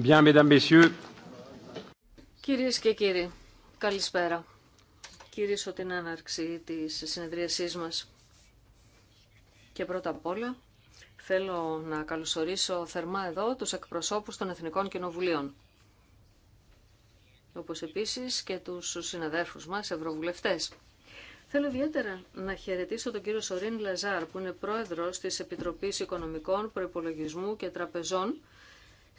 Κυρίε Κυρίες και κύριοι, καλησπέρα. Κυρίσω την άναρξη της συνεδρίασής μας. Και πρώτα απ' όλα θέλω να καλωσορίσω θερμά εδώ τους εκπροσώπους των Εθνικών Κοινοβουλίων. Όπως επίσης και τους συναδέρφους μας, ευρωβουλευτές. Θέλω ιδιαίτερα να χαιρετήσω τον κύριο Σορίν Λαζάρ, που είναι πρόεδρος της Επιτροπής Οικονομικών, Προϋπολογισμού και Τραπεζών,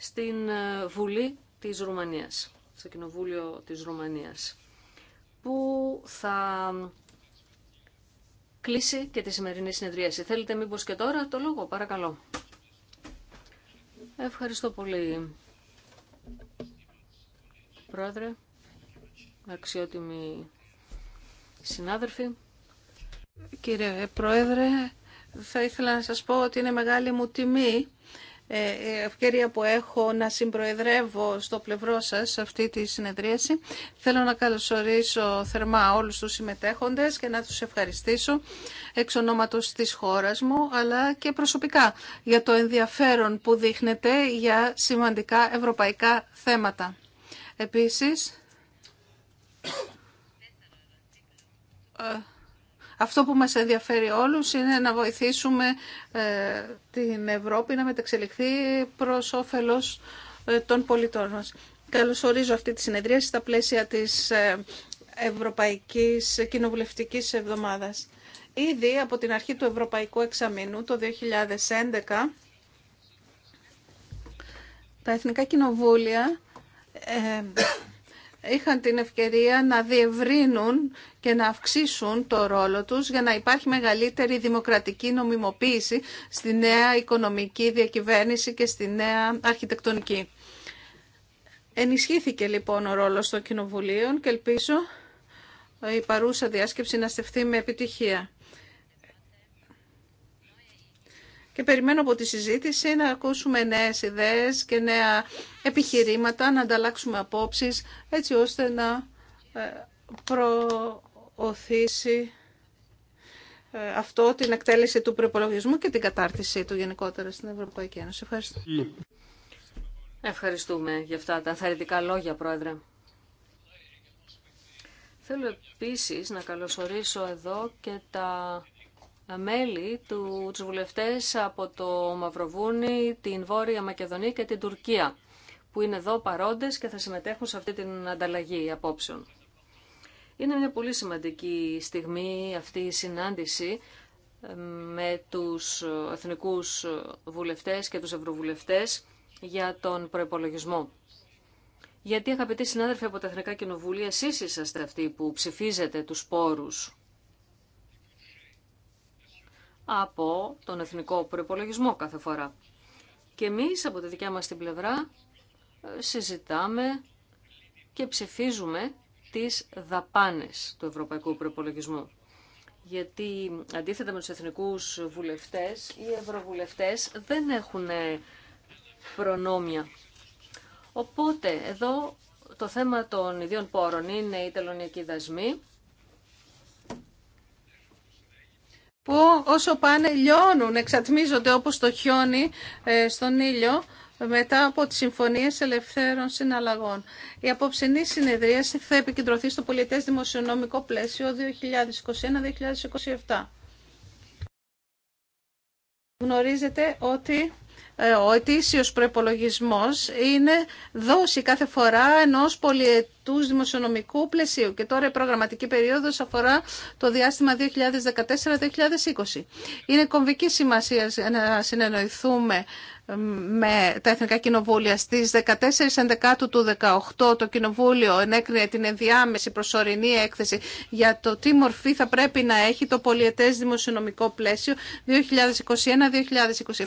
στην ε, Βουλή της Ρουμανίας, στο Κοινοβούλιο της Ρουμανίας, που θα κλείσει και τη σημερινή συνεδρίαση. Θέλετε μήπως και τώρα το λόγο, παρακαλώ. Ευχαριστώ πολύ, Πρόεδρε, αξιότιμοι συνάδελφοι. Κύριε Πρόεδρε, θα ήθελα να σας πω ότι είναι μεγάλη μου τιμή ε, ευκαιρία που έχω να συμπροεδρεύω στο πλευρό σας σε αυτή τη συνεδρίαση. Θέλω να καλωσορίσω θερμά όλους τους συμμετέχοντες και να τους ευχαριστήσω εξ ονόματος της χώρας μου, αλλά και προσωπικά για το ενδιαφέρον που δείχνετε για σημαντικά ευρωπαϊκά θέματα. Επίσης, ε, αυτό που μας ενδιαφέρει όλους είναι να βοηθήσουμε ε, την Ευρώπη να μεταξελιχθεί προς όφελος ε, των πολιτών μας. Καλωσορίζω αυτή τη συνεδρία στα πλαίσια της ε, Ευρωπαϊκής Κοινοβουλευτικής Εβδομάδας. Ήδη από την αρχή του Ευρωπαϊκού Εξαμήνου το 2011 τα Εθνικά Κοινοβούλια είχαν την ευκαιρία να διευρύνουν και να αυξήσουν το ρόλο τους για να υπάρχει μεγαλύτερη δημοκρατική νομιμοποίηση στη νέα οικονομική διακυβέρνηση και στη νέα αρχιτεκτονική. Ενισχύθηκε λοιπόν ο ρόλος των κοινοβουλίων και ελπίζω η παρούσα διάσκεψη να στεφθεί με επιτυχία. και περιμένω από τη συζήτηση να ακούσουμε νέες ιδέες και νέα επιχειρήματα, να ανταλλάξουμε απόψεις έτσι ώστε να ε, προωθήσει ε, αυτό την εκτέλεση του προπολογισμού και την κατάρτισή του γενικότερα στην Ευρωπαϊκή Ένωση. Ευχαριστώ. Ευχαριστούμε για αυτά τα ενθαρρυντικά λόγια, Πρόεδρε. Θέλω επίσης να καλωσορίσω εδώ και τα μέλη, του, τους βουλευτές από το Μαυροβούνι, την Βόρεια Μακεδονία και την Τουρκία, που είναι εδώ παρόντες και θα συμμετέχουν σε αυτή την ανταλλαγή απόψεων. Είναι μια πολύ σημαντική στιγμή αυτή η συνάντηση ε, με τους εθνικούς βουλευτές και τους ευρωβουλευτές για τον προπολογισμό. Γιατί αγαπητοί συνάδελφοι από τα Εθνικά Κοινοβούλια, εσείς είσαστε αυτοί που ψηφίζετε τους πόρους από τον εθνικό Προϋπολογισμό κάθε φορά. Και εμείς από τη δικιά μας την πλευρά ε, συζητάμε και ψηφίζουμε τις δαπάνες του ευρωπαϊκού Προϋπολογισμού. Γιατί αντίθετα με τους εθνικούς βουλευτές, οι ευρωβουλευτές δεν έχουν ε, προνόμια. Οπότε εδώ το θέμα των ιδιών πόρων είναι η τελωνιακή δασμή... που όσο πάνε λιώνουν, εξατμίζονται όπως το χιόνι ε, στον ήλιο μετά από τις συμφωνίες ελευθέρων συναλλαγών. Η απόψενή συνεδρίαση θα επικεντρωθεί στο πολιτές δημοσιονομικό πλαίσιο 2021-2027. Γνωρίζετε ότι ε, ο ετήσιος προϋπολογισμός είναι δόση κάθε φορά ενός πολυετούς δημοσιονομικού πλαισίου και τώρα η προγραμματική περίοδος αφορά το διάστημα 2014-2020. Είναι κομβική σημασία να συνεννοηθούμε με τα Εθνικά Κοινοβούλια. Στις 14 Ενδεκάτου του 2018 το Κοινοβούλιο ενέκρινε την ενδιάμεση προσωρινή έκθεση για το τι μορφή θα πρέπει να έχει το πολιετε δημοσιονομικο δημοσιονομικό πλαίσιο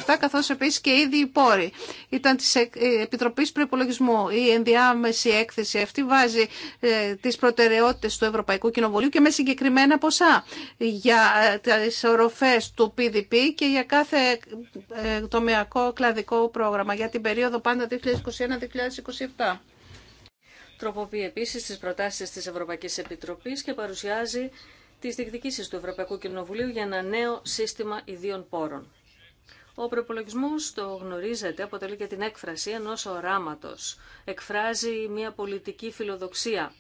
2021-2027 καθώς επίση και ήδη οι πόροι. Ήταν τη Επιτροπής Προπολογισμού. Η ενδιάμεση έκθεση αυτή βάζει ε, τι προτεραιότητε του Ευρωπαϊκού Κοινοβουλίου και με συγκεκριμένα ποσά για ε, τι οροφές του PDP και για κάθε ε, τομεακό κλαδί δικό πρόγραμμα για την περίοδο πάντα 2021-2027. Τροποποιεί επίση τι προτάσει τη Ευρωπαϊκή Επιτροπή και παρουσιάζει τι διεκδικήσει του Ευρωπαϊκού Κοινοβουλίου για ένα νέο σύστημα ιδίων πόρων. Ο προπολογισμό, το γνωρίζετε, αποτελεί και την έκφραση ενό οράματο. Εκφράζει μια πολιτική φιλοδοξία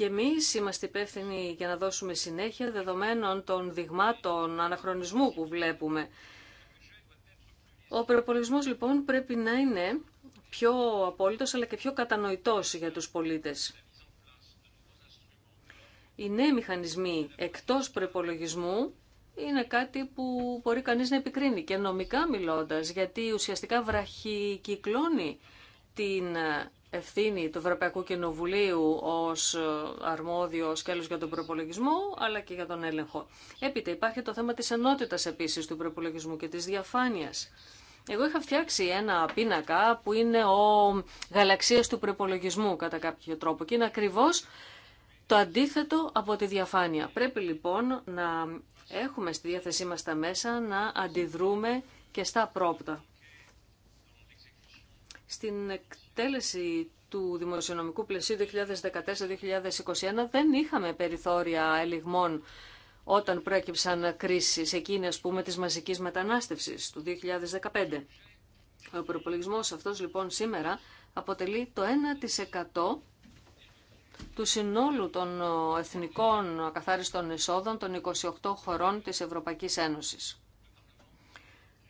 Και εμεί είμαστε υπεύθυνοι για να δώσουμε συνέχεια δεδομένων των δειγμάτων αναχρονισμού που βλέπουμε. Ο προπολογισμό λοιπόν πρέπει να είναι πιο απόλυτος αλλά και πιο κατανοητός για τους πολίτες. Οι νέοι μηχανισμοί εκτός προπολογισμού είναι κάτι που μπορεί κανείς να επικρίνει και νομικά μιλώντας, γιατί ουσιαστικά βραχυκυκλώνει την ευθύνη του Ευρωπαϊκού Κοινοβουλίου ως ε, αρμόδιο σκέλος για τον προπολογισμό, αλλά και για τον έλεγχο. Έπειτα υπάρχει το θέμα της ενότητας επίσης του προπολογισμού και της διαφάνειας. Εγώ είχα φτιάξει ένα πίνακα που είναι ο γαλαξίας του προπολογισμού κατά κάποιο τρόπο και είναι ακριβώς το αντίθετο από τη διαφάνεια. Πρέπει λοιπόν να έχουμε στη διάθεσή μας τα μέσα να αντιδρούμε και στα πρόπτα. Στην εκτέλεση του δημοσιονομικού πλαισίου 2014-2021 δεν είχαμε περιθώρια ελιγμών όταν προέκυψαν κρίσεις εκείνη ας πούμε της μαζικής μετανάστευσης του 2015. Ο προπολογισμό αυτός λοιπόν σήμερα αποτελεί το 1% του συνόλου των εθνικών ακαθάριστων εισόδων των 28 χωρών της Ευρωπαϊκής Ένωσης.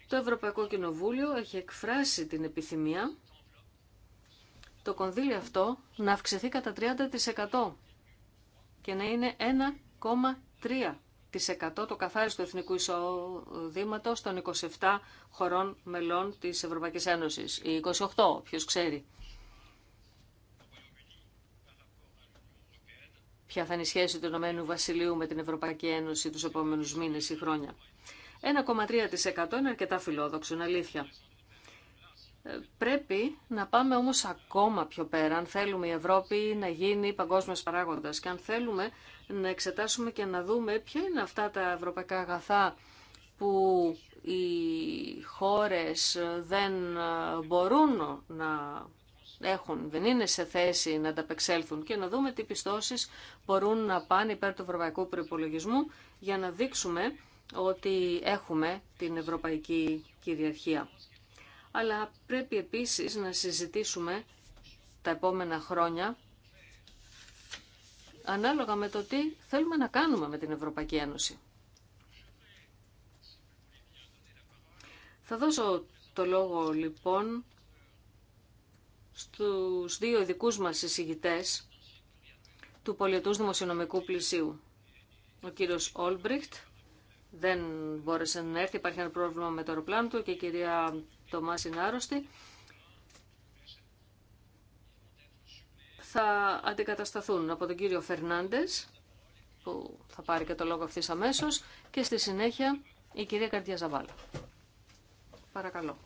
Το Ευρωπαϊκό Κοινοβούλιο έχει εκφράσει την επιθυμία το κονδύλι αυτό να αυξηθεί κατά 30% και να είναι 1,3% το καθάριστο εθνικού εισοδήματος των 27 χωρών μελών της Ευρωπαϊκής Ένωσης. ή 28, ποιος ξέρει. Ποια θα είναι η σχέση του Ηνωμένου Βασιλείου με την Ευρωπαϊκή Ένωση τους επόμενους μήνες ή χρόνια. 1,3% είναι αρκετά φιλόδοξο, είναι αλήθεια. Ε, πρέπει να πάμε όμως ακόμα πιο πέρα, αν θέλουμε η Ευρώπη να γίνει παγκόσμιο παράγοντας και αν θέλουμε να εξετάσουμε και να δούμε ποια είναι αυτά τα ευρωπαϊκά αγαθά που οι χώρες δεν ε, μπορούν να έχουν, δεν είναι σε θέση να ανταπεξέλθουν και να δούμε τι πιστώσεις μπορούν να πάνε υπέρ του ευρωπαϊκού προπολογισμού για να δείξουμε ότι έχουμε την ευρωπαϊκή κυριαρχία αλλά πρέπει επίσης να συζητήσουμε τα επόμενα χρόνια ανάλογα με το τι θέλουμε να κάνουμε με την Ευρωπαϊκή Ένωση. Θα δώσω το λόγο λοιπόν στους δύο ειδικούς μας εισηγητές του πολιτούς δημοσιονομικού πλησίου. Ο κύριος Όλμπριχτ δεν μπόρεσε να έρθει, υπάρχει ένα πρόβλημα με το αεροπλάνο του και η κυρία το μας είναι άρρωστοι. θα αντικατασταθούν από τον κύριο Φερνάντες, που θα πάρει και το λόγο αυτής αμέσως, και στη συνέχεια η κυρία Καρδιά Ζαβάλα. Παρακαλώ.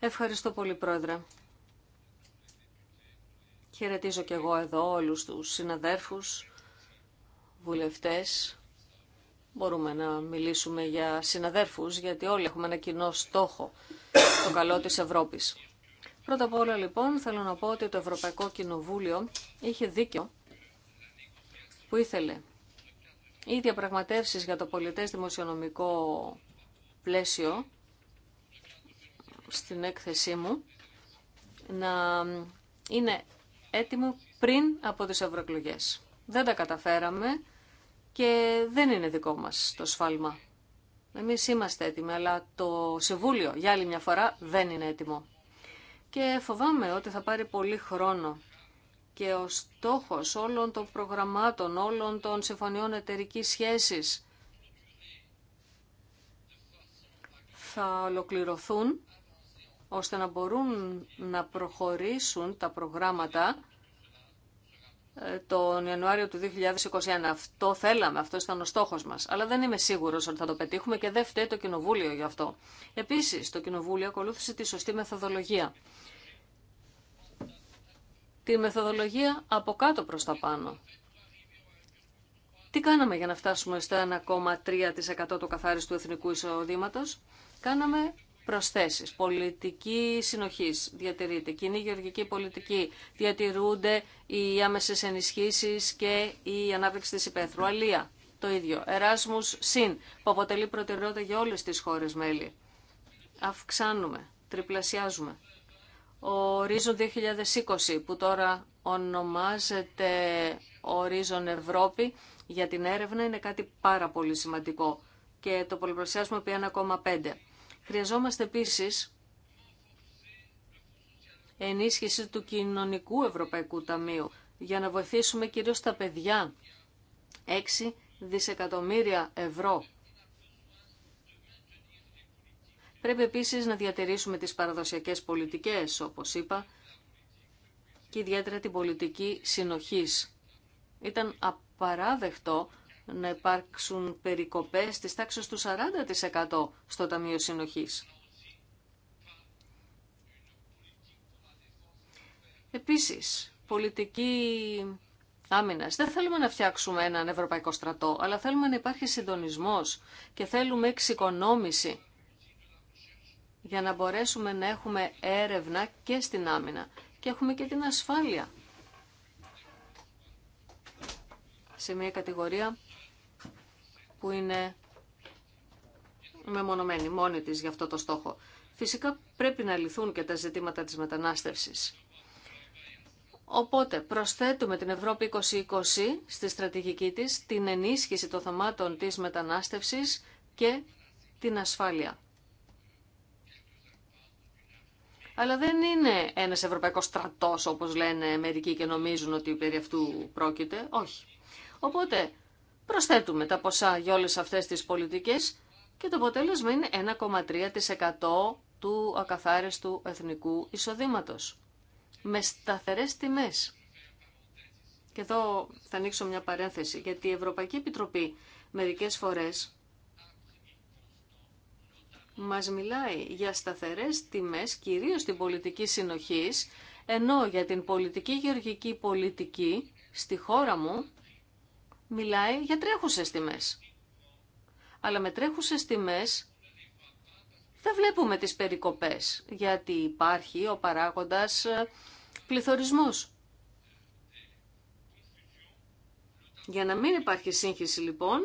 Ευχαριστώ πολύ, Πρόεδρε. Χαιρετίζω και εγώ εδώ όλους τους συναδέρφους, βουλευτές μπορούμε να μιλήσουμε για συναδέρφους, γιατί όλοι έχουμε ένα κοινό στόχο, το καλό της Ευρώπης. Πρώτα απ' όλα λοιπόν θέλω να πω ότι το Ευρωπαϊκό Κοινοβούλιο είχε δίκιο που ήθελε οι διαπραγματεύσεις για το πολιτές δημοσιονομικό πλαίσιο στην έκθεσή μου να είναι έτοιμο πριν από τις ευρωεκλογέ. Δεν τα καταφέραμε και δεν είναι δικό μας το σφάλμα. Εμείς είμαστε έτοιμοι, αλλά το Συμβούλιο για άλλη μια φορά δεν είναι έτοιμο. Και φοβάμαι ότι θα πάρει πολύ χρόνο και ο στόχος όλων των προγραμμάτων, όλων των συμφωνιών εταιρικής σχέσης θα ολοκληρωθούν ώστε να μπορούν να προχωρήσουν τα προγράμματα ε, τον Ιανουάριο του 2021. Αυτό θέλαμε, αυτό ήταν ο στόχο μας. Αλλά δεν είμαι σίγουρος ότι θα το πετύχουμε και δεν φταίει το Κοινοβούλιο γι' αυτό. Επίσης, το Κοινοβούλιο ακολούθησε τη σωστή μεθοδολογία. Τη μεθοδολογία από κάτω προς τα πάνω. Τι κάναμε για να φτάσουμε στο 1,3% του καθάριστου εθνικού εισοδήματος. Κάναμε προσθέσει. Πολιτική συνοχής διατηρείται, κοινή γεωργική πολιτική, διατηρούνται οι άμεσες ενισχύσεις και η ανάπτυξη της υπαίθρου. Αλία, το ίδιο. Εράσμους συν, που αποτελεί προτεραιότητα για όλες τις χώρες μέλη. Αυξάνουμε, τριπλασιάζουμε. Ο Ορίζον 2020, που τώρα ονομάζεται Ορίζον Ευρώπη, για την έρευνα είναι κάτι πάρα πολύ σημαντικό και το πολυπλασιάζουμε επί 1,5. Χρειαζόμαστε επίσης ενίσχυση του Κοινωνικού Ευρωπαϊκού Ταμείου για να βοηθήσουμε κυρίως τα παιδιά. 6 δισεκατομμύρια ευρώ. Πρέπει επίσης να διατηρήσουμε τις παραδοσιακές πολιτικές, όπως είπα, και ιδιαίτερα την πολιτική συνοχής. Ήταν απαράδεκτο να υπάρξουν περικοπές της τάξης του 40% στο Ταμείο Συνοχής. Επίσης, πολιτική άμυνας. Δεν θέλουμε να φτιάξουμε έναν ευρωπαϊκό στρατό, αλλά θέλουμε να υπάρχει συντονισμός και θέλουμε εξοικονόμηση για να μπορέσουμε να έχουμε έρευνα και στην άμυνα. Και έχουμε και την ασφάλεια σε μια κατηγορία που είναι μεμονωμένη μόνη της για αυτό το στόχο. Φυσικά πρέπει να λυθούν και τα ζητήματα της μετανάστευσης. Οπότε προσθέτουμε την Ευρώπη 2020 στη στρατηγική της, την ενίσχυση των θεμάτων της μετανάστευσης και την ασφάλεια. Αλλά δεν είναι ένας ευρωπαϊκός στρατός όπως λένε μερικοί και νομίζουν ότι περί αυτού πρόκειται. Όχι. Οπότε Προσθέτουμε τα ποσά για όλες αυτές τις πολιτικές και το αποτέλεσμα είναι 1,3% του ακαθάριστου εθνικού εισοδήματος. Με σταθερές τιμές. Και εδώ θα ανοίξω μια παρένθεση, γιατί η Ευρωπαϊκή Επιτροπή μερικές φορές μας μιλάει για σταθερές τιμές, κυρίως την πολιτική συνοχής, ενώ για την πολιτική γεωργική πολιτική στη χώρα μου μιλάει για τρέχουσες τιμές. Αλλά με τρέχουσες τιμές δεν βλέπουμε τις περικοπές, γιατί υπάρχει ο παράγοντας ε, πληθωρισμός. Για να μην υπάρχει σύγχυση λοιπόν,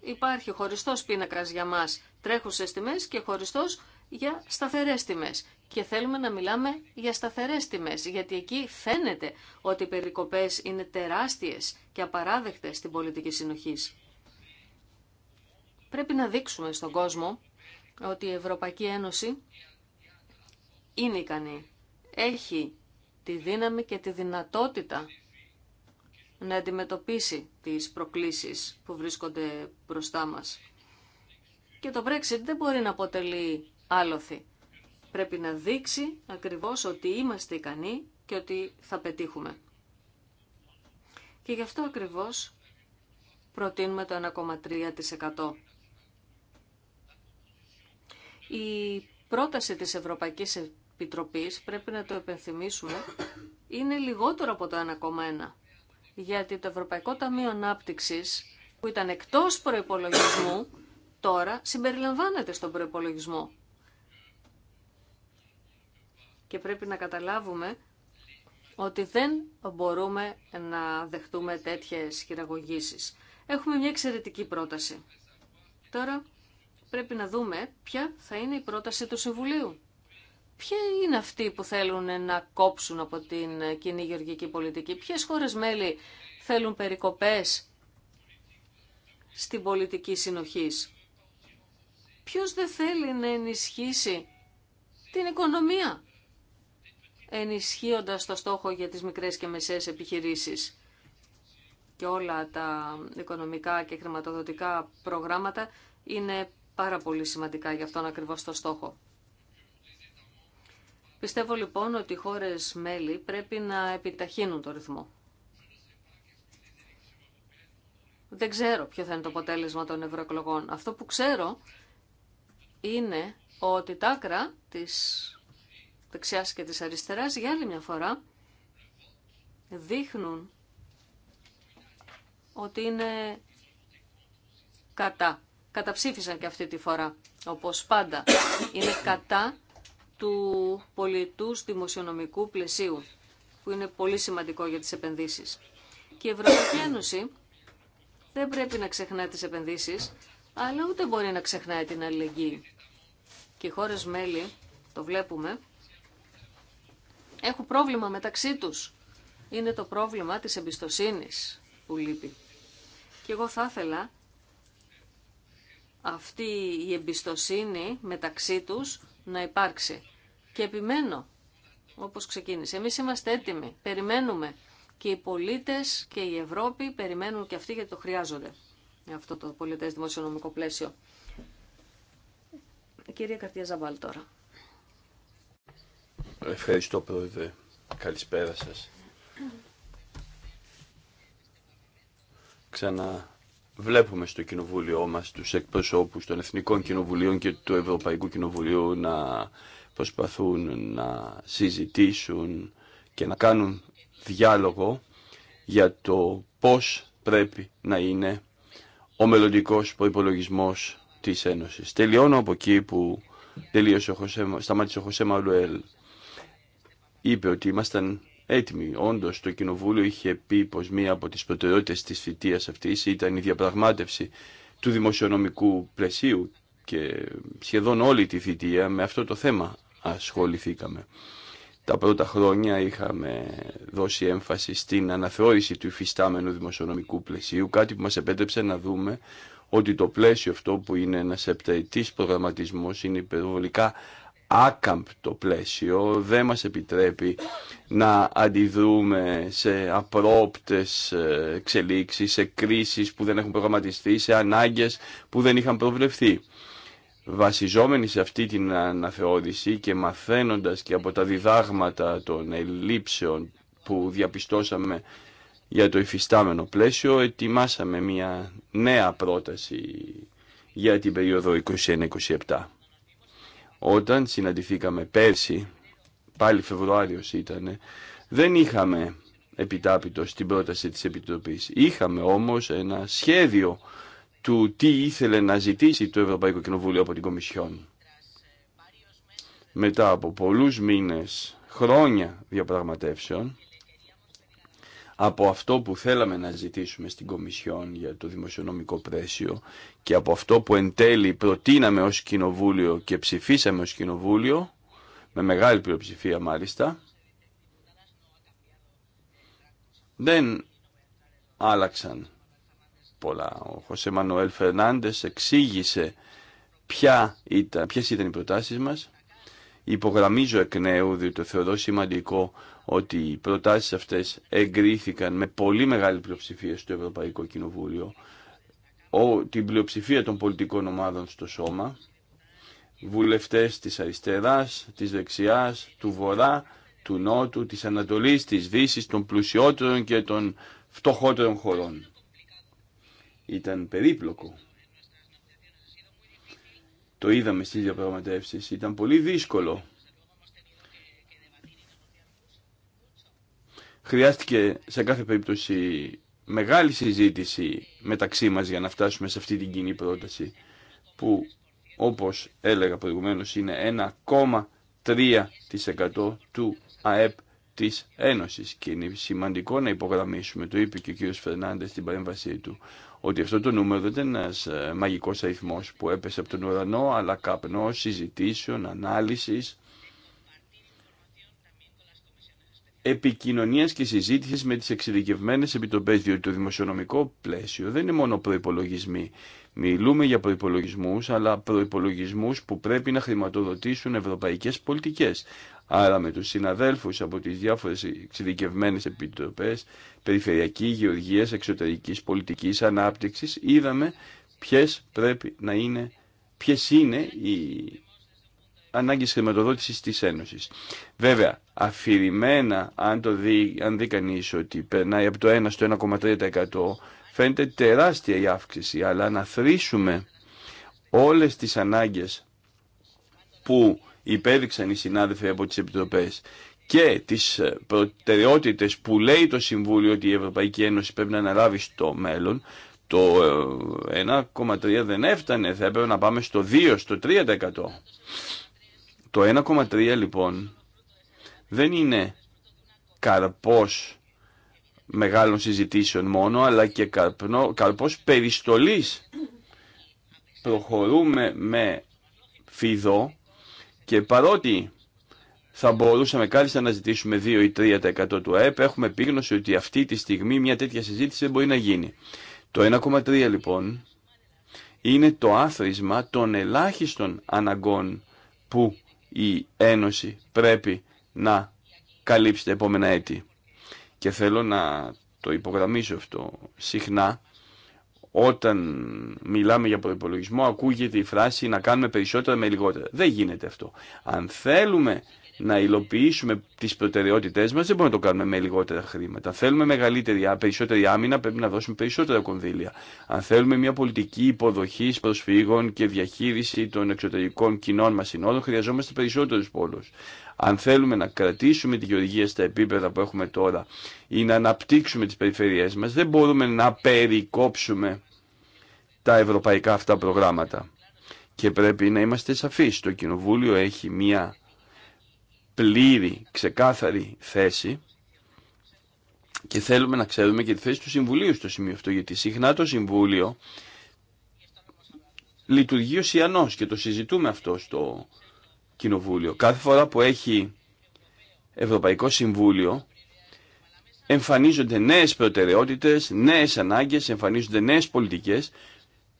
υπάρχει χωριστός πίνακας για μας τρέχουσες τιμές και χωριστός για σταθερές τιμές. Και θέλουμε να μιλάμε για σταθερές τιμές, γιατί εκεί φαίνεται ότι οι περικοπές είναι τεράστιες και απαράδεκτες στην πολιτική συνοχής. Πρέπει να δείξουμε στον κόσμο ότι η Ευρωπαϊκή Ένωση είναι ικανή. Έχει τη δύναμη και τη δυνατότητα να αντιμετωπίσει τις προκλήσεις που βρίσκονται μπροστά μας. Και το Brexit δεν μπορεί να αποτελεί άλοθη. Πρέπει να δείξει ακριβώς ότι είμαστε ικανοί και ότι θα πετύχουμε. Και γι' αυτό ακριβώς προτείνουμε το 1,3%. Η πρόταση της Ευρωπαϊκής Επιτροπής, πρέπει να το επενθυμίσουμε, είναι λιγότερο από το 1,1. Γιατί το Ευρωπαϊκό Ταμείο Ανάπτυξης, που ήταν εκτός προϋπολογισμού, τώρα συμπεριλαμβάνεται στον προϋπολογισμό και πρέπει να καταλάβουμε ότι δεν μπορούμε να δεχτούμε τέτοιες χειραγωγήσεις. Έχουμε μια εξαιρετική πρόταση. Τώρα πρέπει να δούμε ποια θα είναι η πρόταση του Συμβουλίου. Ποια είναι αυτοί που θέλουν να κόψουν από την κοινή γεωργική πολιτική. Ποιες χώρες μέλη θέλουν περικοπές στην πολιτική συνοχής. Ποιος δεν θέλει να ενισχύσει την οικονομία ενισχύοντας το στόχο για τις μικρές και μεσαίες επιχειρήσεις και όλα τα οικονομικά και χρηματοδοτικά προγράμματα είναι πάρα πολύ σημαντικά για αυτόν ακριβώς το στόχο. Πιστεύω λοιπόν ότι οι χώρες μέλη πρέπει να επιταχύνουν το ρυθμό. Δεν ξέρω ποιο θα είναι το αποτέλεσμα των ευρωεκλογών. Αυτό που ξέρω είναι ότι τα άκρα της δεξιάς και της αριστεράς για άλλη μια φορά δείχνουν ότι είναι κατά. Καταψήφισαν και αυτή τη φορά, όπως πάντα. Είναι κατά του πολιτού δημοσιονομικού πλαισίου, που είναι πολύ σημαντικό για τις επενδύσεις. Και η Ευρωπαϊκή Ένωση δεν πρέπει να ξεχνάει τις επενδύσεις, αλλά ούτε μπορεί να ξεχνάει την αλληλεγγύη. Και οι χώρες μέλη, το βλέπουμε, έχουν πρόβλημα μεταξύ τους. Είναι το πρόβλημα της εμπιστοσύνης που λείπει. Και εγώ θα ήθελα αυτή η εμπιστοσύνη μεταξύ τους να υπάρξει. Και επιμένω, όπως ξεκίνησε, εμείς είμαστε έτοιμοι, περιμένουμε και οι πολίτες και η Ευρώπη περιμένουν και αυτοί γιατί το χρειάζονται αυτό το πολιτές δημοσιονομικό πλαίσιο. Κυρία Καρτία Ζαμπάλ τώρα. Ευχαριστώ πρόεδρε. Καλησπέρα σας. Ξανά βλέπουμε στο κοινοβούλιο μας τους εκπροσώπους των Εθνικών Κοινοβουλίων και του Ευρωπαϊκού Κοινοβουλίου να προσπαθούν να συζητήσουν και να κάνουν διάλογο για το πώς πρέπει να είναι ο μελλοντικό προπολογισμό της Ένωσης. Τελειώνω από εκεί που τελείωσε ο Χωσέ, σταμάτησε ο Χωσέ Μαλουέλ είπε ότι ήμασταν έτοιμοι. Όντω, το Κοινοβούλιο είχε πει πω μία από τι προτεραιότητε τη θητεία αυτή ήταν η διαπραγμάτευση του δημοσιονομικού πλαισίου και σχεδόν όλη τη θητεία με αυτό το θέμα ασχοληθήκαμε. Τα πρώτα χρόνια είχαμε δώσει έμφαση στην αναθεώρηση του υφιστάμενου δημοσιονομικού πλαισίου, κάτι που μας επέτρεψε να δούμε ότι το πλαίσιο αυτό που είναι ένας επταετής προγραμματισμός είναι υπερβολικά άκαμπτο πλαίσιο δεν μας επιτρέπει να αντιδρούμε σε απρόπτες ε, εξελίξεις, σε κρίσεις που δεν έχουν προγραμματιστεί, σε ανάγκες που δεν είχαν προβλεφθεί. Βασιζόμενοι σε αυτή την αναθεώρηση και μαθαίνοντας και από τα διδάγματα των ελλείψεων που διαπιστώσαμε για το υφιστάμενο πλαίσιο, ετοιμάσαμε μια νέα πρόταση για την περιοδο 2021 2021-2027. Όταν συναντηθήκαμε πέρσι, πάλι Φεβρουάριος ήταν, δεν είχαμε επιτάπητο στην πρόταση της Επιτροπής. Είχαμε όμως ένα σχέδιο του τι ήθελε να ζητήσει το Ευρωπαϊκό Κοινοβούλιο από την Κομισιόν. Μετά από πολλούς μήνες, χρόνια διαπραγματεύσεων, από αυτό που θέλαμε να ζητήσουμε στην Κομισιόν για το δημοσιονομικό πρέσιο και από αυτό που εν τέλει προτείναμε ως Κοινοβούλιο και ψηφίσαμε ως Κοινοβούλιο, με μεγάλη πλειοψηφία μάλιστα, δεν άλλαξαν πολλά. Ο Χωσέ Μανουέλ Φερνάντες εξήγησε ποια ήταν, ποιες ήταν οι προτάσεις μας. Υπογραμμίζω εκ νέου, διότι το θεωρώ σημαντικό, ότι οι προτάσεις αυτές εγκρίθηκαν με πολύ μεγάλη πλειοψηφία στο Ευρωπαϊκό Κοινοβούλιο, ο, την πλειοψηφία των πολιτικών ομάδων στο Σώμα, βουλευτές της αριστεράς, της δεξιάς, του βορρά, του νότου, της ανατολής, της δύσης, των πλουσιότερων και των φτωχότερων χωρών. Ήταν περίπλοκο. Το είδαμε στις διαπραγματεύσεις. Ήταν πολύ δύσκολο Χρειάστηκε σε κάθε περίπτωση μεγάλη συζήτηση μεταξύ μας για να φτάσουμε σε αυτή την κοινή πρόταση που όπως έλεγα προηγουμένως είναι 1,3% του ΑΕΠ της Ένωσης και είναι σημαντικό να υπογραμμίσουμε, το είπε και ο κ. Φερνάντες στην παρέμβασή του, ότι αυτό το νούμερο δεν είναι ένας ε, μαγικό αριθμός που έπεσε από τον ουρανό αλλά καπνό συζητήσεων, ανάλυσης επικοινωνίας και συζήτησης με τις εξειδικευμένες επιτροπές, διότι το δημοσιονομικό πλαίσιο δεν είναι μόνο προπολογισμοί. Μιλούμε για προπολογισμού, αλλά προπολογισμού που πρέπει να χρηματοδοτήσουν ευρωπαϊκέ πολιτικές. Άρα με τους συναδέλφους από τις διάφορες εξειδικευμένες επιτροπές, περιφερειακή, γεωργίας, εξωτερικής, πολιτικής, ανάπτυξης, είδαμε ποιες πρέπει να είναι, ποιε είναι οι ανάγκης χρηματοδότησης της Ένωσης. Βέβαια, αφηρημένα, αν, το δει, αν δει κανείς ότι περνάει από το 1 στο 1,3% φαίνεται τεράστια η αύξηση, αλλά να θρήσουμε όλες τις ανάγκες που υπέδειξαν οι συνάδελφοι από τις επιτροπές και τις ε, προτεραιότητες που λέει το Συμβούλιο ότι η Ευρωπαϊκή Ένωση πρέπει να αναλάβει στο μέλλον, το 1,3 ε, δεν έφτανε, θα έπρεπε να πάμε στο 2, στο 3%. Το 1,3 λοιπόν δεν είναι καρπός μεγάλων συζητήσεων μόνο, αλλά και καρπνό, καρπός περιστολής. Προχωρούμε με φιδό και παρότι θα μπορούσαμε κάλλιστα να ζητήσουμε 2 ή 3% του ΑΕΠ, έχουμε επίγνωση ότι αυτή τη στιγμή μια τέτοια συζήτηση δεν μπορεί να γίνει. Το 1,3 λοιπόν είναι το άθροισμα των ελάχιστων αναγκών που η Ένωση πρέπει να καλύψει τα επόμενα έτη. Και θέλω να το υπογραμμίσω αυτό συχνά. Όταν μιλάμε για προπολογισμό ακούγεται η φράση να κάνουμε περισσότερα με λιγότερα. Δεν γίνεται αυτό. Αν θέλουμε να υλοποιήσουμε τι προτεραιότητε μα δεν μπορούμε να το κάνουμε με λιγότερα χρήματα. Θέλουμε μεγαλύτερη, περισσότερη άμυνα, πρέπει να δώσουμε περισσότερα κονδύλια. Αν θέλουμε μια πολιτική υποδοχή προσφύγων και διαχείριση των εξωτερικών κοινών μα συνόρων, χρειαζόμαστε περισσότερου πόλους. Αν θέλουμε να κρατήσουμε τη γεωργία στα επίπεδα που έχουμε τώρα ή να αναπτύξουμε τι περιφερειές μα, δεν μπορούμε να περικόψουμε τα ευρωπαϊκά αυτά προγράμματα. Και πρέπει να είμαστε σαφείς. Το Κοινοβούλιο έχει μία πλήρη, ξεκάθαρη θέση και θέλουμε να ξέρουμε και τη θέση του Συμβουλίου στο σημείο αυτό, γιατί συχνά το Συμβούλιο λειτουργεί ως Ιανός και το συζητούμε αυτό στο Κοινοβούλιο. Κάθε φορά που έχει Ευρωπαϊκό Συμβούλιο εμφανίζονται νέες προτεραιότητες, νέες ανάγκες, εμφανίζονται νέες πολιτικές.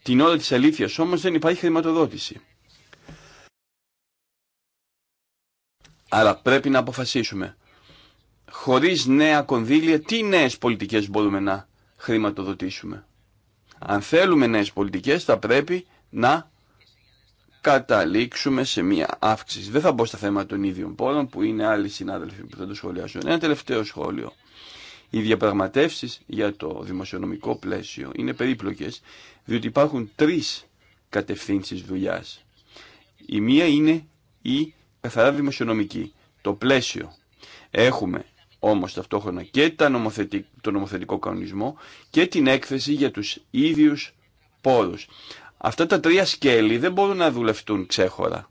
Την ώρα της αλήθειας όμως δεν υπάρχει χρηματοδότηση. Άρα πρέπει να αποφασίσουμε. Χωρίς νέα κονδύλια, τι νέες πολιτικές μπορούμε να χρηματοδοτήσουμε. Αν θέλουμε νέες πολιτικές, θα πρέπει να καταλήξουμε σε μια αύξηση. Δεν θα μπω στα θέματα των ίδιων πόρων που είναι άλλοι συνάδελφοι που θα το σχολιάσουν. Ένα τελευταίο σχόλιο. Οι διαπραγματεύσεις για το δημοσιονομικό πλαίσιο είναι περίπλοκες διότι υπάρχουν τρεις κατευθύνσεις δουλειάς. Η μία είναι η καθαρά δημοσιονομική, το πλαίσιο. Έχουμε όμως ταυτόχρονα και τα το νομοθετικό κανονισμό και την έκθεση για τους ίδιους πόρους. Αυτά τα τρία σκέλη δεν μπορούν να δουλευτούν ξέχωρα.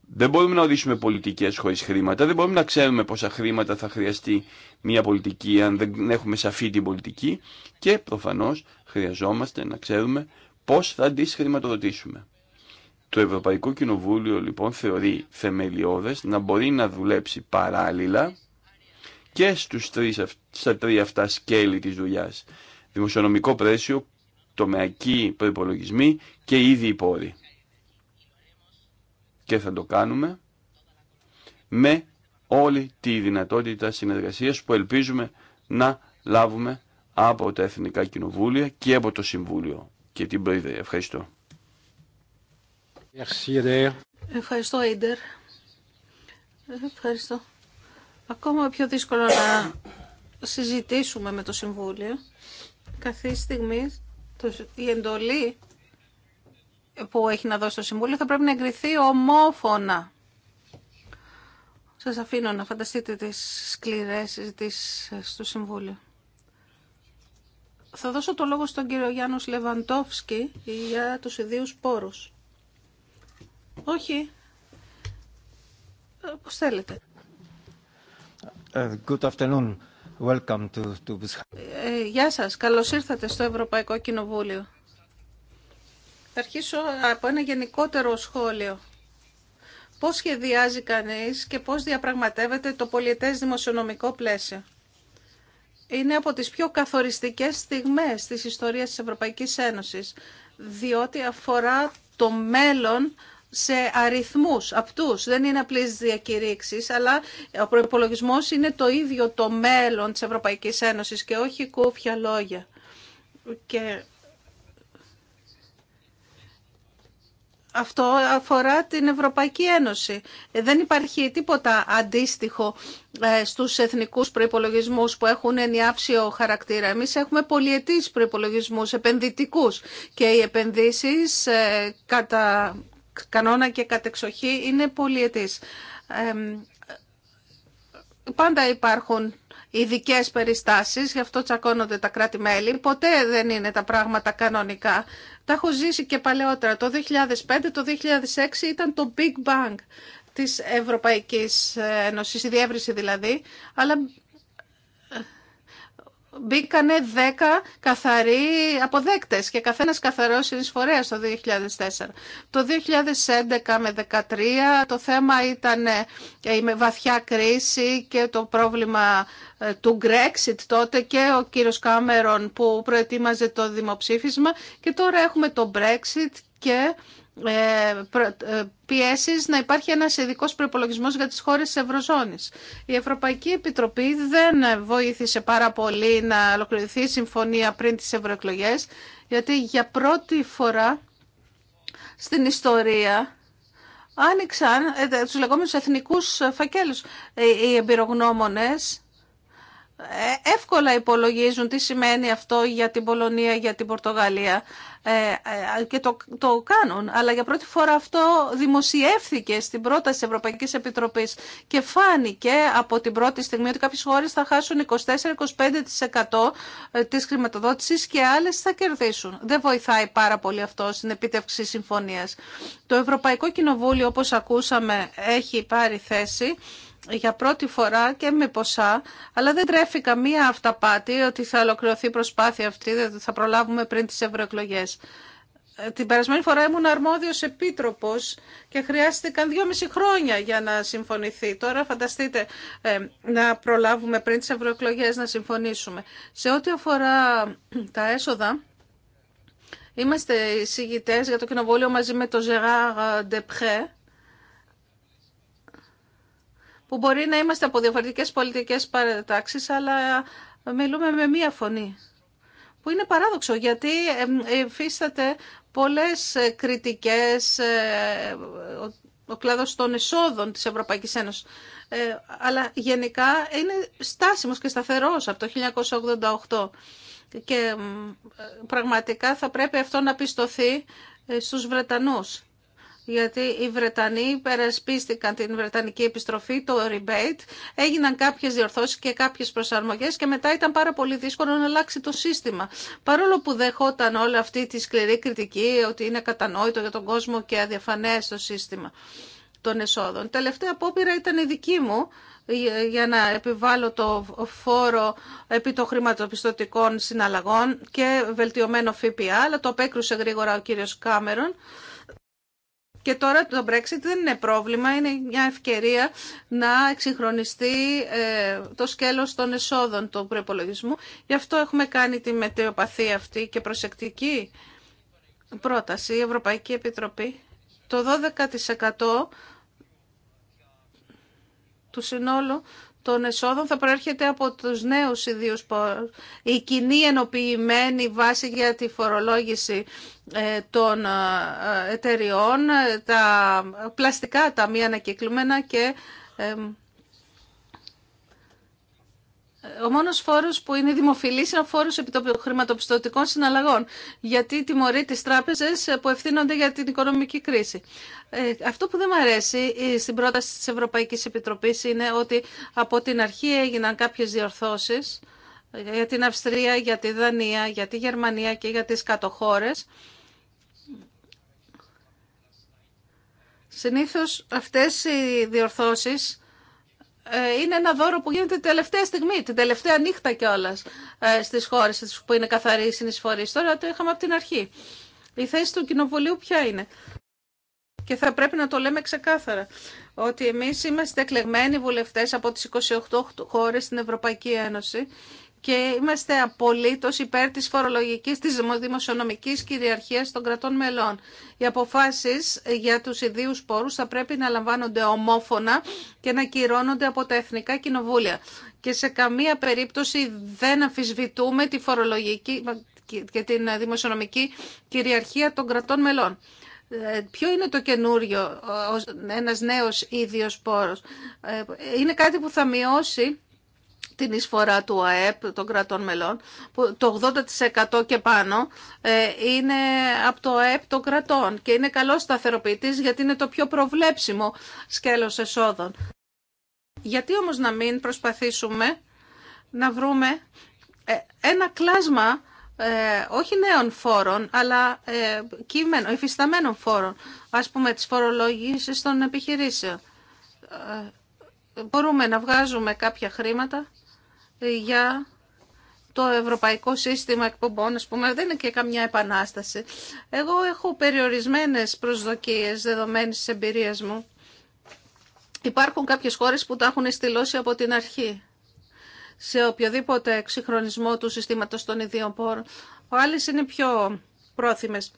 Δεν μπορούμε να ορίσουμε πολιτικέ χωρί χρήματα, δεν μπορούμε να ξέρουμε πόσα χρήματα θα χρειαστεί μια πολιτική αν δεν έχουμε σαφή την πολιτική και προφανώ χρειαζόμαστε να ξέρουμε πώ θα τι χρηματοδοτήσουμε. Το Ευρωπαϊκό Κοινοβούλιο λοιπόν θεωρεί θεμελιώδες να μπορεί να δουλέψει παράλληλα και στους τρεις, στα τρία αυτά σκέλη της δουλειάς. Δημοσιονομικό πρέσιο, τομεακοί προπολογισμοί και ήδη πόροι. Και θα το κάνουμε με όλη τη δυνατότητα συνεργασίας που ελπίζουμε να λάβουμε από τα Εθνικά Κοινοβούλια και από το Συμβούλιο και την Προεδρία. Ευχαριστώ. Ευχαριστώ, Ίντερ. Ευχαριστώ. Ακόμα πιο δύσκολο να συζητήσουμε με το Συμβούλιο. Καθή στιγμή η εντολή που έχει να δώσει το Συμβούλιο θα πρέπει να εγκριθεί ομόφωνα. Σας αφήνω να φανταστείτε τις σκληρές συζητήσεις στο Συμβούλιο. Θα δώσω το λόγο στον κύριο Γιάννος Λεβαντόφσκι για τους ιδίους πόρους. Όχι. Ε, πώς θέλετε. Ε, good afternoon. Welcome to, to... Ε, γεια σας. καλώ ήρθατε στο Ευρωπαϊκό Κοινοβούλιο. Θα αρχίσω από ένα γενικότερο σχόλιο. Πώς σχεδιάζει κανείς και πώς διαπραγματεύεται το πολιετές δημοσιονομικό πλαίσιο. Είναι από τις πιο καθοριστικές στιγμές της ιστορίας της Ευρωπαϊκής Ένωσης, διότι αφορά το μέλλον σε αριθμούς αυτούς. Δεν είναι απλή διακήρυξη αλλά ο προϋπολογισμός είναι το ίδιο το μέλλον της Ευρωπαϊκής Ένωσης και όχι κούφια λόγια. Και αυτό αφορά την Ευρωπαϊκή Ένωση. Δεν υπάρχει τίποτα αντίστοιχο ε, στους εθνικούς προϋπολογισμούς που έχουν ενιάψιο χαρακτήρα. Εμείς έχουμε πολιετής προϋπολογισμούς, επενδυτικούς και οι επενδύσεις ε, κατά κανόνα και κατεξοχή είναι πολιετής. πάντα υπάρχουν ειδικέ περιστάσεις, γι' αυτό τσακώνονται τα κράτη-μέλη. Ποτέ δεν είναι τα πράγματα κανονικά. Τα έχω ζήσει και παλαιότερα. Το 2005, το 2006 ήταν το Big Bang της Ευρωπαϊκής Ένωσης, η διεύρυνση δηλαδή, αλλά μπήκανε 10 καθαροί αποδέκτες και καθένας καθαρός συνεισφορέας το 2004. Το 2011 με 2013 το θέμα ήταν ε, η βαθιά κρίση και το πρόβλημα ε, του Brexit τότε και ο κύριος Κάμερον που προετοίμαζε το δημοψήφισμα και τώρα έχουμε το Brexit και ε, ε, πιέσεις να υπάρχει ένας ειδικός προπολογισμό για τις χώρες της Ευρωζώνης. Η Ευρωπαϊκή Επιτροπή δεν βοήθησε πάρα πολύ να ολοκληρωθεί η συμφωνία πριν τις ευρωεκλογέ, γιατί για πρώτη φορά στην ιστορία άνοιξαν ε, τους λεγόμενους εθνικούς φακέλους οι εμπειρογνώμονες ε, εύκολα υπολογίζουν τι σημαίνει αυτό για την Πολωνία, για την Πορτογαλία ε, ε, και το, το κάνουν. Αλλά για πρώτη φορά αυτό δημοσιεύθηκε στην πρόταση της Ευρωπαϊκής Επιτροπής και φάνηκε από την πρώτη στιγμή ότι κάποιες χώρες θα χάσουν 24-25% της χρηματοδότησης και άλλες θα κερδίσουν. Δεν βοηθάει πάρα πολύ αυτό στην επίτευξη συμφωνίας. Το Ευρωπαϊκό Κοινοβούλιο, όπως ακούσαμε, έχει πάρει θέση για πρώτη φορά και με ποσά, αλλά δεν τρέφει καμία αυταπάτη ότι θα ολοκληρωθεί η προσπάθεια αυτή, δεν θα προλάβουμε πριν τις ευρωεκλογέ. Ε, την περασμένη φορά ήμουν αρμόδιος επίτροπος και χρειάστηκαν δυόμιση χρόνια για να συμφωνηθεί. Τώρα φανταστείτε ε, να προλάβουμε πριν τις ευρωεκλογέ να συμφωνήσουμε. Σε ό,τι αφορά τα έσοδα, είμαστε εισηγητές για το κοινοβούλιο μαζί με το Gérard Ντεπρέ που μπορεί να είμαστε από διαφορετικές πολιτικές παρατάξεις, αλλά μιλούμε με μία φωνή. Που είναι παράδοξο, γιατί υφίσταται πολλές ε, κριτικές ε, ο κλάδος των εσόδων της Ευρωπαϊκής Ένωσης. Ε, αλλά γενικά είναι στάσιμος και σταθερός από το 1988 και πραγματικά θα πρέπει αυτό να πιστωθεί στους Βρετανούς γιατί οι Βρετανοί περασπίστηκαν την Βρετανική επιστροφή, το rebate, έγιναν κάποιες διορθώσεις και κάποιες προσαρμογές και μετά ήταν πάρα πολύ δύσκολο να αλλάξει το σύστημα. Παρόλο που δεχόταν όλη αυτή τη σκληρή κριτική ότι είναι κατανόητο για τον κόσμο και αδιαφανές το σύστημα των εσόδων. Τελευταία απόπειρα ήταν η δική μου ε, για να επιβάλλω το φόρο επί των χρηματοπιστωτικών συναλλαγών και βελτιωμένο ΦΠΑ, αλλά το απέκρουσε γρήγορα ο κύριος Κάμερον. Και τώρα το Brexit δεν είναι πρόβλημα, είναι μια ευκαιρία να εξυγχρονιστεί ε, το σκέλος των εσόδων του προπολογισμού. Γι' αυτό έχουμε κάνει τη μετεοπαθή αυτή και προσεκτική πρόταση. Η Ευρωπαϊκή Επιτροπή το 12% του συνόλου των εσόδων θα προέρχεται από τους νέους ιδίους Η κοινή ενοποιημένη βάση για τη φορολόγηση ε, των ε, εταιριών, ε, τα πλαστικά, τα μη ανακυκλούμενα και ο μόνο φόρο που είναι δημοφιλή είναι ο φόρο επί των χρηματοπιστωτικών συναλλαγών. Γιατί τιμωρεί τι τράπεζε που ευθύνονται για την οικονομική κρίση. Ε, αυτό που δεν μου αρέσει ε, στην πρόταση τη Ευρωπαϊκή Επιτροπή είναι ότι από την αρχή έγιναν κάποιε διορθώσει ε, για την Αυστρία, για τη Δανία, για τη Γερμανία και για τις κατοχώρες. Συνήθως αυτές οι διορθώσεις ε, είναι ένα δώρο που γίνεται τελευταία στιγμή, την τελευταία νύχτα κιόλα ε, στις χώρες που είναι καθαροί οι συνεισφορείς. Τώρα το είχαμε από την αρχή. Η θέση του Κοινοβουλίου ποια είναι. Και θα πρέπει να το λέμε ξεκάθαρα ότι εμείς είμαστε εκλεγμένοι βουλευτές από τις 28 χώρες στην Ευρωπαϊκή Ένωση και είμαστε απολύτως υπέρ της φορολογικής, της δημοσιονομικής κυριαρχίας των κρατών μελών. Οι αποφάσει για του ιδίους πόρους θα πρέπει να λαμβάνονται ομόφωνα και να κυρώνονται από τα εθνικά κοινοβούλια. Και σε καμία περίπτωση δεν αμφισβητούμε τη φορολογική και την δημοσιονομική κυριαρχία των κρατών μελών. Ε, ποιο είναι το καινούριο, ένας νέος ίδιος πόρος. Ε, είναι κάτι που θα μειώσει την εισφορά του ΑΕΠ των κρατών μελών, που το 80% και πάνω ε, είναι από το ΑΕΠ των κρατών και είναι καλό σταθεροποιητή γιατί είναι το πιο προβλέψιμο σκέλος εσόδων. Γιατί όμως να μην προσπαθήσουμε να βρούμε ε, ένα κλάσμα ε, όχι νέων φόρων, αλλά κείμενο, υφισταμένων φόρων, ας πούμε της φορολόγησης των επιχειρήσεων. Μπορούμε να βγάζουμε κάποια χρήματα για το ευρωπαϊκό σύστημα εκπομπών, δεν είναι και καμιά επανάσταση. Εγώ έχω περιορισμένες προσδοκίες δεδομένης της εμπειρίας μου. Υπάρχουν κάποιες χώρες που τα έχουν στυλώσει από την αρχή σε οποιοδήποτε εξυγχρονισμό του συστήματος των ιδίων πόρων. Ο άλλος είναι πιο πρόθυμες.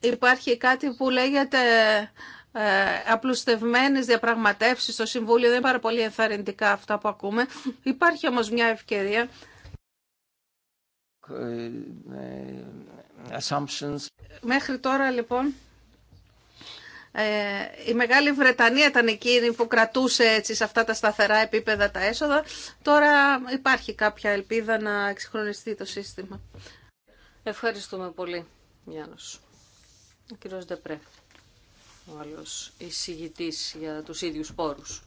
Υπάρχει κάτι που λέγεται ε, απλουστευμένες διαπραγματεύσεις στο Συμβούλιο. Δεν είναι πάρα πολύ ενθαρρυντικά αυτά που ακούμε. Υπάρχει όμως μια ευκαιρία. Ε, ε, Μέχρι τώρα λοιπόν η Μεγάλη Βρετανία ήταν εκείνη που κρατούσε έτσι, σε αυτά τα σταθερά επίπεδα τα έσοδα. Τώρα υπάρχει κάποια ελπίδα να εξυγχρονιστεί το σύστημα. Ευχαριστούμε πολύ, Γιάννος. Ο κύριος ο άλλος εισηγητής για τους ίδιους πόρους.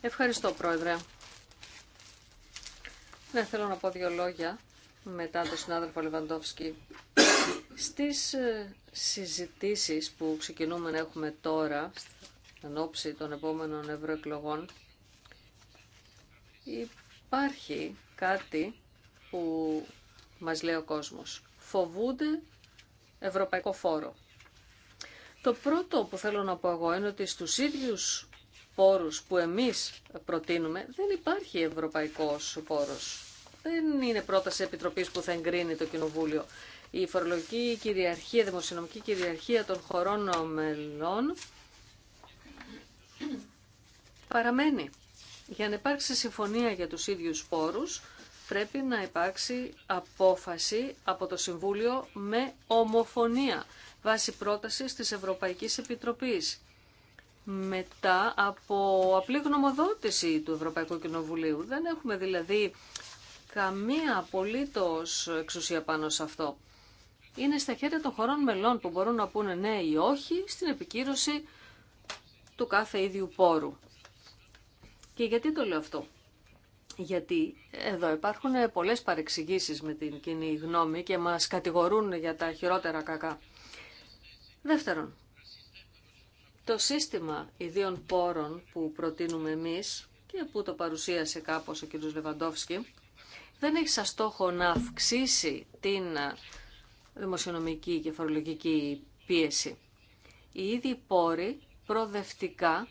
Ευχαριστώ, Πρόεδρε. Ναι, θέλω να πω δύο λόγια μετά τον συνάδελφο Λεβαντόφσκι. Στις ε, συζητήσεις που ξεκινούμε να έχουμε τώρα, εν ώψη των επόμενων ευρωεκλογών, υπάρχει κάτι που μας λέει ο κόσμος. Φοβούνται Ευρωπαϊκό Φόρο. Το πρώτο που θέλω να πω εγώ είναι ότι στους ίδιους πόρους που εμείς προτείνουμε δεν υπάρχει ευρωπαϊκός πόρος. Δεν είναι πρόταση επιτροπής που θα εγκρίνει το Κοινοβούλιο. Η φορολογική κυριαρχία, η δημοσιονομική κυριαρχία των χωρών μελών παραμένει. Για να υπάρξει συμφωνία για τους ίδιους πόρους πρέπει να υπάρξει απόφαση από το Συμβούλιο με ομοφωνία βάσει πρότασης της Ευρωπαϊκής Επιτροπής μετά από απλή γνωμοδότηση του Ευρωπαϊκού Κοινοβουλίου. Δεν έχουμε δηλαδή καμία απολύτως εξουσία πάνω σε αυτό. Είναι στα χέρια των χωρών μελών που μπορούν να πούνε ναι ή όχι στην επικύρωση του κάθε ίδιου πόρου. Και γιατί το λέω αυτό γιατί εδώ υπάρχουν πολλές παρεξηγήσεις με την κοινή γνώμη και μας κατηγορούν για τα χειρότερα κακά. Δεύτερον, το σύστημα ιδίων πόρων που προτείνουμε εμείς και που το παρουσίασε κάπως ο κ. Λεβαντόφσκι, δεν έχει σαν στόχο να αυξήσει την δημοσιονομική και φορολογική πίεση. Οι ίδιοι πόροι προοδευτικά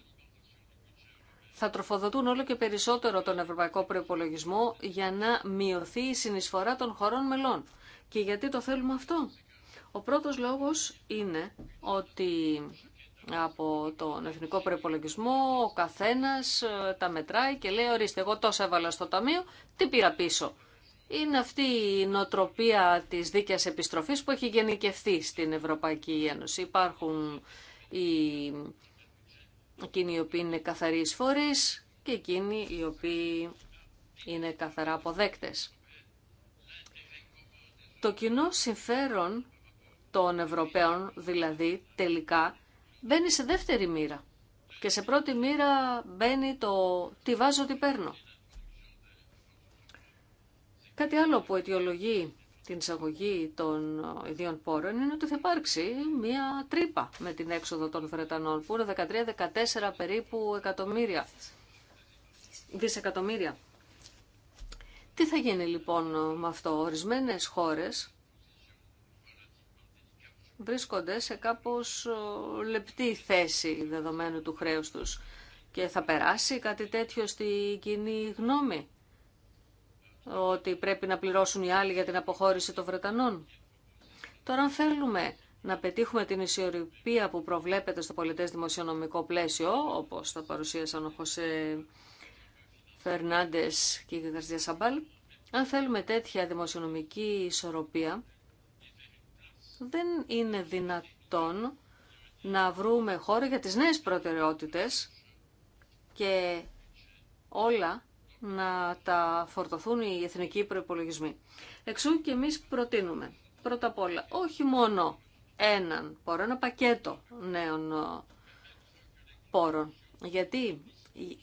θα τροφοδοτούν όλο και περισσότερο τον ευρωπαϊκό προπολογισμό για να μειωθεί η συνεισφορά των χωρών μελών. Και γιατί το θέλουμε αυτό. Ο πρώτος λόγος είναι ότι από τον εθνικό προπολογισμό ο καθένας ε, τα μετράει και λέει ορίστε εγώ τόσα έβαλα στο ταμείο, τι πήρα πίσω. Είναι αυτή η νοτροπία της δίκαιας επιστροφής που έχει γενικευθεί στην Ευρωπαϊκή Ένωση. Υπάρχουν οι εκείνοι οι οποίοι είναι καθαροί εισφορείς και εκείνοι οι οποίοι είναι καθαρά αποδέκτες. Το κοινό συμφέρον των Ευρωπαίων, δηλαδή, τελικά, μπαίνει σε δεύτερη μοίρα. Και σε πρώτη μοίρα μπαίνει το τι βάζω, τι παίρνω. Κάτι άλλο που αιτιολογεί την εισαγωγή των ε, ιδίων πόρων είναι ότι θα υπάρξει μία τρύπα με την έξοδο των Βρετανών που είναι 13-14 περίπου εκατομμύρια, δισεκατομμύρια. Τι θα γίνει λοιπόν με αυτό. Ορισμένες χώρες βρίσκονται σε κάπως ε, λεπτή θέση δεδομένου του χρέους τους και θα περάσει κάτι τέτοιο στη κοινή γνώμη ότι πρέπει να πληρώσουν οι άλλοι για την αποχώρηση των Βρετανών. Τώρα αν θέλουμε να πετύχουμε την ισορροπία που προβλέπεται στο πολιτές δημοσιονομικό πλαίσιο, όπως τα παρουσίασαν ο Χωσέ Φερνάντες και η Γκαρδία Σαμπάλ, αν θέλουμε τέτοια δημοσιονομική ισορροπία, δεν είναι δυνατόν να βρούμε χώρο για τις νέες προτεραιότητες και όλα να τα φορτωθούν οι εθνικοί προπολογισμοί. Εξού και εμείς προτείνουμε πρώτα απ' όλα όχι μόνο έναν πόρο, ένα πακέτο νέων ε, πόρων. Γιατί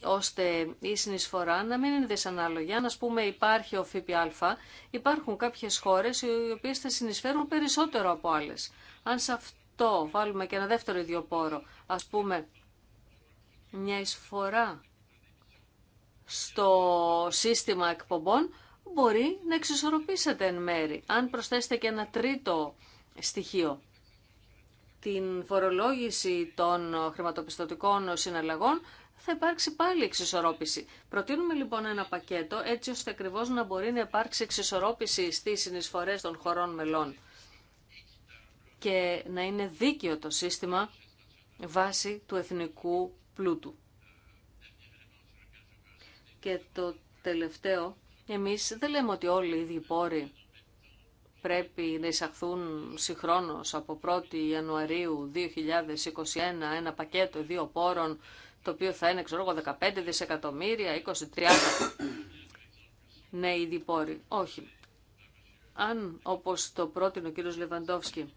ώστε η συνεισφορά να μην είναι δυσανάλογη. Αν, ας πούμε, υπάρχει ο ΦΠΑ, υπάρχουν κάποιες χώρες οι οποίες θα συνεισφέρουν περισσότερο από άλλες. Αν σε αυτό βάλουμε και ένα δεύτερο ιδιοπόρο, ας πούμε, μια εισφορά στο σύστημα εκπομπών, μπορεί να εξισορροπήσετε εν μέρη, αν προσθέσετε και ένα τρίτο στοιχείο. Την φορολόγηση των χρηματοπιστωτικών συναλλαγών θα υπάρξει πάλι εξισορρόπηση. Προτείνουμε λοιπόν ένα πακέτο έτσι ώστε ακριβώς να μπορεί να υπάρξει εξισορρόπηση στις συνεισφορές των χωρών μελών και να είναι δίκαιο το σύστημα βάσει του εθνικού πλούτου. Και το τελευταίο, εμείς δεν λέμε ότι όλοι οι ίδιοι πόροι πρέπει να εισαχθούν συγχρόνως από 1η Ιανουαρίου 2021 ένα πακέτο δύο πόρων το οποίο θα είναι ξέρω 15 δισεκατομμύρια, 20-30 νέοι ήδη πόροι. Όχι. Αν όπως το πρότεινε ο κύριος Λεβαντόφσκι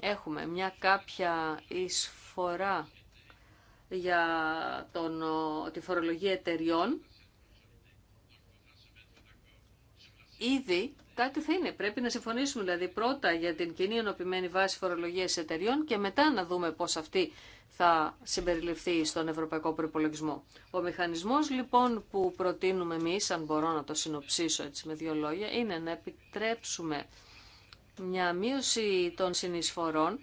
έχουμε μια κάποια εισφορά για τον, τη φορολογία εταιριών, ήδη κάτι θα είναι. Πρέπει να συμφωνήσουμε δηλαδή πρώτα για την κοινή ενωπημένη βάση φορολογία εταιριών και μετά να δούμε πώς αυτή θα συμπεριληφθεί στον ευρωπαϊκό προπολογισμό. Ο μηχανισμός λοιπόν που προτείνουμε εμείς, αν μπορώ να το συνοψίσω με δύο λόγια, είναι να επιτρέψουμε μια μείωση των συνεισφορών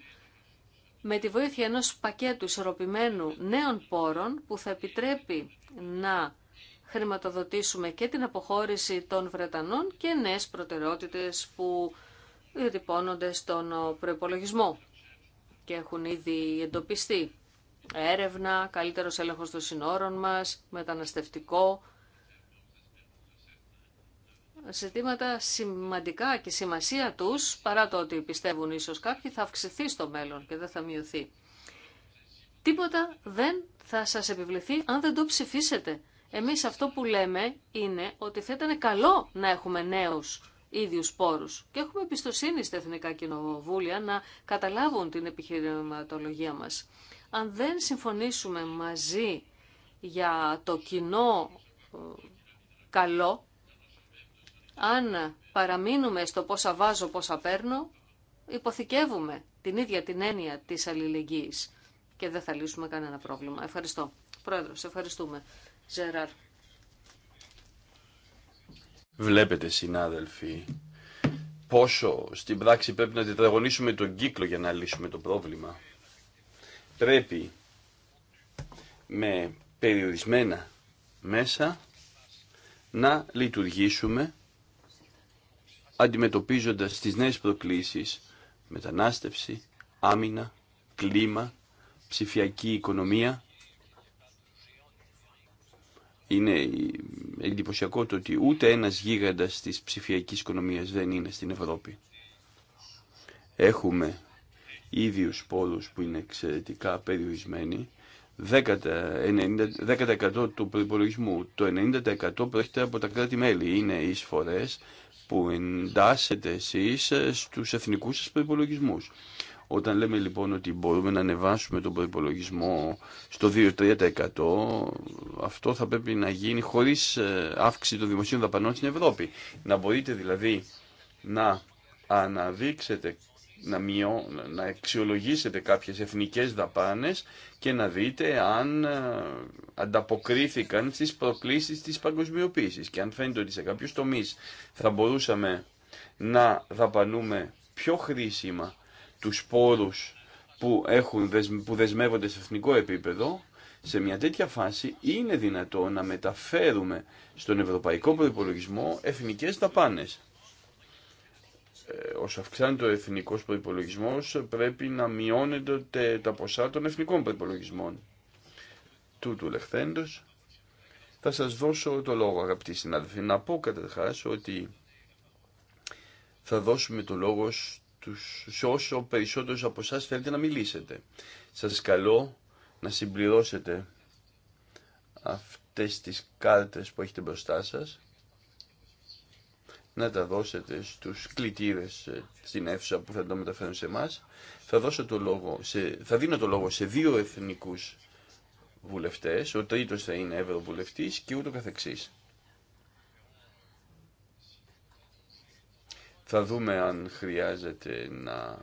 με τη βοήθεια ενός πακέτου ισορροπημένου νέων πόρων που θα επιτρέπει να χρηματοδοτήσουμε και την αποχώρηση των Βρετανών και νέες προτεραιότητες που διατυπώνονται στον προπολογισμό και έχουν ήδη εντοπιστεί. Έρευνα, καλύτερος έλεγχος των συνόρων μας, μεταναστευτικό, ζητήματα σημαντικά και σημασία τους, παρά το ότι πιστεύουν ίσως κάποιοι, θα αυξηθεί στο μέλλον και δεν θα μειωθεί. Τίποτα δεν θα σας επιβληθεί αν δεν το ψηφίσετε. Εμείς αυτό που λέμε είναι ότι θα ήταν καλό να έχουμε νέους ίδιους πόρους και έχουμε εμπιστοσύνη στα Εθνικά Κοινοβούλια να καταλάβουν την επιχειρηματολογία μας. Αν δεν συμφωνήσουμε μαζί για το κοινό ε, καλό, αν παραμείνουμε στο πόσα βάζω, πόσα παίρνω, υποθηκεύουμε την ίδια την έννοια της αλληλεγγύης και δεν θα λύσουμε κανένα πρόβλημα. Ευχαριστώ. Πρόεδρος, ευχαριστούμε. Ζεράρ. Βλέπετε συνάδελφοι πόσο στην πράξη πρέπει να τετραγωνίσουμε τον κύκλο για να λύσουμε το πρόβλημα. Πρέπει με περιορισμένα μέσα να λειτουργήσουμε αντιμετωπίζοντας τις νέες προκλήσεις, μετανάστευση, άμυνα, κλίμα, ψηφιακή οικονομία. Είναι εντυπωσιακό το ότι ούτε ένας γίγαντας της ψηφιακής οικονομίας δεν είναι στην Ευρώπη. Έχουμε ίδιους πόρους που είναι εξαιρετικά περιορισμένοι, 10%, του προπολογισμού. Το 90% προέρχεται από τα κράτη-μέλη. Είναι εισφορές που εντάσσετε εσείς ε, στους εθνικούς σας προϋπολογισμούς. Όταν λέμε λοιπόν ότι μπορούμε να ανεβάσουμε τον προϋπολογισμό στο 2-3% αυτό θα πρέπει να γίνει χωρίς ε, αύξηση των δημοσίων δαπανών στην Ευρώπη. Να μπορείτε δηλαδή να αναδείξετε να, μειώ, να αξιολογήσετε κάποιες εθνικές δαπάνες και να δείτε αν ε, ανταποκρίθηκαν στις προκλήσεις της παγκοσμιοποίησης και αν φαίνεται ότι σε κάποιους τομείς θα μπορούσαμε να δαπανούμε πιο χρήσιμα τους πόρους που, έχουν, που δεσμεύονται σε εθνικό επίπεδο, σε μια τέτοια φάση είναι δυνατό να μεταφέρουμε στον ευρωπαϊκό Προπολογισμό εθνικές δαπάνες όσο αυξάνεται ο εθνικό προπολογισμό πρέπει να μειώνεται τα ποσά των εθνικών προπολογισμών Τούτου λεχθέντος. Θα σα δώσω το λόγο αγαπητοί συνάδελφοι. Να πω καταρχάς ότι θα δώσουμε το λόγο στους, σε όσο περισσότερου από εσά θέλετε να μιλήσετε. Σα καλώ να συμπληρώσετε αυτές τις κάρτες που έχετε μπροστά σας να τα δώσετε στους κλητήρες ε, στην αίθουσα που θα το μεταφέρουν σε εμά. Θα, το θα δίνω το λόγο σε δύο εθνικούς βουλευτές, ο τρίτος θα είναι ευρωβουλευτής και ούτω καθεξής. Θα δούμε αν χρειάζεται να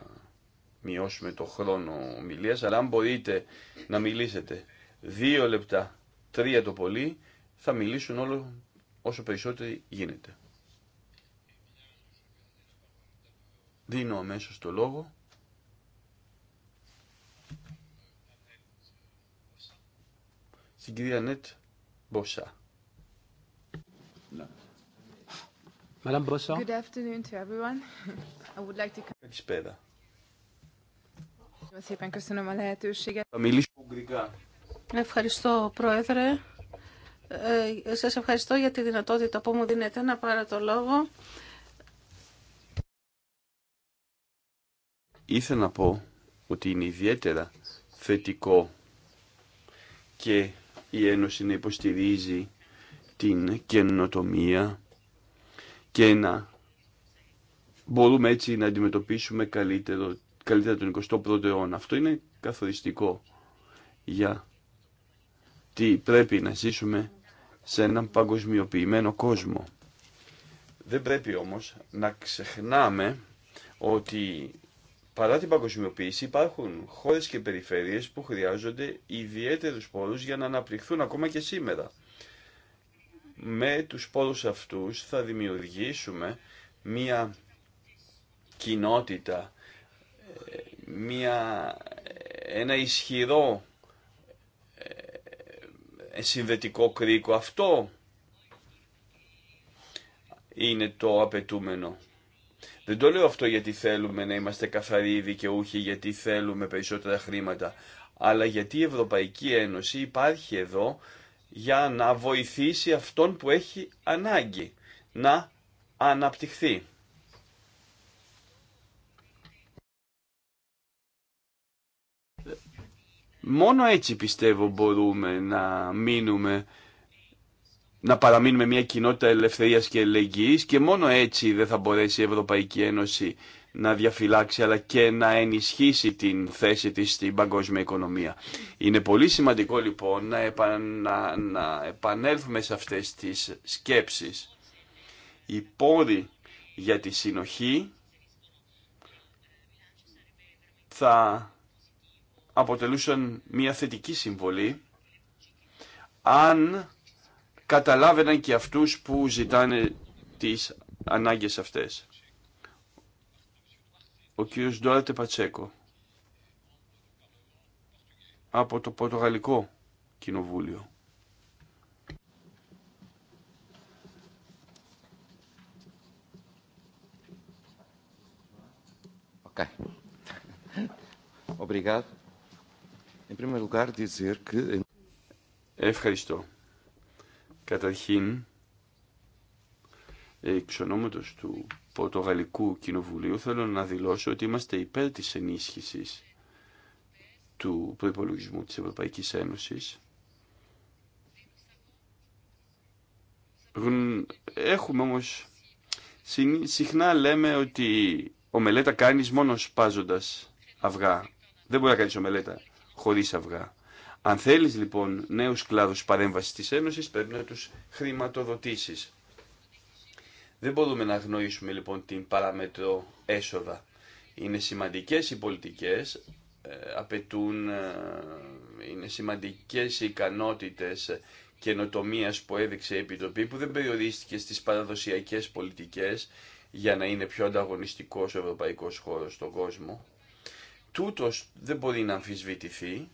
μειώσουμε το χρόνο ομιλία. αλλά αν μπορείτε να μιλήσετε δύο λεπτά, τρία το πολύ, θα μιλήσουν όλο όσο περισσότερο γίνεται. Δίνω αμέσως το λόγο. Στην κυρία Νέτ Μπόσα. Madame Bossa. Good afternoon to everyone. I would like to... Καλησπέρα. Θα μιλήσω ουγγρικά. Ευχαριστώ, Πρόεδρε. Ε, σας ευχαριστώ για τη δυνατότητα που μου δίνετε να πάρω το λόγο. Ήθελα να πω ότι είναι ιδιαίτερα θετικό και η Ένωση να υποστηρίζει την καινοτομία και να μπορούμε έτσι να αντιμετωπίσουμε καλύτερο, καλύτερα τον 21ο αιώνα. Αυτό είναι καθοριστικό για τι πρέπει να ζήσουμε σε έναν παγκοσμιοποιημένο κόσμο. Δεν πρέπει όμως να ξεχνάμε ότι Παρά την παγκοσμιοποίηση υπάρχουν χώρες και περιφέρειες που χρειάζονται ιδιαίτερους πόρους για να αναπτυχθούν ακόμα και σήμερα. Με τους πόρους αυτούς θα δημιουργήσουμε μία κοινότητα, μία, ένα ισχυρό ε, συνδετικό κρίκο. Αυτό είναι το απαιτούμενο. Δεν το λέω αυτό γιατί θέλουμε να είμαστε καθαροί δικαιούχοι, γιατί θέλουμε περισσότερα χρήματα, αλλά γιατί η Ευρωπαϊκή Ένωση υπάρχει εδώ για να βοηθήσει αυτόν που έχει ανάγκη να αναπτυχθεί. Μόνο έτσι πιστεύω μπορούμε να μείνουμε να παραμείνουμε μια κοινότητα ελευθερίας και ελεγγύης και μόνο έτσι δεν θα μπορέσει η Ευρωπαϊκή Ένωση να διαφυλάξει αλλά και να ενισχύσει την θέση της στην παγκόσμια οικονομία. Είναι πολύ σημαντικό λοιπόν να, να... επανέλθουμε σε αυτές τις σκέψεις. Η πόρη για τη συνοχή θα αποτελούσαν μια θετική συμβολή αν καταλάβαιναν και αυτούς που ζητάνε τις ανάγκες αυτές. Ο κύριος Ντόρατε Πατσέκο από το Πορτογαλικό Κοινοβούλιο. Ευχαριστώ. Καταρχήν, εξ ονόματος του Πορτογαλικού Κοινοβουλίου θέλω να δηλώσω ότι είμαστε υπέρ της ενίσχυσης του προϋπολογισμού της Ευρωπαϊκής Ένωσης. Έχουμε όμως, συχνά λέμε ότι μελέτα κάνεις μόνο σπάζοντας αυγά. Δεν μπορεί να κάνεις ομελέτα χωρίς αυγά. Αν θέλεις λοιπόν νέους κλάδους παρέμβασης της Ένωσης πρέπει να τους χρηματοδοτήσεις. Δεν μπορούμε να γνωρίσουμε λοιπόν την παράμετρο έσοδα. Είναι σημαντικές οι πολιτικές, ε, απαιτούν, ε, είναι σημαντικές οι ικανότητες καινοτομίας που έδειξε η Επιτροπή που δεν περιορίστηκε στις παραδοσιακές πολιτικές για να είναι πιο ανταγωνιστικός ο ευρωπαϊκός χώρος στον κόσμο. Τούτος δεν μπορεί να αμφισβητηθεί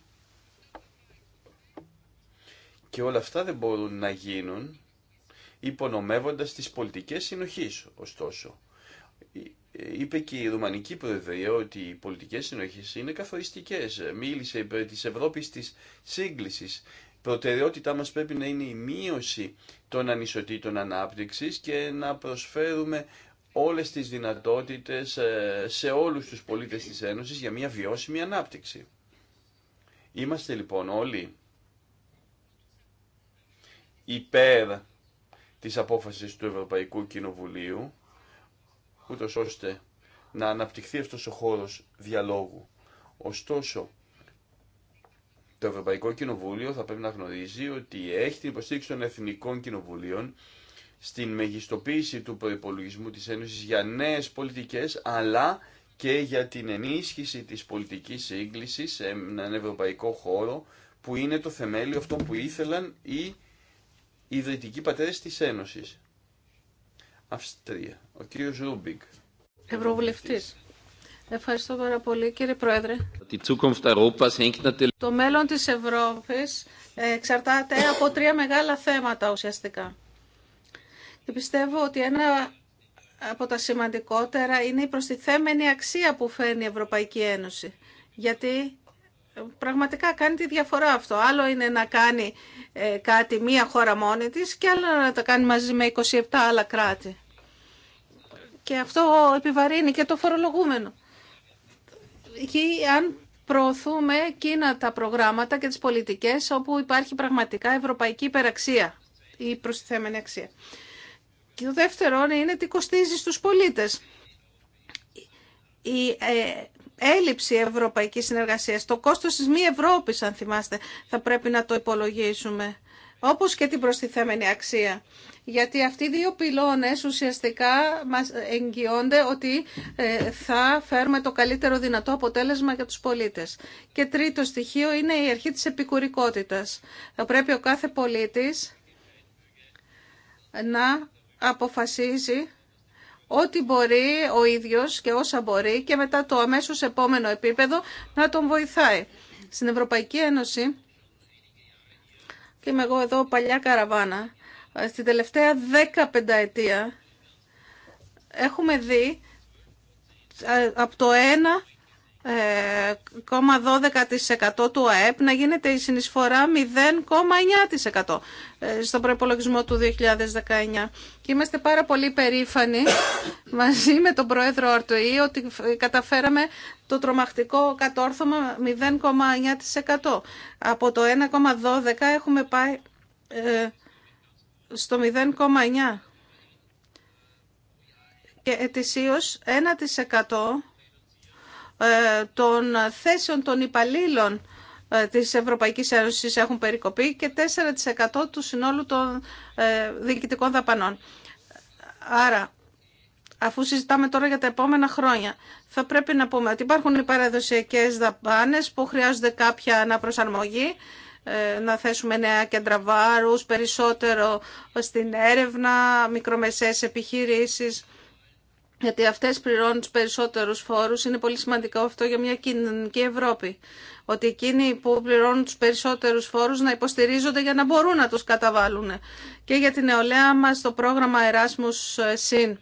και όλα αυτά δεν μπορούν να γίνουν υπονομεύοντας τις πολιτικές συνοχής, ωστόσο. Ε, είπε και η Ρουμανική Προεδρία ότι οι πολιτικές συνοχής είναι καθοριστικές. Μίλησε υπέρ της Ευρώπης της σύγκλησης. Προτεραιότητά μας πρέπει να είναι η μείωση των ανισοτήτων ανάπτυξης και να προσφέρουμε όλες τις δυνατότητες ε, σε όλους τους πολίτες της Ένωσης για μια βιώσιμη ανάπτυξη. Είμαστε λοιπόν όλοι υπέρ της απόφασης του Ευρωπαϊκού Κοινοβουλίου, ούτως ώστε να αναπτυχθεί αυτός ο χώρος διαλόγου. Ωστόσο, το Ευρωπαϊκό Κοινοβούλιο θα πρέπει να γνωρίζει ότι έχει την υποστήριξη των Εθνικών Κοινοβουλίων στην μεγιστοποίηση του προπολογισμού της Ένωσης για νέες πολιτικές, αλλά και για την ενίσχυση της πολιτικής σύγκλησης σε έναν ευρωπαϊκό χώρο που είναι το θεμέλιο αυτό που ήθελαν οι ιδρυτικοί πατέρες τη Ένωσης. Αυστρία. Ο κύριο Ρούμπιγκ, Ευρωβουλευτής. Ευχαριστώ πάρα πολύ κύριε Πρόεδρε. Το μέλλον τη Ευρώπη εξαρτάται από τρία μεγάλα θέματα ουσιαστικά. Και πιστεύω ότι ένα από τα σημαντικότερα είναι η προστιθέμενη αξία που φέρνει η Ευρωπαϊκή Ένωση. Γιατί Πραγματικά κάνει τη διαφορά αυτό. Άλλο είναι να κάνει ε, κάτι μία χώρα μόνη της και άλλο να τα κάνει μαζί με 27 άλλα κράτη. Και αυτό επιβαρύνει και το φορολογούμενο. Εκεί αν προωθούμε εκείνα τα προγράμματα και τις πολιτικές όπου υπάρχει πραγματικά ευρωπαϊκή υπεραξία ή προστιθέμενη αξία. Και το δεύτερο είναι τι κοστίζει στους πολίτες. Ε, έλλειψη ευρωπαϊκής συνεργασίας, το κόστος της μη Ευρώπης, αν θυμάστε, θα πρέπει να το υπολογίσουμε, όπως και την προστιθέμενη αξία. Γιατί αυτοί οι δύο πυλώνες ουσιαστικά μας εγγυώνται ότι ε, θα φέρουμε το καλύτερο δυνατό αποτέλεσμα για τους πολίτες. Και τρίτο στοιχείο είναι η αρχή της επικουρικότητας. Θα πρέπει ο κάθε πολίτης να αποφασίζει ό,τι μπορεί ο ίδιος και όσα μπορεί και μετά το αμέσως επόμενο επίπεδο να τον βοηθάει. Στην Ευρωπαϊκή Ένωση, και είμαι εγώ εδώ παλιά καραβάνα, στην τελευταία δέκα πενταετία έχουμε δει ε, από το ένα 0,12% ε, του ΑΕΠ να γίνεται η συνεισφορά 0,9% ε, στον προπολογισμό του 2019. Και είμαστε πάρα πολύ περήφανοι μαζί με τον Πρόεδρο Αρτοή ότι καταφέραμε το τρομακτικό κατόρθωμα 0,9%. Από το 1,12 έχουμε πάει ε, στο 0,9. Και ετησίως 1% ε, των θέσεων των υπαλλήλων ε, της Ευρωπαϊκής Ένωσης έχουν περικοπεί και 4% του συνόλου των ε, διοικητικών δαπανών. Άρα, αφού συζητάμε τώρα για τα επόμενα χρόνια, θα πρέπει να πούμε ότι υπάρχουν οι παραδοσιακές δαπάνες που χρειάζονται κάποια αναπροσαρμογή, να θέσουμε νέα κέντρα βάρους, περισσότερο στην έρευνα, μικρομεσαίες επιχειρήσεις, γιατί αυτές πληρώνουν τους περισσότερους φόρους. Είναι πολύ σημαντικό αυτό για μια κοινωνική Ευρώπη. Ότι εκείνοι που πληρώνουν τους περισσότερους φόρους να υποστηρίζονται για να μπορούν να τους καταβάλουν. Και για την νεολαία μας το πρόγραμμα Erasmus Συν.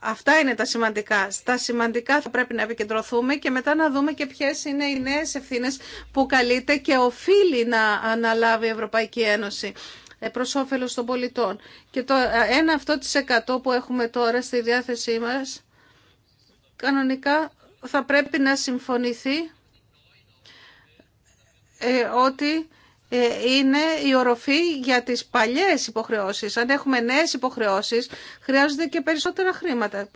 Αυτά είναι τα σημαντικά. Στα σημαντικά θα πρέπει να επικεντρωθούμε και μετά να δούμε και ποιες είναι οι νέες ευθύνες που καλείται και οφείλει να αναλάβει η Ευρωπαϊκή Ένωση. Ε, προ όφελο των πολιτών. Και το ε, ένα αυτό εκατό που έχουμε τώρα στη διάθεσή μας, κανονικά θα πρέπει να συμφωνηθεί ε, ότι είναι η οροφή για τις παλιές υποχρεώσεις. Αν έχουμε νέες υποχρεώσεις, χρειάζονται και περισσότερα χρήματα.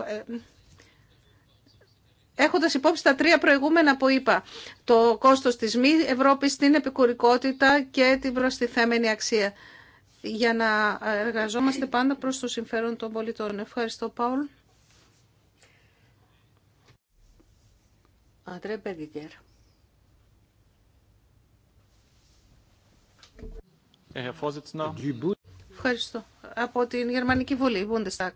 Έχοντας υπόψη τα τρία προηγούμενα που είπα, το κόστος της μη Ευρώπης, την επικουρικότητα και την προστιθέμενη αξία για να εργαζόμαστε πάντα προς το συμφέρον των πολιτών. Ευχαριστώ, Πάουλ. Ευχαριστώ. Από την Γερμανική Βουλή, Bundestag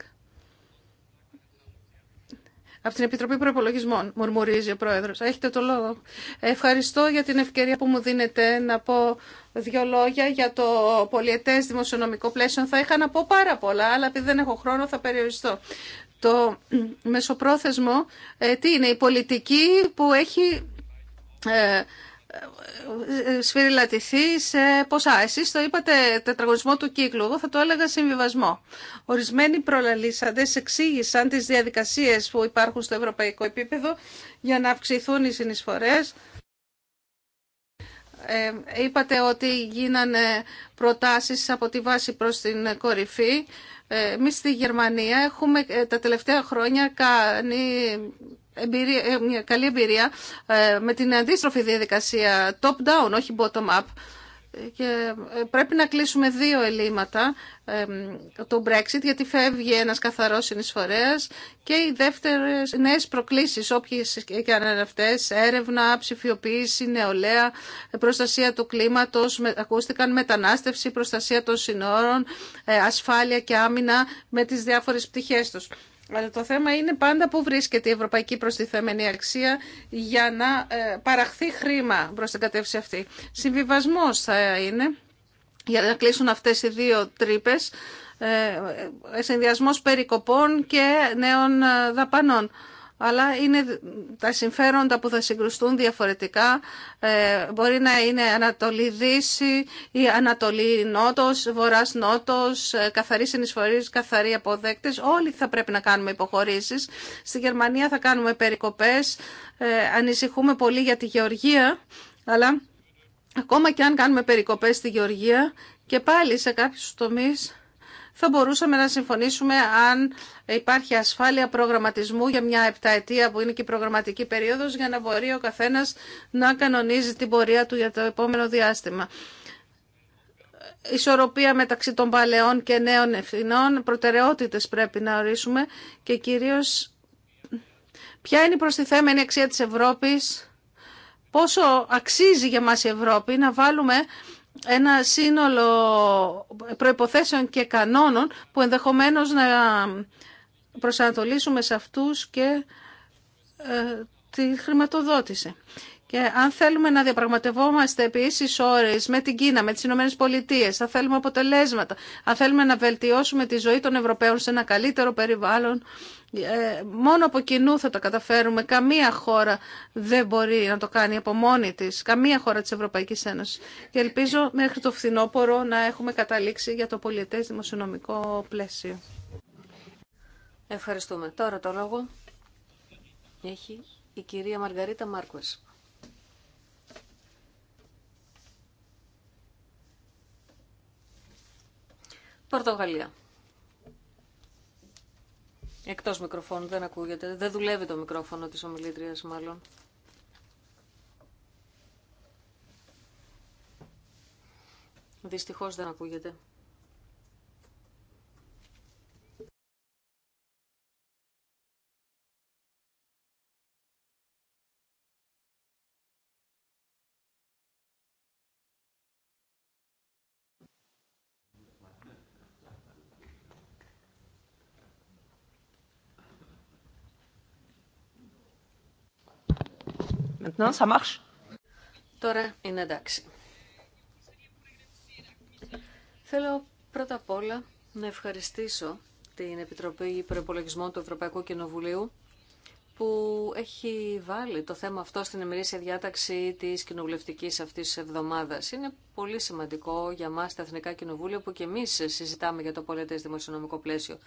από την Επιτροπή Προπολογισμών, μουρμουρίζει ο Πρόεδρος. Έχετε το λόγο. Ευχαριστώ για την ευκαιρία που μου δίνετε να πω δύο λόγια για το πολιετέ δημοσιονομικό πλαίσιο. Θα είχα να πω πάρα πολλά, αλλά επειδή δεν έχω χρόνο θα περιοριστώ. Το μεσοπρόθεσμο, ε, τι είναι, η πολιτική που έχει ε, σφυριλατηθεί σε ποσά. Εσείς το είπατε τετραγωνισμό του κύκλου, εγώ θα το έλεγα συμβιβασμό. Ορισμένοι προλαλήσαντες εξήγησαν τις διαδικασίες που υπάρχουν στο ευρωπαϊκό επίπεδο για να αυξηθούν οι συνεισφορές. Ε, είπατε ότι γίνανε προτάσεις από τη βάση προς την κορυφή. Ε, Εμεί στη Γερμανία έχουμε ε, τα τελευταία χρόνια κάνει ε, μια καλή εμπειρία ε, με την αντίστροφη διαδικασία top-down, όχι bottom-up. Και ε, πρέπει να κλείσουμε δύο ελλείμματα το Brexit γιατί φεύγει ένας καθαρός συνεισφορέας και οι δεύτερες νέες προκλήσεις όποιες και αν είναι αυτές έρευνα, ψηφιοποίηση, νεολαία προστασία του κλίματος ακούστηκαν μετανάστευση, προστασία των συνόρων ασφάλεια και άμυνα με τις διάφορες πτυχές τους αλλά το θέμα είναι πάντα που βρίσκεται η ευρωπαϊκή προστιθέμενη αξία για να ε, παραχθεί χρήμα προς την κατεύθυνση αυτή. Συμβιβασμός θα είναι για να κλείσουν αυτές οι δύο τρύπες, ε, ε, συνδυασμός περικοπών και νέων δαπανών αλλά είναι τα συμφέροντα που θα συγκρουστούν διαφορετικά. Ε, μπορεί να είναι Ανατολή-Δύση ή Ανατολή-Νότος, Βορράς-Νότος, ε, συνεισφορή, καθαρή Όλοι θα πρέπει να κάνουμε υποχωρήσεις. Στη Γερμανία θα κάνουμε περικοπές. Ε, ανησυχούμε πολύ για τη Γεωργία, αλλά ακόμα και αν κάνουμε περικοπές στη Γεωργία και πάλι σε κάποιους τομείς θα μπορούσαμε να συμφωνήσουμε αν υπάρχει ασφάλεια προγραμματισμού για μια επταετία που είναι και η προγραμματική περίοδος για να μπορεί ο καθένας να κανονίζει την πορεία του για το επόμενο διάστημα. Ισορροπία μεταξύ των παλαιών και νέων ευθυνών, προτεραιότητες πρέπει να ορίσουμε και κυρίως ποια είναι η προστιθέμενη αξία της Ευρώπης, πόσο αξίζει για μας η Ευρώπη να βάλουμε ένα σύνολο προϋποθέσεων και κανόνων που ενδεχομένως να προσανατολίσουμε σε αυτούς και ε, τη χρηματοδότηση. Και αν θέλουμε να διαπραγματευόμαστε επί ώρε ώρες με την Κίνα, με τι Ηνωμένε Πολιτείε, θα θέλουμε αποτελέσματα, αν θέλουμε να βελτιώσουμε τη ζωή των Ευρωπαίων σε ένα καλύτερο περιβάλλον, ε, μόνο από κοινού θα τα καταφέρουμε. Καμία χώρα δεν μπορεί να το κάνει από μόνη τη. Καμία χώρα τη Ευρωπαϊκή Ένωση. Και ελπίζω μέχρι το φθινόπωρο να έχουμε καταλήξει για το πολιετέ δημοσιονομικό πλαίσιο. Ευχαριστούμε. Τώρα το λόγο έχει η κυρία Μαργαρίτα Μάρκουες. Πορτογαλία. Εκτός μικροφώνου, δεν ακούγεται. Δεν δουλεύει το μικρόφωνο της ομιλήτριας μάλλον. Δυστυχώς δεν ακούγεται. ça marche. Τώρα είναι εντάξει. Θέλω πρώτα απ' όλα να ευχαριστήσω την Επιτροπή Προπολογισμών του Ευρωπαϊκού Κοινοβουλίου που έχει βάλει το θέμα αυτό στην εμερήσια διάταξη της κοινοβουλευτικής αυτής της εβδομάδας. Είναι πολύ σημαντικό για μας τα Εθνικά Κοινοβούλια που και εμείς συζητάμε για το πολιτές δημοσιονομικό πλαίσιο.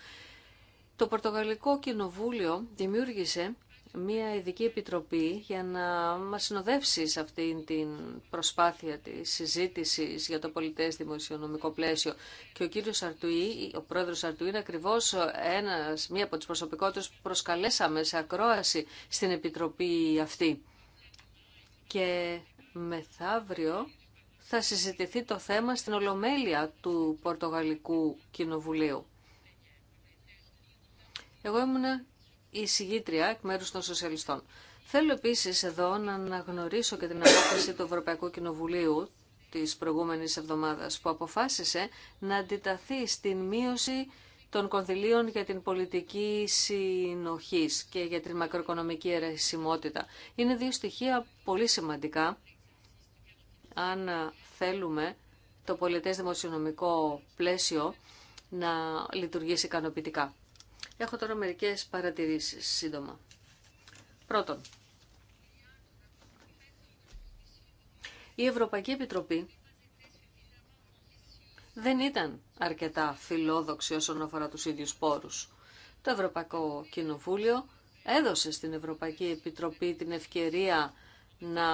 Το Πορτογαλικό Κοινοβούλιο δημιούργησε μία ειδική επιτροπή για να μας συνοδεύσει σε αυτήν την προσπάθεια της συζήτησης για το πολιτές δημοσιονομικό πλαίσιο. Και ο κύριος Αρτουή, ο πρόεδρος Αρτουή είναι ακριβώς ένας, μία από τις προσωπικότητες που προσκαλέσαμε σε ακρόαση στην επιτροπή αυτή. Και μεθαύριο θα συζητηθεί το θέμα στην Ολομέλεια του Πορτογαλικού Κοινοβουλίου. Εγώ εισηγήτρια εκ μέρου των σοσιαλιστών. Θέλω επίσης εδώ να αναγνωρίσω και την απόφαση του Ευρωπαϊκού Κοινοβουλίου τη προηγούμενη εβδομάδα, που αποφάσισε να αντιταθεί στην μείωση των κονδυλίων για την πολιτική συνοχή και για την μακροοικονομική αιρεσιμότητα. Είναι δύο στοιχεία πολύ σημαντικά αν θέλουμε το πολιτές δημοσιονομικό πλαίσιο να λειτουργήσει ικανοποιητικά. Έχω τώρα μερικές παρατηρήσεις σύντομα. Πρώτον, η Ευρωπαϊκή Επιτροπή δεν ήταν αρκετά φιλόδοξη όσον αφορά τους ίδιους πόρους. Το Ευρωπαϊκό Κοινοβούλιο έδωσε στην Ευρωπαϊκή Επιτροπή την ευκαιρία να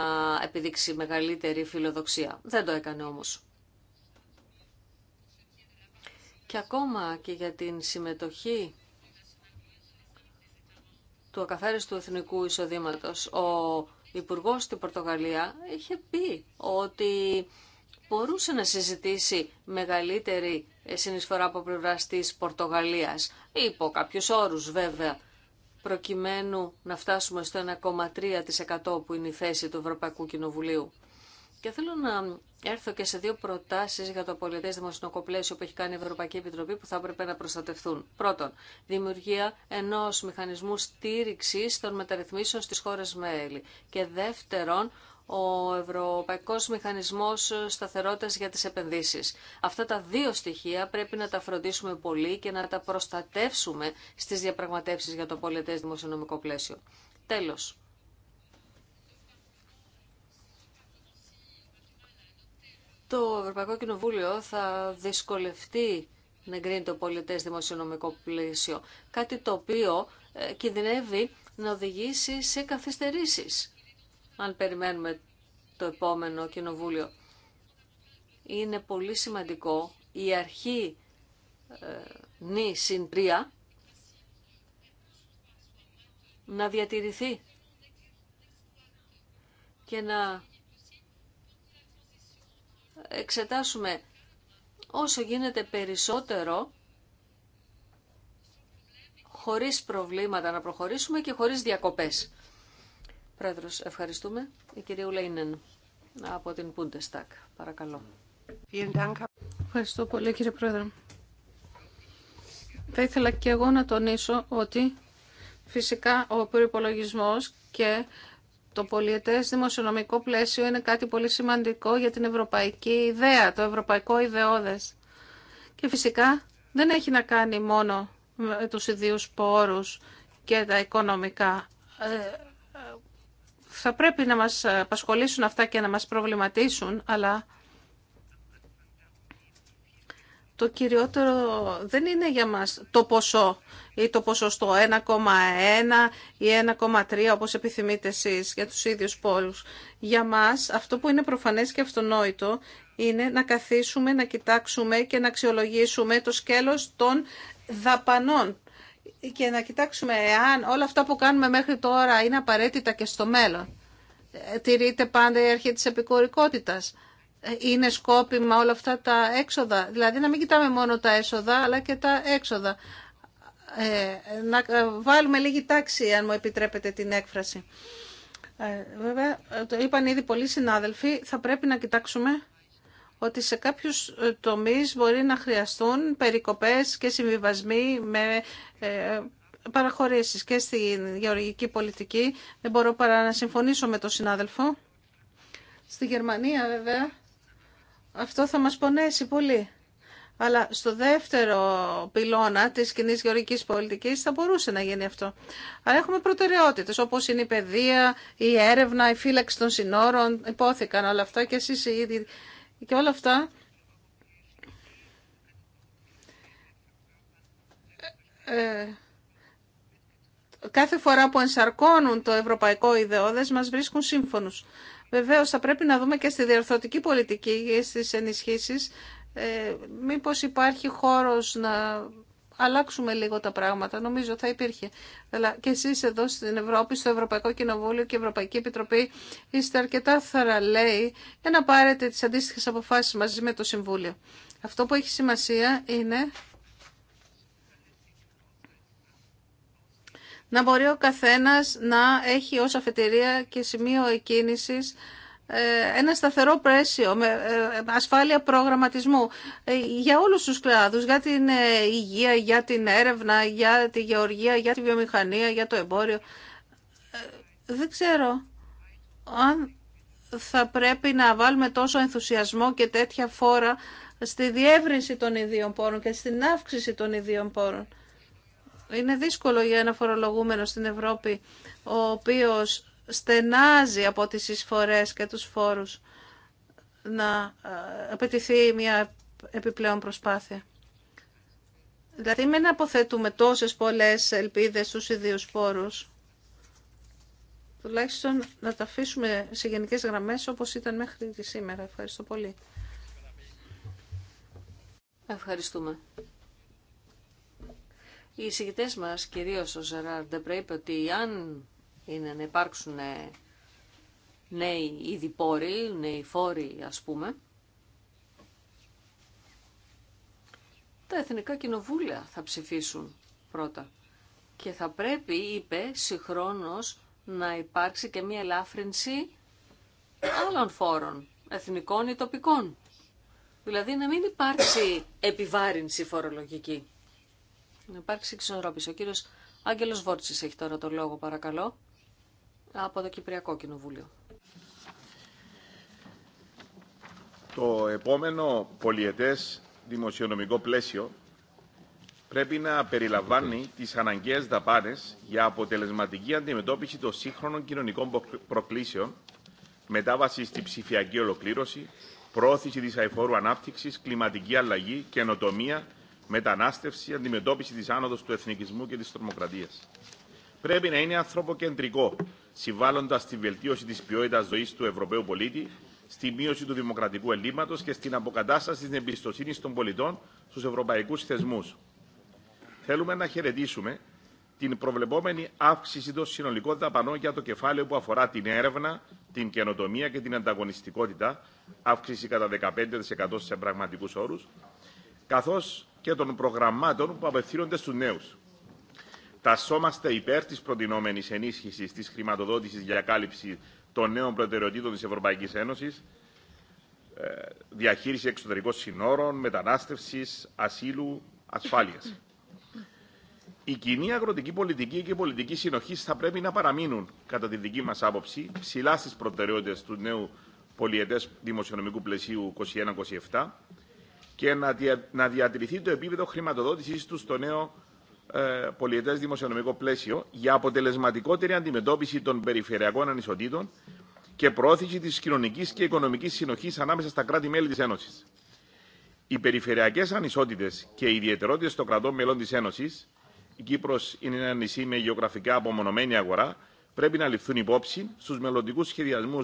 επιδείξει μεγαλύτερη φιλοδοξία. Δεν το έκανε όμως. Και ακόμα και για την συμμετοχή του ακαθάριστου εθνικού εισοδήματος. Ο Υπουργός στην Πορτογαλία είχε πει ότι μπορούσε να συζητήσει μεγαλύτερη συνεισφορά από πλευρά τη Πορτογαλίας, υπό κάποιους όρους βέβαια, προκειμένου να φτάσουμε στο 1,3% που είναι η θέση του Ευρωπαϊκού Κοινοβουλίου. Και θέλω να έρθω και σε δύο προτάσεις για το πολιτέ δημοσιονομικό πλαίσιο που έχει κάνει η Ευρωπαϊκή Επιτροπή που θα έπρεπε να προστατευτούν. Πρώτον, δημιουργία ενός μηχανισμού στήριξης των μεταρρυθμίσεων στις χώρες μέλη. Και δεύτερον, ο Ευρωπαϊκό Μηχανισμό σταθερότητα για τι επενδύσει. Αυτά τα δύο στοιχεία πρέπει να τα φροντίσουμε πολύ και να τα προστατεύσουμε στι διαπραγματεύσει για το πολιτέ δημοσιονομικό πλαίσιο. Τέλος, το Ευρωπαϊκό Κοινοβούλιο θα δυσκολευτεί να εγκρίνει το πολιτές δημοσιονομικό πλαίσιο. Κάτι το οποίο ε, κινδυνεύει να οδηγήσει σε καθυστερήσεις, αν περιμένουμε το επόμενο κοινοβούλιο. Είναι πολύ σημαντικό η αρχή ε, νη συνπρία να διατηρηθεί και να εξετάσουμε όσο γίνεται περισσότερο χωρίς προβλήματα να προχωρήσουμε και χωρίς διακοπές. Πρόεδρος, ευχαριστούμε. Η κυρία Ουλέινεν από την Πούντεστακ. Παρακαλώ. Ευχαριστώ πολύ κύριε Πρόεδρε. Θα ήθελα και εγώ να τονίσω ότι φυσικά ο προπολογισμό και το πολιετές δημοσιονομικό πλαίσιο είναι κάτι πολύ σημαντικό για την ευρωπαϊκή ιδέα, το ευρωπαϊκό ιδεώδες. Και φυσικά δεν έχει να κάνει μόνο με τους ιδίους πόρους και τα οικονομικά. Ε, ε, θα πρέπει να μας απασχολήσουν αυτά και να μας προβληματίσουν, αλλά το κυριότερο δεν είναι για μας το ποσό ή το ποσοστό 1,1 ή 1,3 όπως επιθυμείτε εσείς για τους ίδιους πόλους. Για μας αυτό που είναι προφανές και αυτονόητο είναι να καθίσουμε, να κοιτάξουμε και να αξιολογήσουμε το σκέλος των δαπανών και να κοιτάξουμε εάν όλα αυτά που κάνουμε μέχρι τώρα είναι απαραίτητα και στο μέλλον. Ε, τηρείται πάντα η αρχή της επικορικότητας είναι σκόπιμα όλα αυτά τα έξοδα. Δηλαδή να μην κοιτάμε μόνο τα έσοδα αλλά και τα έξοδα. Ε, να βάλουμε λίγη τάξη αν μου επιτρέπετε την έκφραση. Ε, βέβαια, το είπαν ήδη πολλοί συνάδελφοι, θα πρέπει να κοιτάξουμε ότι σε κάποιους ε, τομείς μπορεί να χρειαστούν περικοπές και συμβιβασμοί με ε, παραχωρήσεις και στη γεωργική πολιτική. Δεν μπορώ παρά να συμφωνήσω με τον συνάδελφο. Στη Γερμανία βέβαια αυτό θα μας πονέσει πολύ. Αλλά στο δεύτερο πυλώνα της κοινή γεωργικής πολιτικής θα μπορούσε να γίνει αυτό. Αλλά έχουμε προτεραιότητες όπως είναι η παιδεία, η έρευνα, η φύλαξη των συνόρων, υπόθηκαν όλα αυτά και εσείς ήδη και όλα αυτά. Ε, κάθε φορά που ενσαρκώνουν το ευρωπαϊκό ιδεώδες μας βρίσκουν σύμφωνους. Βεβαίως θα πρέπει να δούμε και στη διορθωτική πολιτική και στις ενισχύσεις ε, μήπως υπάρχει χώρος να αλλάξουμε λίγο τα πράγματα. Νομίζω θα υπήρχε. Αλλά και εσείς εδώ στην Ευρώπη, στο Ευρωπαϊκό Κοινοβούλιο και η Ευρωπαϊκή Επιτροπή είστε αρκετά θαραλέοι για να πάρετε τις αντίστοιχες αποφάσεις μαζί με το Συμβούλιο. Αυτό που έχει σημασία είναι να μπορεί ο καθένας να έχει ως αφετηρία και σημείο εκκίνησης ε, ένα σταθερό πρέσιο, με ε, ασφάλεια προγραμματισμού ε, για όλους τους κλάδους, για την υγεία, για την έρευνα, για τη γεωργία, για τη βιομηχανία, για το εμπόριο. Δεν ξέρω αν θα πρέπει να βάλουμε τόσο ενθουσιασμό και τέτοια φόρα στη διεύρυνση των ιδίων πόρων και στην αύξηση των ιδίων πόρων. Είναι δύσκολο για ένα φορολογούμενο στην Ευρώπη, ο οποίος στενάζει από τις εισφορές και τους φόρους, να ε, απαιτηθεί μια επιπλέον προσπάθεια. Δηλαδή, μην αποθέτουμε τόσες πολλές ελπίδες στους ιδίους φόρους, Τουλάχιστον να τα αφήσουμε σε γενικές γραμμές όπως ήταν μέχρι σήμερα. Ευχαριστώ πολύ. Ευχαριστούμε. Οι εισηγητές μα κυρίω ο Ζεράρ είπε ότι αν είναι να υπάρξουν νέοι ήδη πόροι, νέοι φόροι α πούμε, τα εθνικά κοινοβούλια θα ψηφίσουν πρώτα. Και θα πρέπει, είπε, συγχρόνως να υπάρξει και μία ελάφρυνση άλλων φόρων, εθνικών ή τοπικών. Δηλαδή να μην υπάρξει επιβάρυνση φορολογική να υπάρξει εξορρόπηση. Ο κύριος Άγγελος Βόρτσης έχει τώρα το λόγο, παρακαλώ, από το Κυπριακό Κοινοβούλιο. Το επόμενο πολιετές δημοσιονομικό πλαίσιο πρέπει να περιλαμβάνει τις αναγκαίες δαπάνες για αποτελεσματική αντιμετώπιση των σύγχρονων κοινωνικών προκλήσεων, μετάβαση στη ψηφιακή ολοκλήρωση, προώθηση της αηφόρου ανάπτυξης, κλιματική αλλαγή, καινοτομία, μετανάστευση, αντιμετώπιση τη άνοδος του εθνικισμού και τη τρομοκρατίας. Πρέπει να είναι ανθρωποκεντρικό, συμβάλλοντα στη βελτίωση της ποιότητα ζωή του Ευρωπαίου πολίτη, στη μείωση του δημοκρατικού ελλείμματος και στην αποκατάσταση της εμπιστοσύνη των πολιτών στους ευρωπαϊκούς θεσμούς. Θέλουμε να χαιρετήσουμε την προβλεπόμενη αύξηση των συνολικών δαπανών για το κεφάλαιο που αφορά την έρευνα, την καινοτομία και την ανταγωνιστικότητα, αύξηση κατά 15% σε πραγματικούς όρου, καθώς και των προγραμμάτων που απευθύνονται στους νέους. Τασόμαστε υπέρ της προτινόμενης ενίσχυσης της χρηματοδότησης για κάλυψη των νέων προτεραιοτήτων της Ευρωπαϊκής Ένωσης, ε, διαχείριση εξωτερικών συνόρων, μετανάστευσης, ασύλου, ασφάλειας. Η κοινή αγροτική πολιτική και η πολιτική συνοχή θα πρέπει να παραμείνουν, κατά τη δική μα άποψη, ψηλά στι προτεραιότητε του νέου πολιετέ δημοσιονομικού πλαισίου 21-27, και να διατηρηθεί το επίπεδο χρηματοδότησή του στο νέο ε, πολιετέ δημοσιονομικό πλαίσιο για αποτελεσματικότερη αντιμετώπιση των περιφερειακών ανισοτήτων και προώθηση τη κοινωνική και οικονομική συνοχή ανάμεσα στα κράτη-μέλη τη Ένωση. Οι περιφερειακέ ανισότητε και οι ιδιαιτερότητες των κρατών μελών τη Ένωση, η Κύπρος είναι ένα νησί με γεωγραφικά απομονωμένη αγορά, πρέπει να ληφθούν υπόψη στου μελλοντικού σχεδιασμού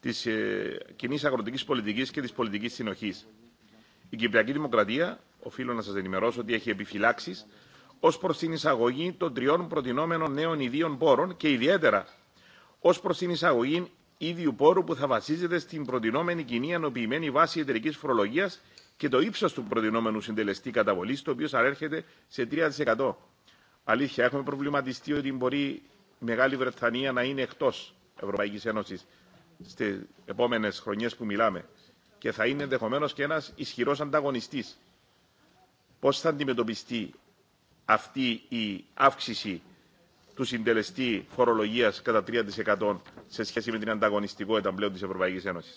τη ε, κοινή αγροτική πολιτική και τη πολιτική συνοχή. Η Κυπριακή Δημοκρατία, οφείλω να σα ενημερώσω ότι έχει επιφυλάξει ω προ την εισαγωγή των τριών προτινόμενων νέων ιδίων πόρων και ιδιαίτερα ω προ την εισαγωγή ίδιου πόρου που θα βασίζεται στην προτινόμενη κοινή ενοποιημένη βάση εταιρική φορολογία και το ύψο του προτινόμενου συντελεστή καταβολή, το οποίο ανέρχεται σε 3%. Αλήθεια, έχουμε προβληματιστεί ότι μπορεί η Μεγάλη Βρετανία να είναι εκτό Ευρωπαϊκή Ένωση στι επόμενε χρονιέ που μιλάμε και θα είναι ενδεχομένω και ένα ισχυρό ανταγωνιστή. Πώ θα αντιμετωπιστεί αυτή η αύξηση του συντελεστή φορολογία κατά 3% σε σχέση με την ανταγωνιστικότητα πλέον τη Ευρωπαϊκή Ένωση.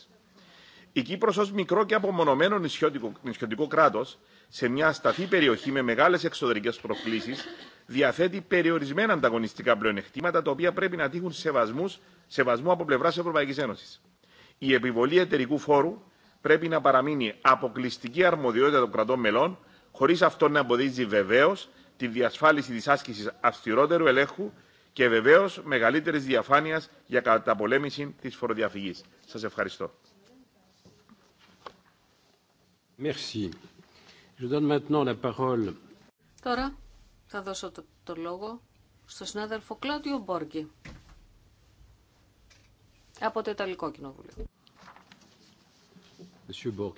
Η Κύπρος ως μικρό και απομονωμένο νησιωτικό, νησιωτικό κράτος, σε μια σταθή περιοχή με μεγάλες εξωτερικές προκλήσεις, διαθέτει περιορισμένα ανταγωνιστικά πλεονεκτήματα, τα οποία πρέπει να τύχουν σεβασμού από πλευρά Ευρωπαϊκής Ένωσης. Η επιβολή εταιρικού φόρου πρέπει να παραμείνει αποκλειστική αρμοδιότητα των κρατών μελών, χωρί αυτό να εμποδίζει βεβαίω τη διασφάλιση τη άσκηση αυστηρότερου ελέγχου και βεβαίω μεγαλύτερη διαφάνεια για καταπολέμηση τη φοροδιαφυγή. Σα ευχαριστώ. Τώρα θα δώσω το, λόγο στον συνάδελφο Κλάδιο Μπόργκη από το Ιταλικό Κοινοβούλιο. Monsieur you,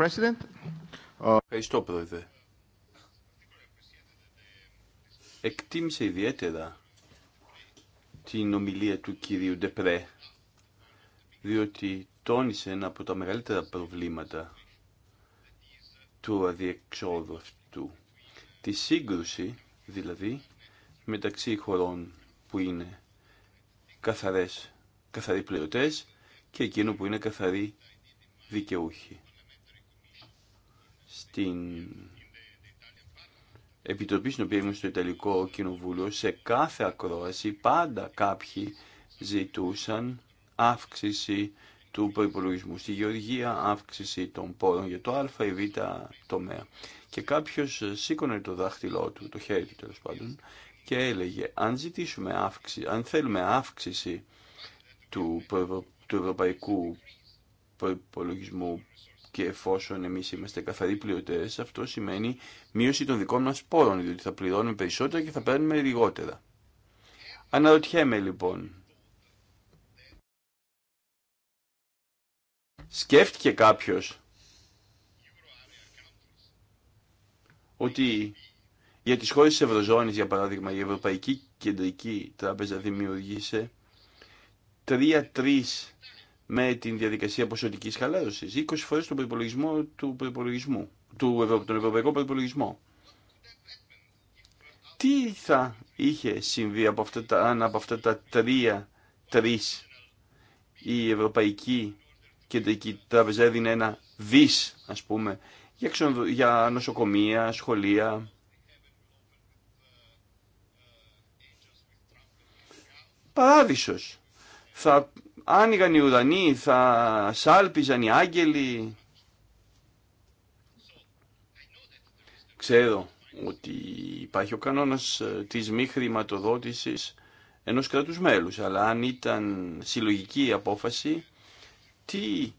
President. Ευχαριστώ, Πρόεδρε. Εκτίμησε ιδιαίτερα την ομιλία του κυρίου Ντεπρέ, διότι τόνισε ένα από τα μεγαλύτερα προβλήματα του αδιεξόδου αυτού. Τη σύγκρουση, δηλαδή, μεταξύ χωρών που είναι καθαρές, καθαροί και εκείνο που είναι καθαροί δικαιούχοι. Στην επιτροπή στην οποία ήμουν στο Ιταλικό Κοινοβούλιο, σε κάθε ακρόαση πάντα κάποιοι ζητούσαν αύξηση του προϋπολογισμού. στη γεωργία, αύξηση των πόρων για το α ή β τομέα. Και κάποιος σήκωνε το δάχτυλό του, το χέρι του τέλο πάντων, και έλεγε αν ζητήσουμε αύξηση, αν θέλουμε αύξηση του, του ευρωπαϊκού προπολογισμού και εφόσον εμείς είμαστε καθαροί πληρωτές, αυτό σημαίνει μείωση των δικών μας πόρων, διότι θα πληρώνουμε περισσότερα και θα παίρνουμε λιγότερα. Αναρωτιέμαι λοιπόν, σκέφτηκε κάποιος ότι για τις χώρες της Ευρωζώνης, για παράδειγμα, η Ευρωπαϊκή Κεντρική Τράπεζα δημιουργήσε 3-3 με την διαδικασία ποσοτικής χαλάρωσης, 20 φορές τον προπολογισμό του του Ευρω... τον ευρωπαϊκό προπολογισμό. Τι θα είχε συμβεί από αυτά τα, αν από αυτά τα 3-3 η Ευρωπαϊκή Κεντρική Τράπεζα έδινε ένα δις, ας πούμε, για, για νοσοκομεία, σχολεία, παράδεισος. Θα άνοιγαν οι ουρανοί, θα σάλπιζαν οι άγγελοι. Ξέρω ότι υπάρχει ο κανόνας ε, της μη χρηματοδότηση ενός κράτους μέλους, αλλά αν ήταν συλλογική η απόφαση, τι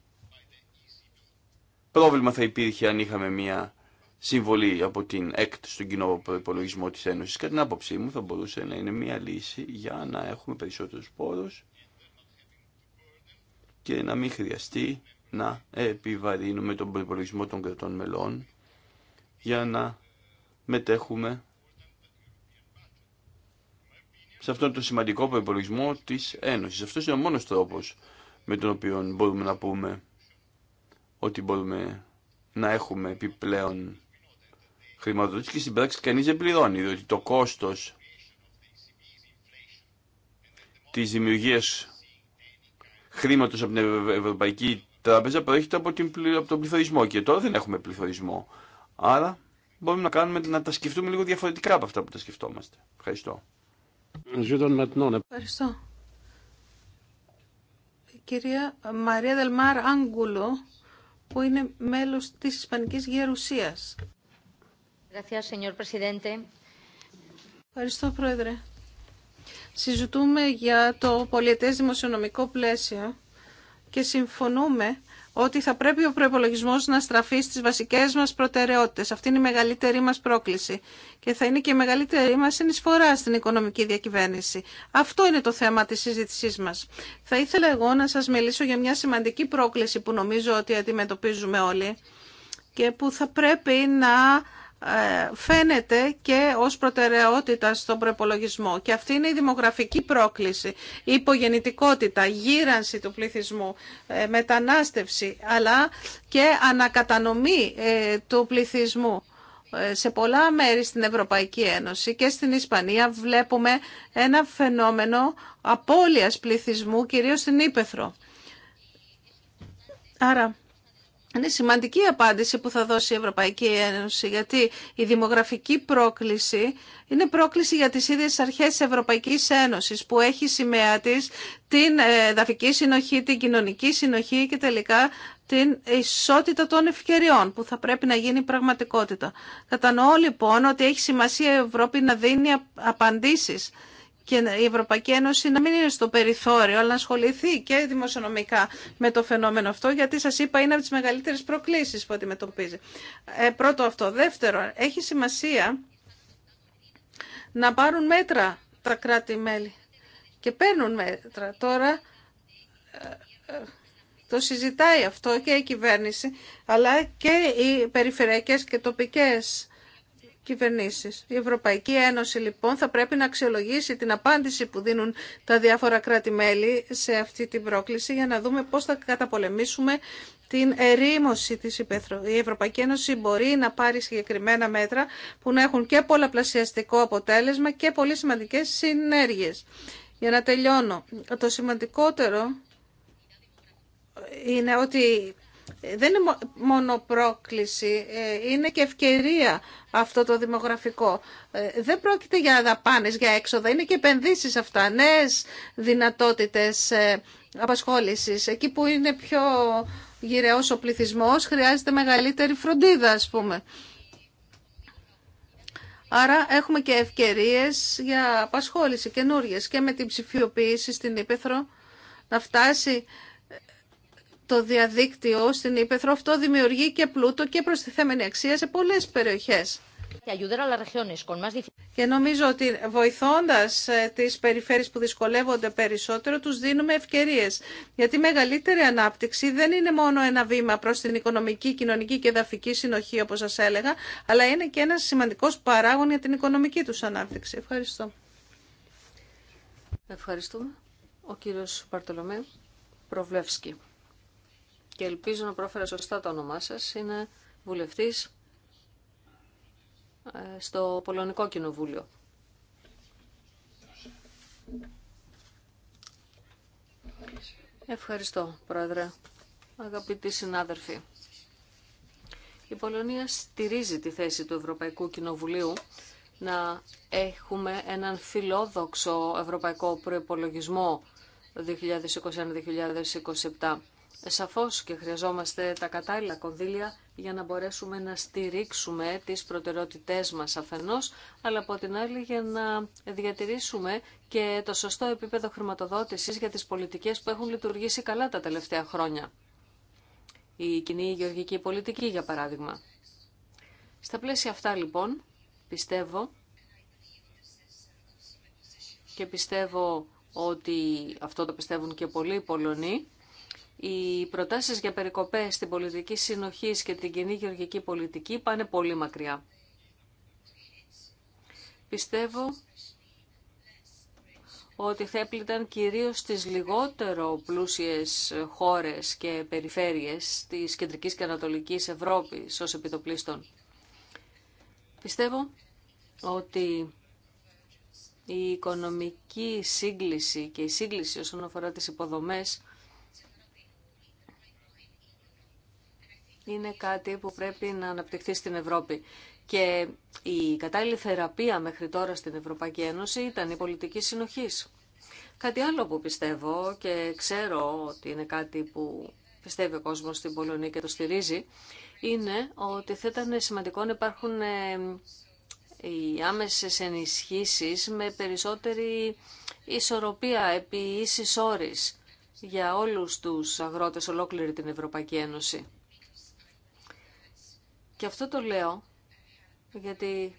πρόβλημα θα υπήρχε αν είχαμε μια συμβολή από την ΕΚΤ στον κοινό προπολογισμό της Ένωσης. Κατά την άποψή μου θα μπορούσε να είναι μια λύση για να έχουμε περισσότερους πόρους και να μην χρειαστεί να επιβαρύνουμε τον προπολογισμό των κρατών μελών για να μετέχουμε σε αυτόν τον σημαντικό προπολογισμό της Ένωσης. Αυτός είναι ο μόνος τρόπος με τον οποίο μπορούμε να πούμε ότι μπορούμε να έχουμε επιπλέον χρηματοδότηση και στην πράξη κανεί δεν πληρώνει, διότι το κόστο τη δημιουργία χρήματο από την Ευρωπαϊκή Τράπεζα προέρχεται από, από τον πληθωρισμό και τώρα δεν έχουμε πληθωρισμό. Άρα μπορούμε να, κάνουμε, να τα σκεφτούμε λίγο διαφορετικά από αυτά που τα σκεφτόμαστε. Ευχαριστώ. Ευχαριστώ. κυρία Μαρία Δελμάρ Άγγουλο, που είναι μέλος της Ισπανικής Γερουσίας. Ευχαριστώ, Πρόεδρε. Συζητούμε για το πολιετές δημοσιονομικό πλαίσιο και συμφωνούμε ότι θα πρέπει ο προπολογισμό να στραφεί στις βασικές μας προτεραιότητες. Αυτή είναι η μεγαλύτερη μας πρόκληση και θα είναι και η μεγαλύτερη μας συνεισφορά στην οικονομική διακυβέρνηση. Αυτό είναι το θέμα της συζήτησή μας. Θα ήθελα εγώ να σας μιλήσω για μια σημαντική πρόκληση που νομίζω ότι αντιμετωπίζουμε όλοι και που θα πρέπει να φαίνεται και ως προτεραιότητα στον προπολογισμό. Και αυτή είναι η δημογραφική πρόκληση, η υπογεννητικότητα, γύρανση του πληθυσμού, ε, μετανάστευση, αλλά και ανακατανομή ε, του πληθυσμού. Ε, σε πολλά μέρη στην Ευρωπαϊκή Ένωση και στην Ισπανία βλέπουμε ένα φαινόμενο απώλειας πληθυσμού, κυρίως στην Ήπεθρο. Άρα είναι σημαντική απάντηση που θα δώσει η Ευρωπαϊκή Ένωση, γιατί η δημογραφική πρόκληση είναι πρόκληση για τις ίδιες αρχές της Ευρωπαϊκής Ένωσης, που έχει σημαία της την ε, εδαφική συνοχή, την κοινωνική συνοχή και τελικά την ισότητα των ευκαιριών που θα πρέπει να γίνει πραγματικότητα. Κατανοώ λοιπόν ότι έχει σημασία η Ευρώπη να δίνει απαντήσεις και η Ευρωπαϊκή Ένωση να μην είναι στο περιθώριο, αλλά να ασχοληθεί και δημοσιονομικά με το φαινόμενο αυτό, γιατί σας είπα είναι από τι μεγαλύτερες προκλήσεις που αντιμετωπίζει. Ε, πρώτο αυτό. Δεύτερο, έχει σημασία να πάρουν μέτρα τα κράτη-μέλη. Και παίρνουν μέτρα. Τώρα ε, ε, το συζητάει αυτό και η κυβέρνηση, αλλά και οι περιφερειακές και τοπικές η Ευρωπαϊκή Ένωση λοιπόν θα πρέπει να αξιολογήσει την απάντηση που δίνουν τα διάφορα κράτη-μέλη σε αυτή την πρόκληση για να δούμε πώς θα καταπολεμήσουμε την ερήμωση της υπαίθρου. Η Ευρωπαϊκή Ένωση μπορεί να πάρει συγκεκριμένα μέτρα που να έχουν και πολλαπλασιαστικό αποτέλεσμα και πολύ σημαντικέ συνέργειε. Για να τελειώνω, το σημαντικότερο είναι ότι δεν είναι μόνο πρόκληση, ε, είναι και ευκαιρία αυτό το δημογραφικό. Ε, δεν πρόκειται για δαπάνες, για έξοδα, είναι και επενδύσεις αυτά, νέες δυνατότητες ε, απασχόλησης. Εκεί που είναι πιο γυραιός ο πληθυσμός χρειάζεται μεγαλύτερη φροντίδα, ας πούμε. Άρα έχουμε και ευκαιρίες για απασχόληση καινούριε και με την ψηφιοποίηση στην Ήπεθρο να φτάσει το διαδίκτυο στην Ήπεθρο, αυτό δημιουργεί και πλούτο και προστιθέμενη αξία σε πολλές περιοχές. Και νομίζω ότι βοηθώντας ε, τις περιφέρειες που δυσκολεύονται περισσότερο, τους δίνουμε ευκαιρίες. Γιατί η μεγαλύτερη ανάπτυξη δεν είναι μόνο ένα βήμα προς την οικονομική, κοινωνική και εδαφική συνοχή, όπως σας έλεγα, αλλά είναι και ένας σημαντικός παράγων για την οικονομική τους ανάπτυξη. Ευχαριστώ. Ευχαριστούμε. Ο κύριος Παρτολομέ Προβλεύσκη και ελπίζω να πρόφερα σωστά το όνομά σας, είναι βουλευτής ε, στο Πολωνικό Κοινοβούλιο. Ευχαριστώ, Πρόεδρε. Αγαπητοί συνάδελφοι, η Πολωνία στηρίζει τη θέση του Ευρωπαϊκού Κοινοβουλίου να έχουμε έναν φιλόδοξο ευρωπαϊκό προϋπολογισμό 2021-2027 ε, σαφώς και χρειαζόμαστε τα κατάλληλα κονδύλια για να μπορέσουμε να στηρίξουμε τις προτεραιότητές μας αφενός, αλλά από την άλλη για να διατηρήσουμε και το σωστό επίπεδο χρηματοδότησης για τις πολιτικές που έχουν λειτουργήσει καλά τα τελευταία χρόνια. Η κοινή γεωργική πολιτική, για παράδειγμα. Στα πλαίσια αυτά, λοιπόν, πιστεύω και πιστεύω ότι αυτό το πιστεύουν και πολλοί Πολωνοί, οι προτάσεις για περικοπές στην πολιτική συνοχή και την κοινή γεωργική πολιτική πάνε πολύ μακριά. Πιστεύω ότι θα έπληταν κυρίως στις λιγότερο πλούσιες χώρες και περιφέρειες της Κεντρικής και Ανατολικής Ευρώπης ως επιτοπλίστων. Πιστεύω ότι η οικονομική σύγκληση και η σύγκληση όσον αφορά τις υποδομές είναι κάτι που πρέπει να αναπτυχθεί στην Ευρώπη. Και η κατάλληλη θεραπεία μέχρι τώρα στην Ευρωπαϊκή Ένωση ήταν η πολιτική συνοχής. Κάτι άλλο που πιστεύω και ξέρω ότι είναι κάτι που πιστεύει ο κόσμος στην Πολωνία και το στηρίζει, είναι ότι θα ήταν σημαντικό να υπάρχουν ε, οι άμεσες ενισχύσεις με περισσότερη ισορροπία επί ίσης όρης για όλους τους αγρότες ολόκληρη την Ευρωπαϊκή Ένωση. Και αυτό το λέω γιατί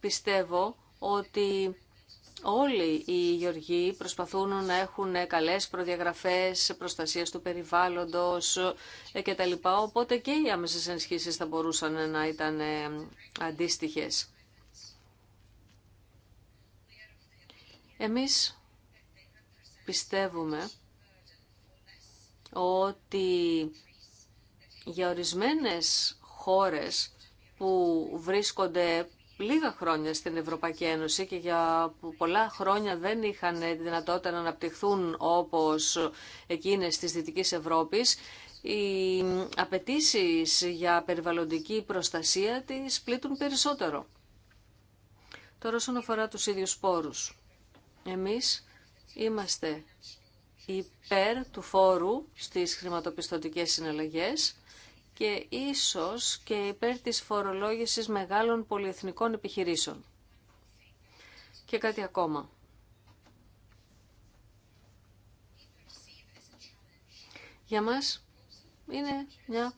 πιστεύω ότι όλοι οι γεωργοί προσπαθούν να έχουν καλές προδιαγραφές προστασίας του περιβάλλοντος ε, και τα λοιπά, οπότε και οι άμεσες ενισχύσεις θα μπορούσαν να ήταν ε, αντίστοιχες. Εμείς πιστεύουμε ότι για ορισμένες χώρες που βρίσκονται λίγα χρόνια στην Ευρωπαϊκή Ένωση και για πολλά χρόνια δεν είχαν τη δυνατότητα να αναπτυχθούν όπως εκείνες της Δυτικής Ευρώπης, οι απαιτήσει για περιβαλλοντική προστασία της πλήττουν περισσότερο. Τώρα όσον αφορά τους ίδιους σπόρους, εμείς είμαστε υπέρ του φόρου στις χρηματοπιστωτικές συναλλαγές και ίσως και υπέρ της φορολόγησης μεγάλων πολυεθνικών επιχειρήσεων. Και κάτι ακόμα. Για μας είναι μια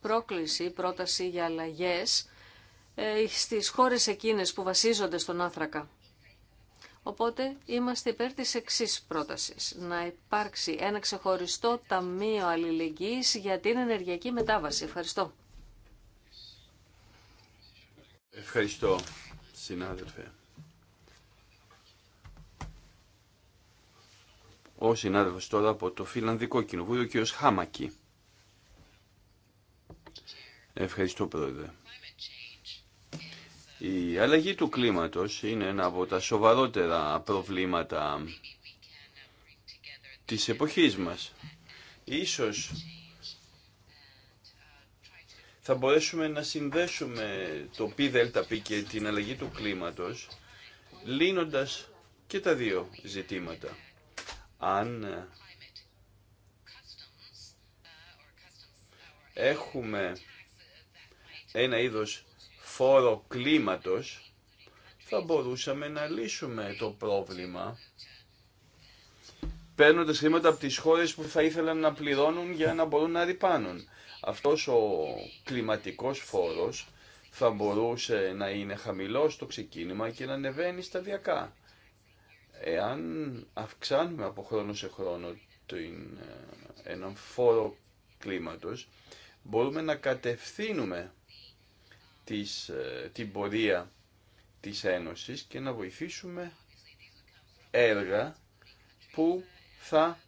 πρόκληση, πρόταση για αλλαγές ε, στις χώρες εκείνες που βασίζονται στον άνθρακα. Οπότε είμαστε υπέρ της εξή πρότασης. Να υπάρξει ένα ξεχωριστό ταμείο αλληλεγγύης για την ενεργειακή μετάβαση. Ευχαριστώ. Ευχαριστώ, συνάδελφε. Ο συνάδελφος τώρα από το Φιλανδικό Κοινοβούλιο, ο κ. Χάμακη. Ευχαριστώ, Πρόεδρε. Η αλλαγή του κλίματος είναι ένα από τα σοβαρότερα προβλήματα της εποχής μας. Ίσως θα μπορέσουμε να συνδέσουμε το πι δέλτα πι και την αλλαγή του κλίματος λύνοντας και τα δύο ζητήματα. Αν ε, έχουμε ένα είδος φόρο κλίματος θα μπορούσαμε να λύσουμε το πρόβλημα παίρνοντας χρήματα από τις χώρες που θα ήθελαν να πληρώνουν για να μπορούν να ρηπάνουν. Αυτός ο κλιματικός φόρος θα μπορούσε να είναι χαμηλός στο ξεκίνημα και να ανεβαίνει σταδιακά. Εάν αυξάνουμε από χρόνο σε χρόνο την, ε, έναν φόρο κλίματος, μπορούμε να κατευθύνουμε της, ε, την πορεία της Ένωσης και να βοηθήσουμε έργα που θα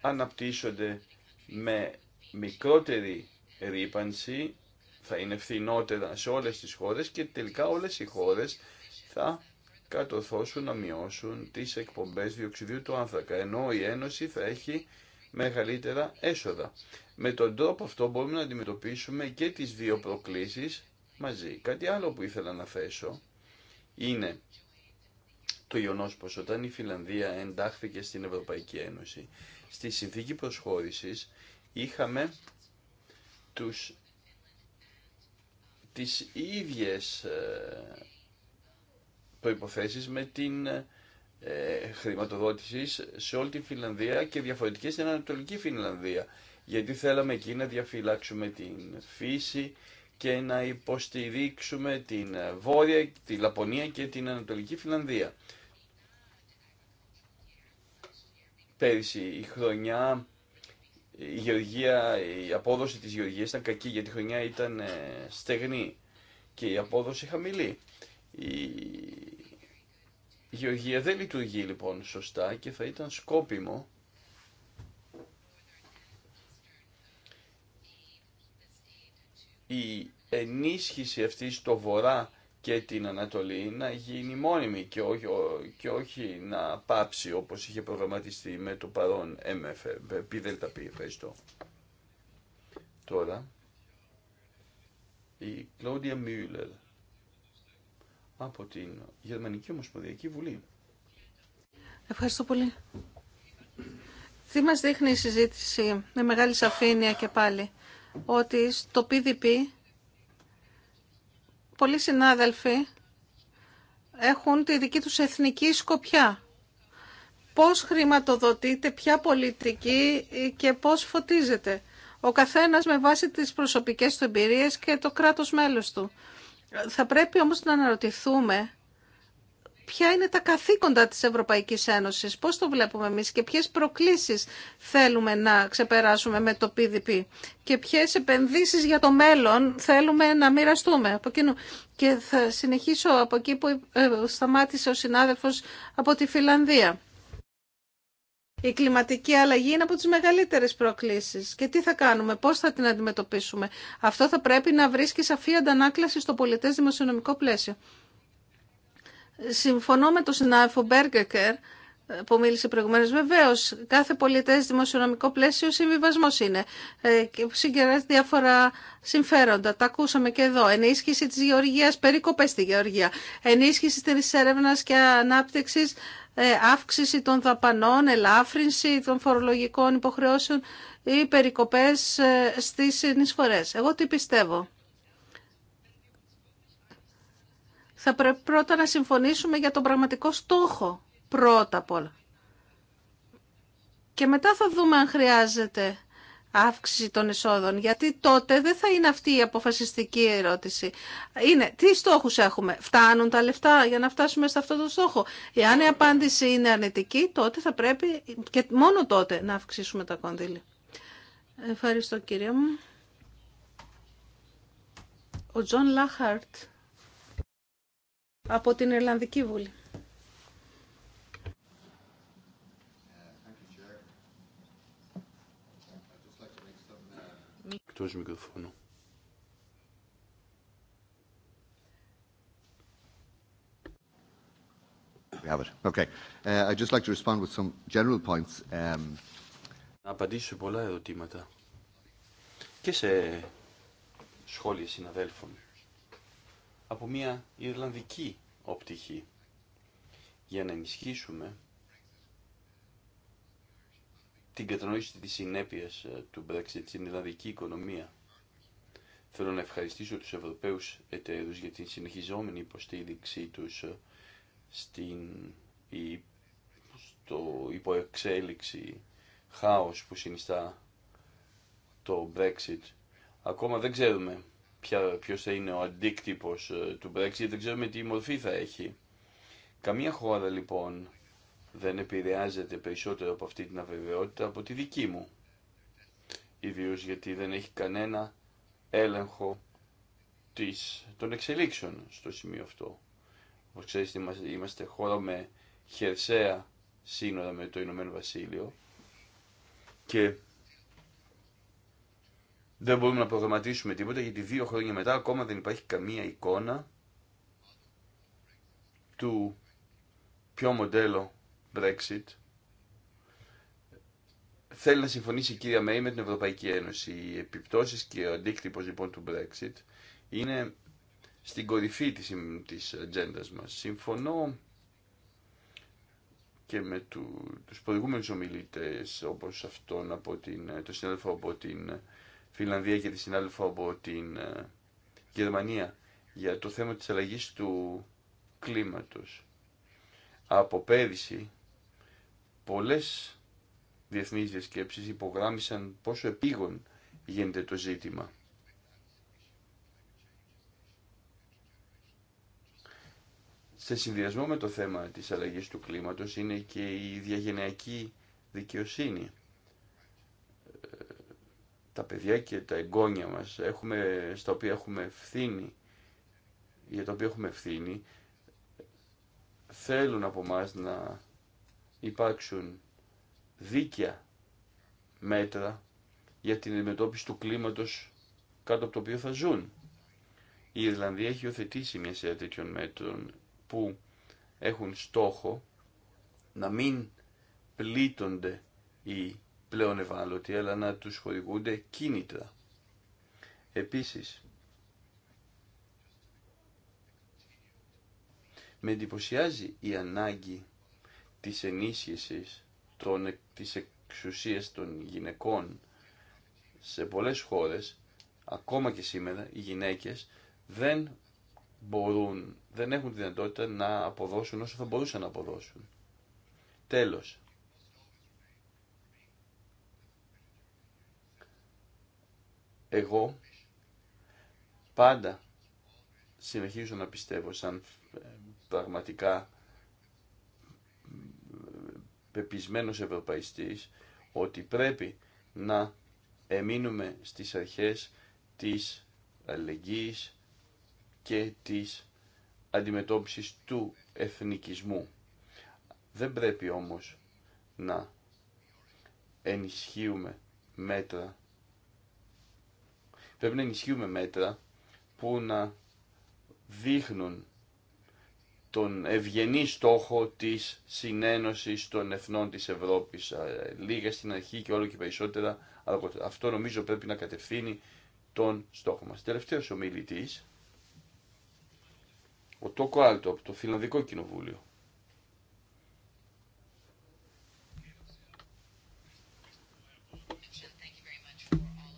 αναπτύσσονται με μικρότερη ρήπανση, θα είναι φθηνότερα σε όλες τις χώρες και τελικά όλες οι χώρες θα κατορθώσουν να μειώσουν τις εκπομπές διοξιδίου του άνθρακα, ενώ η Ένωση θα έχει μεγαλύτερα έσοδα. Με τον τρόπο αυτό μπορούμε να αντιμετωπίσουμε και τις δύο προκλήσεις μαζί. Κάτι άλλο που ήθελα να θέσω είναι το γεγονό πω όταν η Φιλανδία εντάχθηκε στην Ευρωπαϊκή Ένωση, στη συνθήκη προσχώρησης είχαμε τους, τις ίδιες ε, προϋποθέσεις με την ε, χρηματοδότηση σε όλη τη Φιλανδία και διαφορετικές στην Ανατολική Φιλανδία. Γιατί θέλαμε εκεί να διαφυλάξουμε την φύση, και να υποστηρίξουμε την Βόρεια, τη Λαπωνία και την Ανατολική Φιλανδία. Πέρυσι η χρονιά, η, η απόδοση της γεωργίας ήταν κακή γιατί η χρονιά ήταν ε, στεγνή και η απόδοση χαμηλή. Η γεωργία δεν λειτουργεί λοιπόν σωστά και θα ήταν σκόπιμο η ενίσχυση αυτή στο βορρά και την Ανατολή να γίνει μόνιμη και όχι, και όχι να πάψει όπως είχε προγραμματιστεί με το παρόν MFP, ΠΔΠ. Ευχαριστώ. Τώρα, η Κλόντια Μιούλερ από την Γερμανική Ομοσπονδιακή Βουλή. Ευχαριστώ πολύ. Τι μας δείχνει η συζήτηση με μεγάλη σαφήνεια και πάλι ότι στο PDP πολλοί συνάδελφοι έχουν τη δική τους εθνική σκοπιά. Πώς χρηματοδοτείται, ποια πολιτική και πώς φωτίζεται. Ο καθένας με βάση τις προσωπικές του εμπειρίες και το κράτος μέλος του. Θα πρέπει όμως να αναρωτηθούμε ποια είναι τα καθήκοντα της Ευρωπαϊκής Ένωσης, πώς το βλέπουμε εμείς και ποιες προκλήσεις θέλουμε να ξεπεράσουμε με το PDP και ποιες επενδύσεις για το μέλλον θέλουμε να μοιραστούμε από Και θα συνεχίσω από εκεί που ε, σταμάτησε ο συνάδελφος από τη Φιλανδία. Η κλιματική αλλαγή είναι από τις μεγαλύτερες προκλήσεις. Και τι θα κάνουμε, πώς θα την αντιμετωπίσουμε. Αυτό θα πρέπει να βρίσκει σαφή αντανάκλαση στο πολιτές δημοσιονομικό πλαίσιο. Συμφωνώ με τον συνάδελφο Μπέργκεκερ ε, που μίλησε προηγουμένω. Βεβαίω, κάθε πολιτέ δημοσιονομικό πλαίσιο συμβιβασμό είναι. Ε, συγκεράζει διάφορα συμφέροντα. Τα ακούσαμε και εδώ. Ενίσχυση τη γεωργία, περικοπέ στη γεωργία. Ενίσχυση τη έρευνα και ανάπτυξη, ε, αύξηση των δαπανών, ελάφρυνση των φορολογικών υποχρεώσεων ή περικοπές ε, στις συνεισφορέ. Εγώ τι πιστεύω. θα πρέπει πρώτα να συμφωνήσουμε για τον πραγματικό στόχο, πρώτα απ' όλα. Και μετά θα δούμε αν χρειάζεται αύξηση των εισόδων, γιατί τότε δεν θα είναι αυτή η αποφασιστική ερώτηση. Είναι τι στόχους έχουμε, φτάνουν τα λεφτά για να φτάσουμε σε αυτό το στόχο. Εάν η απάντηση είναι αρνητική, τότε θα πρέπει και μόνο τότε να αυξήσουμε τα κονδύλια. Ευχαριστώ κύριε μου. Ο Τζον Λάχαρτ από την Ιρλανδική Βουλή. Να απαντήσω σε πολλά ερωτήματα και σε σχόλια συναδέλφων από μια Ιρλανδική οπτική για να ενισχύσουμε την κατανόηση της συνέπειας ε, του Brexit στην Ιρλανδική οικονομία. Θέλω να ευχαριστήσω τους Ευρωπαίους εταίρους για την συνεχιζόμενη υποστήριξή τους ε, στην, στο υποεξέλιξη χάος που συνιστά το Brexit. Ακόμα δεν ξέρουμε ποιος θα είναι ο αντίκτυπος ε, του Brexit, δεν ξέρουμε τι μορφή θα έχει. Καμία χώρα λοιπόν δεν επηρεάζεται περισσότερο από αυτή την αβεβαιότητα από τη δική μου. Ιδίω γιατί δεν έχει κανένα έλεγχο της, των εξελίξεων στο σημείο αυτό. Όπως ξέρετε είμαστε χώρα με χερσαία σύνορα με το Ηνωμένο Βασίλειο και δεν μπορούμε να προγραμματίσουμε τίποτα γιατί δύο χρόνια μετά ακόμα δεν υπάρχει καμία εικόνα του ποιο μοντέλο Brexit θέλει να συμφωνήσει η κυρία Μέη με την Ευρωπαϊκή Ένωση. Οι επιπτώσεις και ο αντίκτυπος λοιπόν του Brexit είναι στην κορυφή της, της ατζέντα μας. Συμφωνώ και με του, τους προηγούμενους ομιλητές όπως αυτόν από την, το συνέδριο από την Φιλανδία και τη συνάδελφο από την ε, Γερμανία για το θέμα της αλλαγής του κλίματος. Από πέρυσι πολλές διεθνείς διασκέψεις υπογράμμισαν πόσο επίγον γίνεται το ζήτημα. Σε συνδυασμό με το θέμα της αλλαγής του κλίματος είναι και η διαγενειακή δικαιοσύνη τα παιδιά και τα εγγόνια μας, έχουμε, στα οποία έχουμε ευθύνη, για τα οποία έχουμε ευθύνη, θέλουν από μας να υπάρξουν δίκαια μέτρα για την αντιμετώπιση του κλίματος κάτω από το οποίο θα ζουν. Η Ιρλανδία έχει υιοθετήσει μια σειρά τέτοιων μέτρων που έχουν στόχο να μην πλήττονται οι πλέον ευάλωτοι, αλλά να τους χορηγούνται κίνητρα. Επίσης, με εντυπωσιάζει η ανάγκη της ενίσχυσης των, της εξουσίας των γυναικών σε πολλές χώρες, ακόμα και σήμερα οι γυναίκες δεν μπορούν, δεν έχουν τη δυνατότητα να αποδώσουν όσο θα μπορούσαν να αποδώσουν. Τέλος, Εγώ πάντα συνεχίζω να πιστεύω σαν ε, πραγματικά ε, πεπισμένος ευρωπαϊστής ότι πρέπει να εμείνουμε στις αρχές της αλληλεγγύης και της αντιμετώπισης του εθνικισμού. Δεν πρέπει όμως να ενισχύουμε μέτρα Πρέπει να ενισχύουμε μέτρα που να δείχνουν τον ευγενή στόχο της συνένωσης των εθνών της Ευρώπης. Λίγα στην αρχή και όλο και περισσότερα. Αυτό νομίζω πρέπει να κατευθύνει τον στόχο μας. Τελευταίος ομιλητής, ο Τόκο Άλτο από το Φιλανδικό Κοινοβούλιο.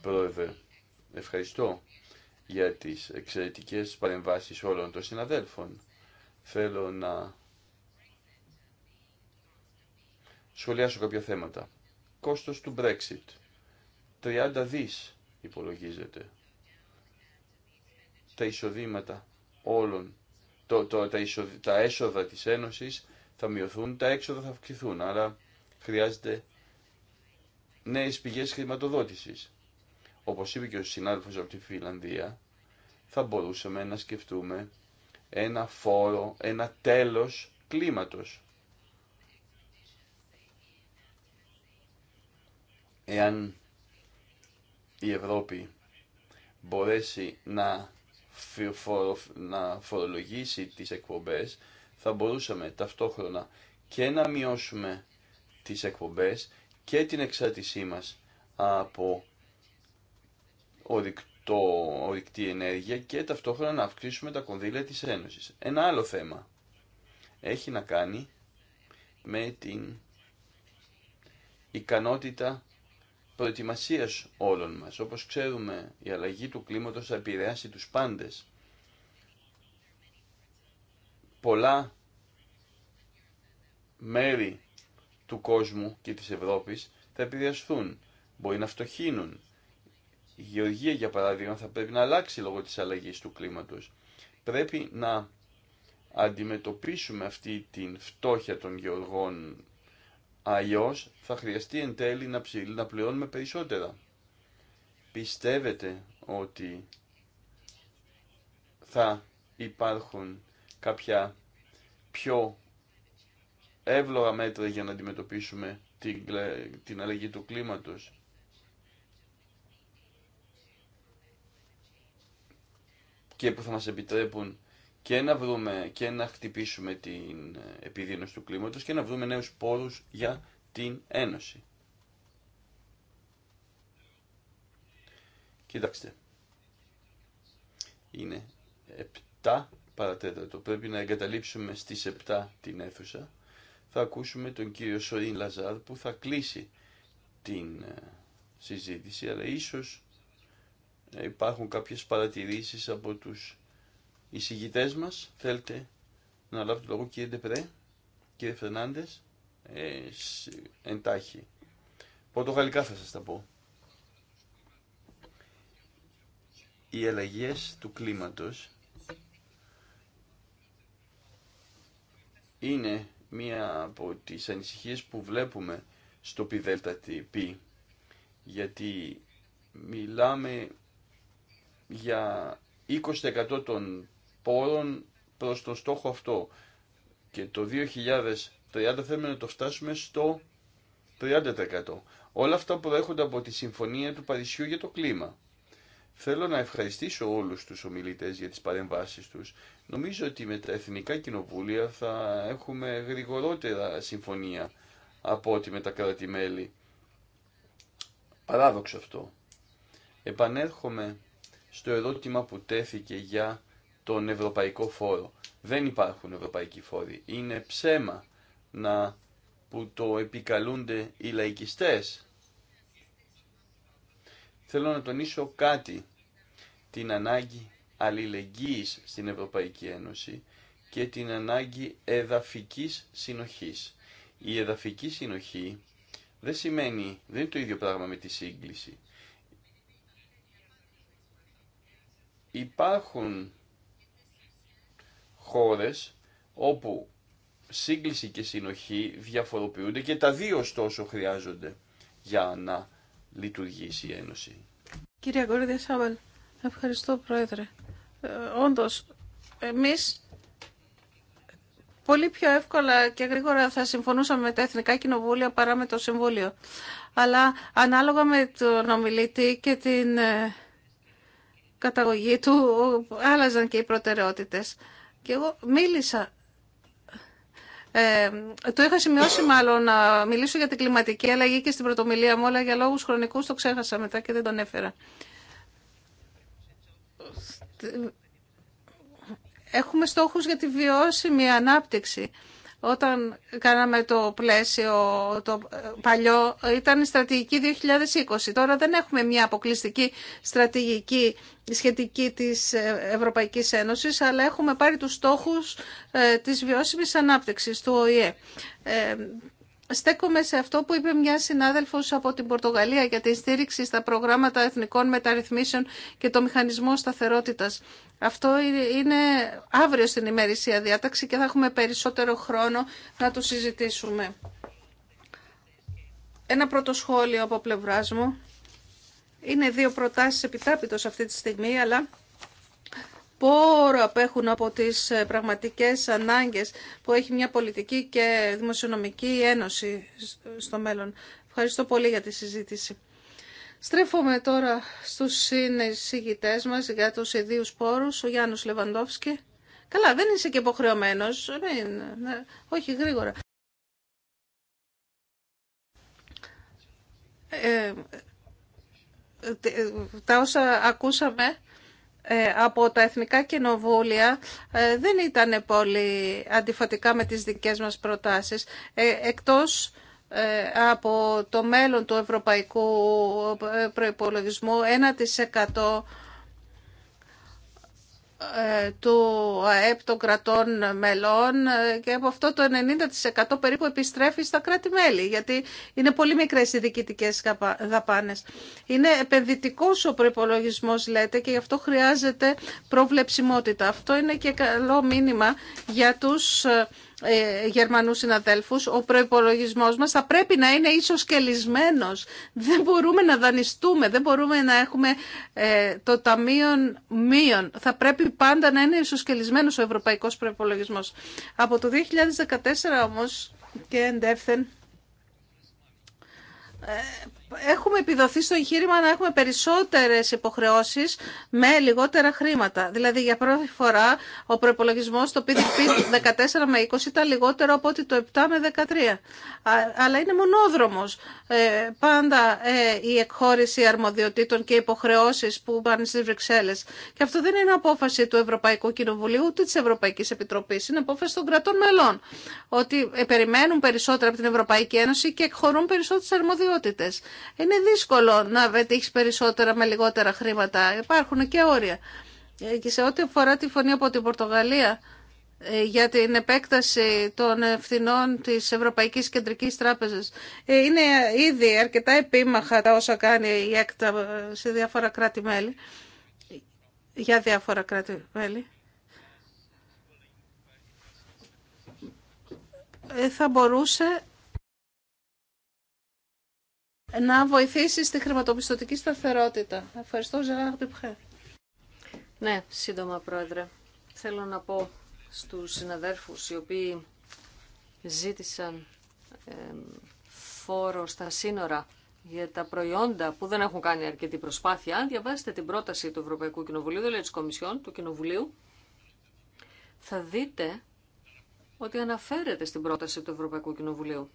Πρόεδρε, Ευχαριστώ για τις εξαιρετικές παρεμβάσεις όλων των συναδέλφων. Θέλω να σχολιάσω κάποια θέματα. Κόστος του Brexit. 30 δις υπολογίζεται. Τα εισοδήματα όλων, το, τα, έσοδα της Ένωσης θα μειωθούν, τα έξοδα θα αυξηθούν, άρα χρειάζεται νέες πηγές χρηματοδότησης όπως είπε και ο συνάδελφος από τη Φιλανδία, θα μπορούσαμε να σκεφτούμε ένα φόρο, ένα τέλος κλίματος. Εάν η Ευρώπη μπορέσει να, να φορολογήσει τις εκπομπές, θα μπορούσαμε ταυτόχρονα και να μειώσουμε τις εκπομπές και την εξάρτησή μας από ορυκτό, ενέργεια και ταυτόχρονα να αυξήσουμε τα κονδύλια της Ένωσης. Ένα άλλο θέμα έχει να κάνει με την ικανότητα προετοιμασίας όλων μας. Όπως ξέρουμε, η αλλαγή του κλίματος θα επηρεάσει τους πάντες. Πολλά μέρη του κόσμου και της Ευρώπης θα επηρεαστούν. Μπορεί να φτωχύνουν, η γεωργία, για παράδειγμα, θα πρέπει να αλλάξει λόγω της αλλαγής του κλίματος. Πρέπει να αντιμετωπίσουμε αυτή την φτώχεια των γεωργών Αλλιώ θα χρειαστεί εν τέλει να, να πληρώνουμε περισσότερα. Πιστεύετε ότι θα υπάρχουν κάποια πιο εύλογα μέτρα για να αντιμετωπίσουμε την, την αλλαγή του κλίματος. και που θα μας επιτρέπουν και να βρούμε και να χτυπήσουμε την ε, επιδείνωση του κλίματος και να βρούμε νέους πόρους για την Ένωση. Κοιτάξτε, είναι 7 παρατέταρτο, πρέπει να εγκαταλείψουμε στις 7 την αίθουσα. Θα ακούσουμε τον κύριο Σορίν Λαζάρ που θα κλείσει την ε, συζήτηση, αλλά ίσως ε, υπάρχουν κάποιες παρατηρήσεις από τους εισηγητές μας. Θέλετε να λάβετε λόγο κύριε Ντεπρέ, κύριε Φερνάντες, ε, εντάχει. Πορτογαλικά θα σας τα πω. Οι αλλαγέ του κλίματος είναι μία από τις ανησυχίες που βλέπουμε στο πι δέλτα γιατί μιλάμε για 20% των πόρων προς τον στόχο αυτό. Και το 2030 θέλουμε να το φτάσουμε στο 30%. Όλα αυτά προέρχονται από τη Συμφωνία του Παρισιού για το κλίμα. Θέλω να ευχαριστήσω όλους τους ομιλητές για τις παρεμβάσεις τους. Νομίζω ότι με τα Εθνικά Κοινοβούλια θα έχουμε γρηγορότερα συμφωνία από ότι με τα κράτη-μέλη. Παράδοξο αυτό. Επανέρχομαι στο ερώτημα που τέθηκε για τον Ευρωπαϊκό Φόρο. Δεν υπάρχουν Ευρωπαϊκοί Φόροι. Είναι ψέμα να, που το επικαλούνται οι λαϊκιστές. Θέλω να τονίσω κάτι. Την ανάγκη αλληλεγγύης στην Ευρωπαϊκή Ένωση και την ανάγκη εδαφικής συνοχής. Η εδαφική συνοχή δεν σημαίνει, δεν είναι το ίδιο πράγμα με τη σύγκληση. Υπάρχουν χώρες όπου σύγκληση και συνοχή διαφοροποιούνται και τα δύο ωστόσο χρειάζονται για να λειτουργήσει η Ένωση. Κύριε Γκόρδια Σάβελ, ευχαριστώ Πρόεδρε. Ε, όντως, εμείς πολύ πιο εύκολα και γρήγορα θα συμφωνούσαμε με τα Εθνικά Κοινοβούλια παρά με το Συμβούλιο. Αλλά ανάλογα με τον ομιλητή και την ε, καταγωγή του άλλαζαν και οι προτεραιότητες. Και εγώ μίλησα ε, το είχα σημειώσει μάλλον να μιλήσω για την κλιματική αλλαγή και στην πρωτομιλία μου, αλλά για λόγους χρονικούς το ξέχασα μετά και δεν τον έφερα. Έχουμε στόχους για τη βιώσιμη ανάπτυξη όταν κάναμε το πλαίσιο το παλιό, ήταν η στρατηγική 2020. Τώρα δεν έχουμε μια αποκλειστική στρατηγική σχετική της Ευρωπαϊκής Ένωσης, αλλά έχουμε πάρει τους στόχους ε, της βιώσιμης ανάπτυξης του ΟΗΕ. Ε, στέκομαι σε αυτό που είπε μια συνάδελφος από την Πορτογαλία για τη στήριξη στα προγράμματα εθνικών μεταρρυθμίσεων και το μηχανισμό σταθερότητας. Αυτό είναι αύριο στην ημερησία διάταξη και θα έχουμε περισσότερο χρόνο να το συζητήσουμε. Ένα πρώτο σχόλιο από πλευράς μου. Είναι δύο προτάσεις επιτάπητος αυτή τη στιγμή, αλλά πόρο απέχουν από τις ε, πραγματικές ανάγκες που έχει μια πολιτική και δημοσιονομική ένωση στο μέλλον. Ευχαριστώ πολύ για τη συζήτηση. Στρέφομαι τώρα στους συνεισηγητές μας για τους ιδίους πόρους, ο Γιάννος Λεβαντόφσκι. Καλά, δεν είσαι και υποχρεωμένο. Ναι. όχι, γρήγορα. Ε, ε τα όσα ακούσαμε ε, από τα Εθνικά Κοινοβούλια ε, δεν ήταν πολύ αντιφατικά με τις δικές μας προτάσεις, ε, εκτός από το μέλλον του ευρωπαϊκού προϋπολογισμού 1% ε, του ΑΕΠ των κρατών μελών ε, και από αυτό το 90% περίπου επιστρέφει στα κράτη-μέλη γιατί είναι πολύ μικρές οι διοικητικές δαπάνες. Είναι επενδυτικός ο προϋπολογισμός λέτε και γι' αυτό χρειάζεται προβλεψιμότητα. Αυτό είναι και καλό μήνυμα για τους ε, Γερμανούς συναδέλφους, ο προϋπολογισμός μας θα πρέπει να είναι ίσως κελισμένος. Δεν μπορούμε να δανειστούμε, δεν μπορούμε να έχουμε το ταμείο μείον. Θα πρέπει πάντα να είναι ισοσκελισμένο ο Ευρωπαϊκό Προπολογισμό. Από το 2014 όμω και εντεύθεν ε, έχουμε επιδοθεί στο εγχείρημα να έχουμε περισσότερες υποχρεώσεις με λιγότερα χρήματα. Δηλαδή για πρώτη φορά ο προπολογισμό στο PDP 14 με 20 ήταν λιγότερο από ότι το 7 με 13. Αλλά είναι μονόδρομος. Ε, πάντα ε, η εκχώρηση αρμοδιοτήτων και υποχρεώσεις που πάνε στις Βρυξέλλες. Και αυτό δεν είναι απόφαση του Ευρωπαϊκού Κοινοβουλίου ούτε της Ευρωπαϊκής Επιτροπής. Είναι απόφαση των κρατών μελών. Ότι ε, περιμένουν περισσότερα από την Ευρωπαϊκή Ένωση και εκχωρούν περισσότερες αρμοδιότητες είναι δύσκολο να πετύχει περισσότερα με λιγότερα χρήματα. Υπάρχουν και όρια. Και σε ό,τι αφορά τη φωνή από την Πορτογαλία ε, για την επέκταση των ευθυνών της Ευρωπαϊκής Κεντρικής Τράπεζας. Ε, είναι ήδη αρκετά επίμαχα τα όσα κάνει η ΕΚΤΑ σε διάφορα κράτη-μέλη. Για διάφορα κράτη-μέλη. Ε, θα μπορούσε να βοηθήσει στη χρηματοπιστωτική σταθερότητα. Ευχαριστώ, Ζεράρ Τιπχέ. Ναι, σύντομα, Πρόεδρε. Θέλω να πω στους συναδέρφους οι οποίοι ζήτησαν φόρο στα σύνορα για τα προϊόντα που δεν έχουν κάνει αρκετή προσπάθεια. Αν διαβάσετε την πρόταση του Ευρωπαϊκού Κοινοβουλίου, δηλαδή της Κομισιόν, του Κοινοβουλίου, θα δείτε ότι αναφέρεται στην πρόταση του Ευρωπαϊκού Κοινοβουλίου.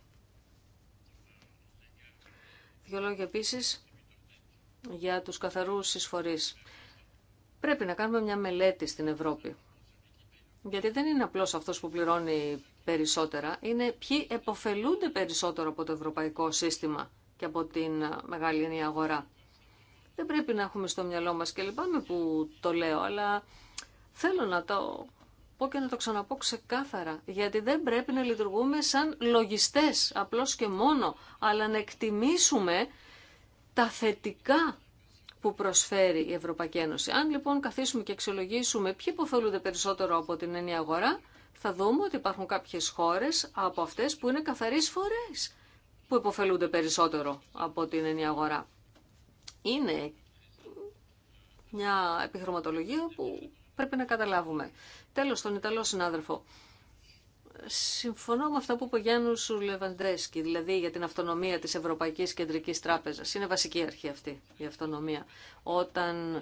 Δύο λόγια επίση για τους καθαρούς εισφορεί. Πρέπει να κάνουμε μια μελέτη στην Ευρώπη. Γιατί δεν είναι απλώ αυτός που πληρώνει περισσότερα, είναι ποιοι εποφελούνται περισσότερο από το ευρωπαϊκό σύστημα και από την μεγάλη αγορά. Δεν πρέπει να έχουμε στο μυαλό μας και λυπάμαι που το λέω, αλλά θέλω να το πω και να το ξαναπώ ξεκάθαρα, γιατί δεν πρέπει να λειτουργούμε σαν λογιστές απλώς και μόνο, αλλά να εκτιμήσουμε τα θετικά που προσφέρει η Ευρωπαϊκή Ένωση. Αν λοιπόν καθίσουμε και αξιολογήσουμε ποιοι υποφελούνται περισσότερο από την ενή αγορά, θα δούμε ότι υπάρχουν κάποιες χώρες από αυτές που είναι καθαρί φορές που υποφελούνται περισσότερο από την ενή αγορά. Είναι μια επιχρωματολογία που πρέπει να καταλάβουμε. Τέλος, τον Ιταλό συνάδελφο. Συμφωνώ με αυτά που είπε ο Γιάννου δηλαδή για την αυτονομία της Ευρωπαϊκής Κεντρικής Τράπεζας. Είναι βασική αρχή αυτή η αυτονομία. Όταν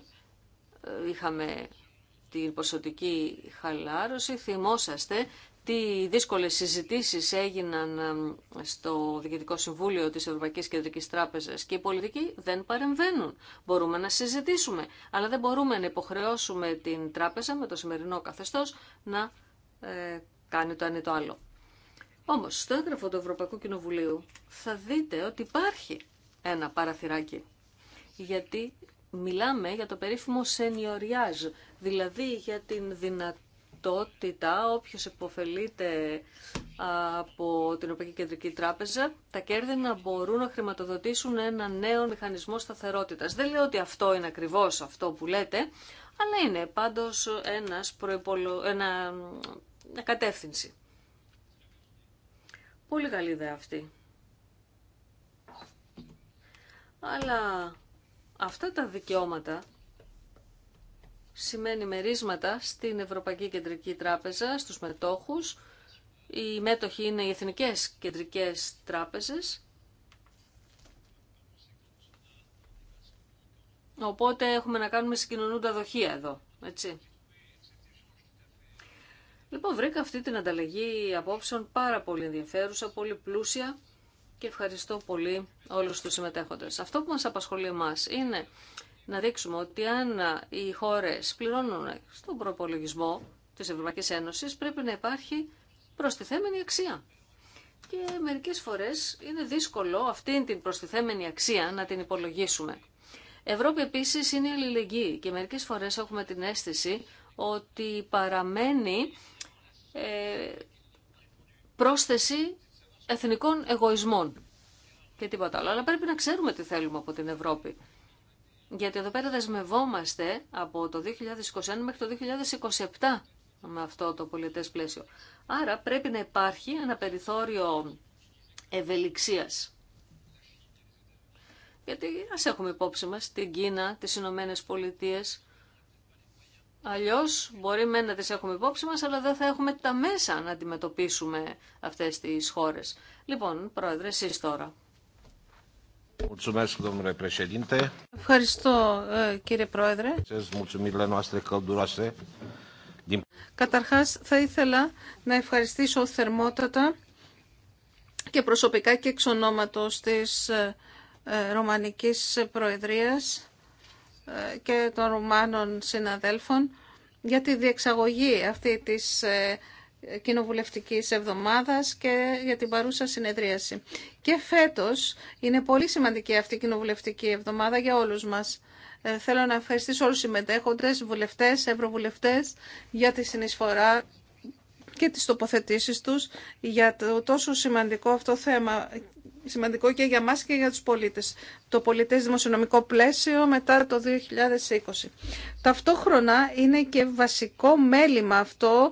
ε, είχαμε την ποσοτική χαλάρωση, θυμόσαστε τι δύσκολες συζητήσεις έγιναν στο Διοικητικό Συμβούλιο της Ευρωπαϊκής Κεντρικής Τράπεζας και οι πολιτικοί δεν παρεμβαίνουν. Μπορούμε να συζητήσουμε, αλλά δεν μπορούμε να υποχρεώσουμε την τράπεζα με το σημερινό καθεστώς να ε, κάνει το ένα ή το άλλο. Όμως, στο έγγραφο του Ευρωπαϊκού Κοινοβουλίου θα δείτε ότι υπάρχει ένα παραθυράκι, γιατί μιλάμε για το περίφημο σενιοριάζ, δηλαδή για την δυνατότητα δυνατότητα όποιος υποφελείται από την Ευρωπαϊκή Κεντρική Τράπεζα τα κέρδη να μπορούν να χρηματοδοτήσουν ένα νέο μηχανισμό σταθερότητας. Δεν λέω ότι αυτό είναι ακριβώς αυτό που λέτε, αλλά είναι πάντως ένας προϋπολο... ένα... μια κατεύθυνση. Πολύ καλή ιδέα αυτή. Αλλά αυτά τα δικαιώματα σημαίνει μερίσματα στην Ευρωπαϊκή Κεντρική Τράπεζα, στους μετόχους. Οι μέτοχοι είναι οι Εθνικές Κεντρικές Τράπεζες. Οπότε έχουμε να κάνουμε συγκοινωνούντα δοχεία εδώ, έτσι. Λοιπόν, βρήκα αυτή την ανταλλαγή απόψεων πάρα πολύ ενδιαφέρουσα, πολύ πλούσια και ευχαριστώ πολύ όλους τους συμμετέχοντες. Αυτό που μας απασχολεί εμάς είναι να δείξουμε ότι αν οι χώρες πληρώνουν στον προπολογισμό της Ευρωπαϊκής Ένωσης πρέπει να υπάρχει προστιθέμενη αξία. Και μερικές φορές είναι δύσκολο αυτή την προστιθέμενη αξία να την υπολογίσουμε. Ευρώπη επίσης είναι αλληλεγγύη και μερικές φορές έχουμε την αίσθηση ότι παραμένει ε, πρόσθεση εθνικών εγωισμών και τίποτα άλλο. Αλλά πρέπει να ξέρουμε τι θέλουμε από την Ευρώπη. Γιατί εδώ πέρα δεσμευόμαστε από το 2021 μέχρι το 2027 με αυτό το πολιτές πλαίσιο. Άρα πρέπει να υπάρχει ένα περιθώριο ευελιξίας. Γιατί ας έχουμε υπόψη μας την Κίνα, τις Ηνωμένε Πολιτείες. Αλλιώς μπορεί με να τις έχουμε υπόψη μας, αλλά δεν θα έχουμε τα μέσα να αντιμετωπίσουμε αυτές τις χώρες. Λοιπόν, Πρόεδρε, εσείς τώρα. Ευχαριστώ ε, κύριε Πρόεδρε. Καταρχάς θα ήθελα να ευχαριστήσω θερμότατα και προσωπικά και εξ ονόματος της ε, ε, Ρωμανικής Προεδρίας και των Ρουμάνων συναδέλφων για τη διεξαγωγή αυτή της κοινοβουλευτικής εβδομάδας και για την παρούσα συνεδρίαση. Και φέτος είναι πολύ σημαντική αυτή η κοινοβουλευτική εβδομάδα για όλους μας. Ε, θέλω να ευχαριστήσω όλους τους συμμετέχοντες, βουλευτές, ευρωβουλευτές για τη συνεισφορά και τις τοποθετήσεις τους για το τόσο σημαντικό αυτό θέμα, σημαντικό και για μας και για τους πολίτες. Το πολιτές δημοσιονομικό πλαίσιο μετά το 2020. Ταυτόχρονα είναι και βασικό μέλημα αυτό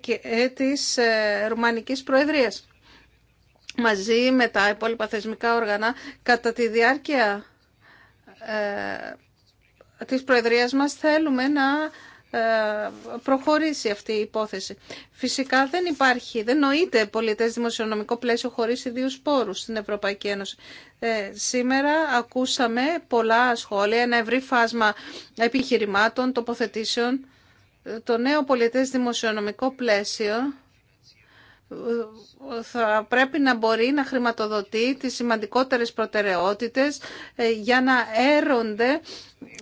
και ε, της ε, Ρουμανικής Προεδρίας μαζί με τα υπόλοιπα θεσμικά όργανα κατά τη διάρκεια ε, της Προεδρίας μας θέλουμε να ε, προχωρήσει αυτή η υπόθεση. Φυσικά δεν υπάρχει, δεν νοείται πολιτές δημοσιονομικό πλαίσιο χωρίς ιδίους σπόρους στην Ευρωπαϊκή Ένωση. Ε, σήμερα ακούσαμε πολλά σχόλια, ένα ευρύ φάσμα επιχειρημάτων, τοποθετήσεων. Ε, το νέο πολιτές δημοσιονομικό πλαίσιο θα πρέπει να μπορεί να χρηματοδοτεί τις σημαντικότερες προτεραιότητες ε, για να έρονται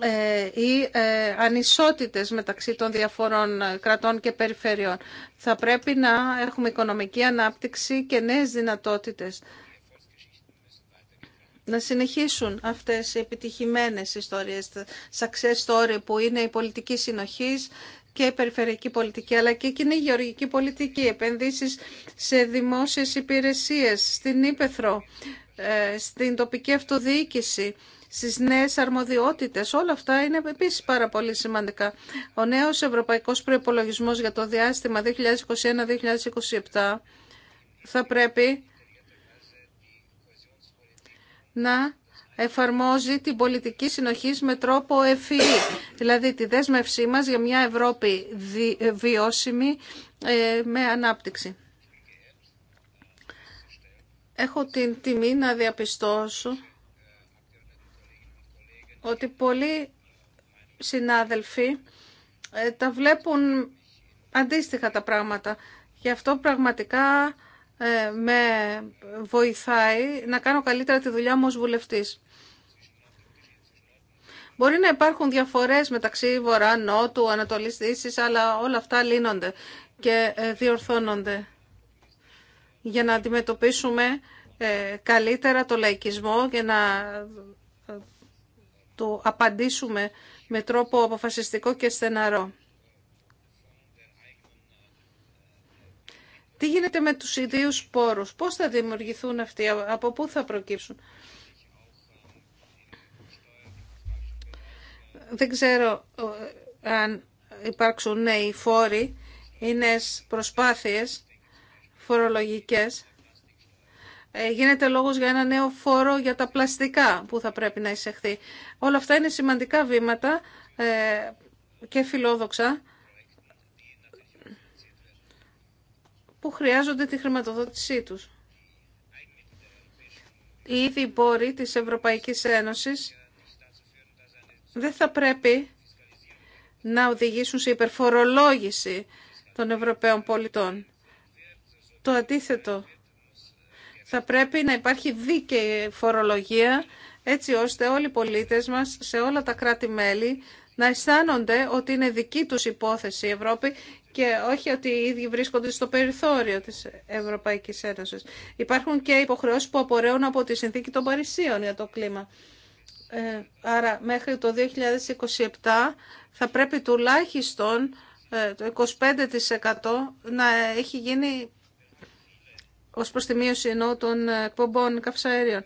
ε, οι ε, ανισότητες μεταξύ των διαφορών κρατών και περιφερειών. Θα πρέπει να έχουμε οικονομική ανάπτυξη και νέες δυνατότητες να συνεχίσουν αυτές οι επιτυχημένες ιστορίες, success story που είναι η πολιτική συνοχής και η περιφερειακή πολιτική, αλλά και η κοινή γεωργική πολιτική, επενδύσεις σε δημόσιες υπηρεσίες, στην Ήπεθρο, ε, στην τοπική αυτοδιοίκηση, στις νέες αρμοδιότητες. Όλα αυτά είναι επίσης πάρα πολύ σημαντικά. Ο νέος ευρωπαϊκός προϋπολογισμός για το διάστημα 2021-2027 θα πρέπει να εφαρμόζει την πολιτική συνοχής με τρόπο ευφυή. Δηλαδή τη δέσμευσή μας για μια Ευρώπη βιώσιμη ε, με ανάπτυξη. Έχω την τιμή να διαπιστώσω ότι πολλοί συνάδελφοι ε, τα βλέπουν αντίστοιχα τα πράγματα. Γι' αυτό πραγματικά ε, με βοηθάει να κάνω καλύτερα τη δουλειά μου ως βουλευτής. Μπορεί να υπάρχουν διαφορές μεταξύ βορρά, νότου, ανατολής, δύσης, αλλά όλα αυτά λύνονται και ε, διορθώνονται για να αντιμετωπίσουμε ε, καλύτερα το λαϊκισμό και να ε, το απαντήσουμε με τρόπο αποφασιστικό και στεναρό. Τι γίνεται με τους ιδίους πόρους, πώς θα δημιουργηθούν αυτοί, από πού θα προκύψουν. Δεν ξέρω ε, αν υπάρξουν νέοι φόροι ή νέες προσπάθειες φορολογικές. Ε, γίνεται λόγος για ένα νέο φόρο για τα πλαστικά που θα πρέπει να εισεχθεί. Όλα αυτά είναι σημαντικά βήματα ε, και φιλόδοξα που χρειάζονται τη χρηματοδότησή τους. Οι ίδιοι πόροι της Ευρωπαϊκής Ένωσης δεν θα πρέπει να οδηγήσουν σε υπερφορολόγηση των Ευρωπαίων πολιτών. Το αντίθετο. Θα πρέπει να υπάρχει δίκαιη φορολογία έτσι ώστε όλοι οι πολίτες μας σε όλα τα κράτη-μέλη να αισθάνονται ότι είναι δική τους υπόθεση η Ευρώπη και όχι ότι οι ίδιοι βρίσκονται στο περιθώριο της Ευρωπαϊκής Ένωσης. Υπάρχουν και υποχρεώσεις που απορρέουν από τη συνθήκη των Παρισίων για το κλίμα. Ε, άρα μέχρι το 2027 θα πρέπει τουλάχιστον ε, το 25% να έχει γίνει ως προς τη μείωση ενώ των ε, εκπομπών καυσαέριων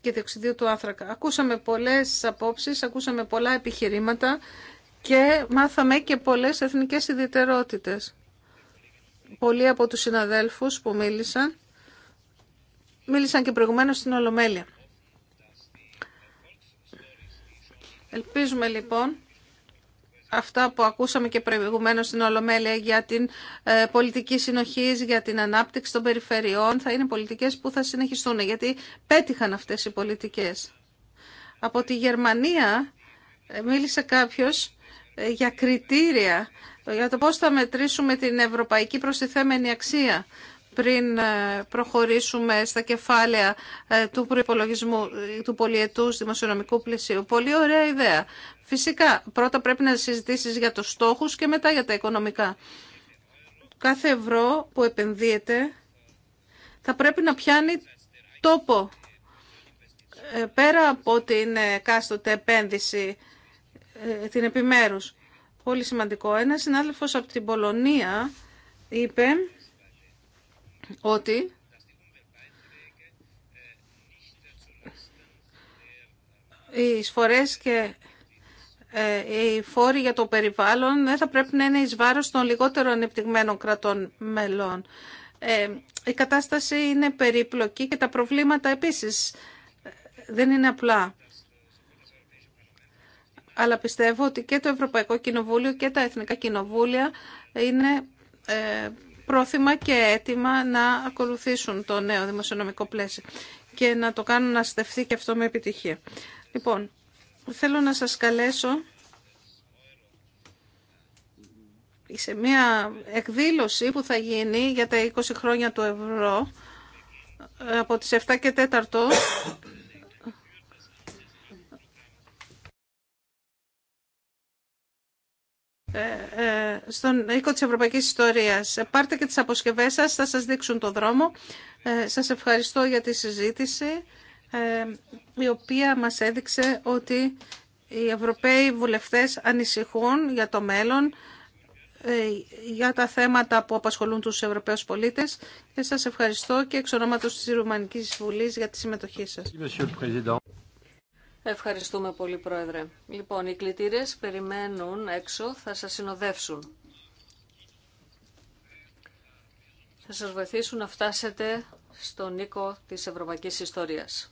και διοξιδίου του άνθρακα. Ακούσαμε πολλές απόψεις, ακούσαμε πολλά επιχειρήματα και μάθαμε και πολλές εθνικές ιδιαιτερότητες. Πολλοί από τους συναδέλφους που μίλησαν, μίλησαν και προηγουμένως στην Ολομέλεια. Ελπίζουμε λοιπόν αυτά που ακούσαμε και προηγουμένως στην Ολομέλεια για την ε, πολιτική συνοχή, για την ανάπτυξη των περιφερειών, θα είναι πολιτικές που θα συνεχιστούν, γιατί πέτυχαν αυτές οι πολιτικές. Από τη Γερμανία ε, μίλησε κάποιος ε, για κριτήρια, για το πώς θα μετρήσουμε την ευρωπαϊκή προστιθέμενη αξία πριν ε, προχωρήσουμε στα κεφάλαια ε, του προϋπολογισμού ε, του πολιετού δημοσιονομικού πλαισίου. Πολύ ωραία ιδέα. Φυσικά, πρώτα πρέπει να συζητήσεις για τους στόχους και μετά για τα οικονομικά. Κάθε ευρώ που επενδύεται θα πρέπει να πιάνει τόπο πέρα από την κάστοτε επένδυση, την επιμέρους. Πολύ σημαντικό. Ένα συνάδελφος από την Πολωνία είπε ότι οι εισφορές και ε, οι φόροι για το περιβάλλον δεν θα πρέπει να είναι εις βάρος των λιγότερο ανεπτυγμένων κρατών μελών. Ε, η κατάσταση είναι περίπλοκη και τα προβλήματα επίσης ε, δεν είναι απλά. Αλλά πιστεύω ότι και το Ευρωπαϊκό Κοινοβούλιο και τα Εθνικά Κοινοβούλια είναι πρόθυμα και έτοιμα να ακολουθήσουν το νέο δημοσιονομικό πλαίσιο και να το κάνουν να στεφθεί και αυτό με επιτυχία. Λοιπόν, θέλω να σας καλέσω σε μια εκδήλωση που θα γίνει για τα 20 χρόνια του ευρώ από τις 7 και 4 Ε, ε, στον οίκο της Ευρωπαϊκής Ιστορίας. Ε, πάρτε και τις αποσκευές σας, θα σας δείξουν το δρόμο. Σας ευχαριστώ για τη συζήτηση, η οποία μας έδειξε ότι οι Ευρωπαίοι βουλευτές ανησυχούν για το μέλλον, για τα θέματα που απασχολούν τους Ευρωπαίους πολίτες και σας ευχαριστώ και εξ ονόματος της Ρουμανικής Βουλής για τη συμμετοχή σας. Ευχαριστούμε πολύ, Πρόεδρε. Λοιπόν, οι κλητήρες περιμένουν έξω, θα σα συνοδεύσουν. Θα σας βοηθήσουν να φτάσετε στον οίκο της Ευρωπαϊκής Ιστορίας.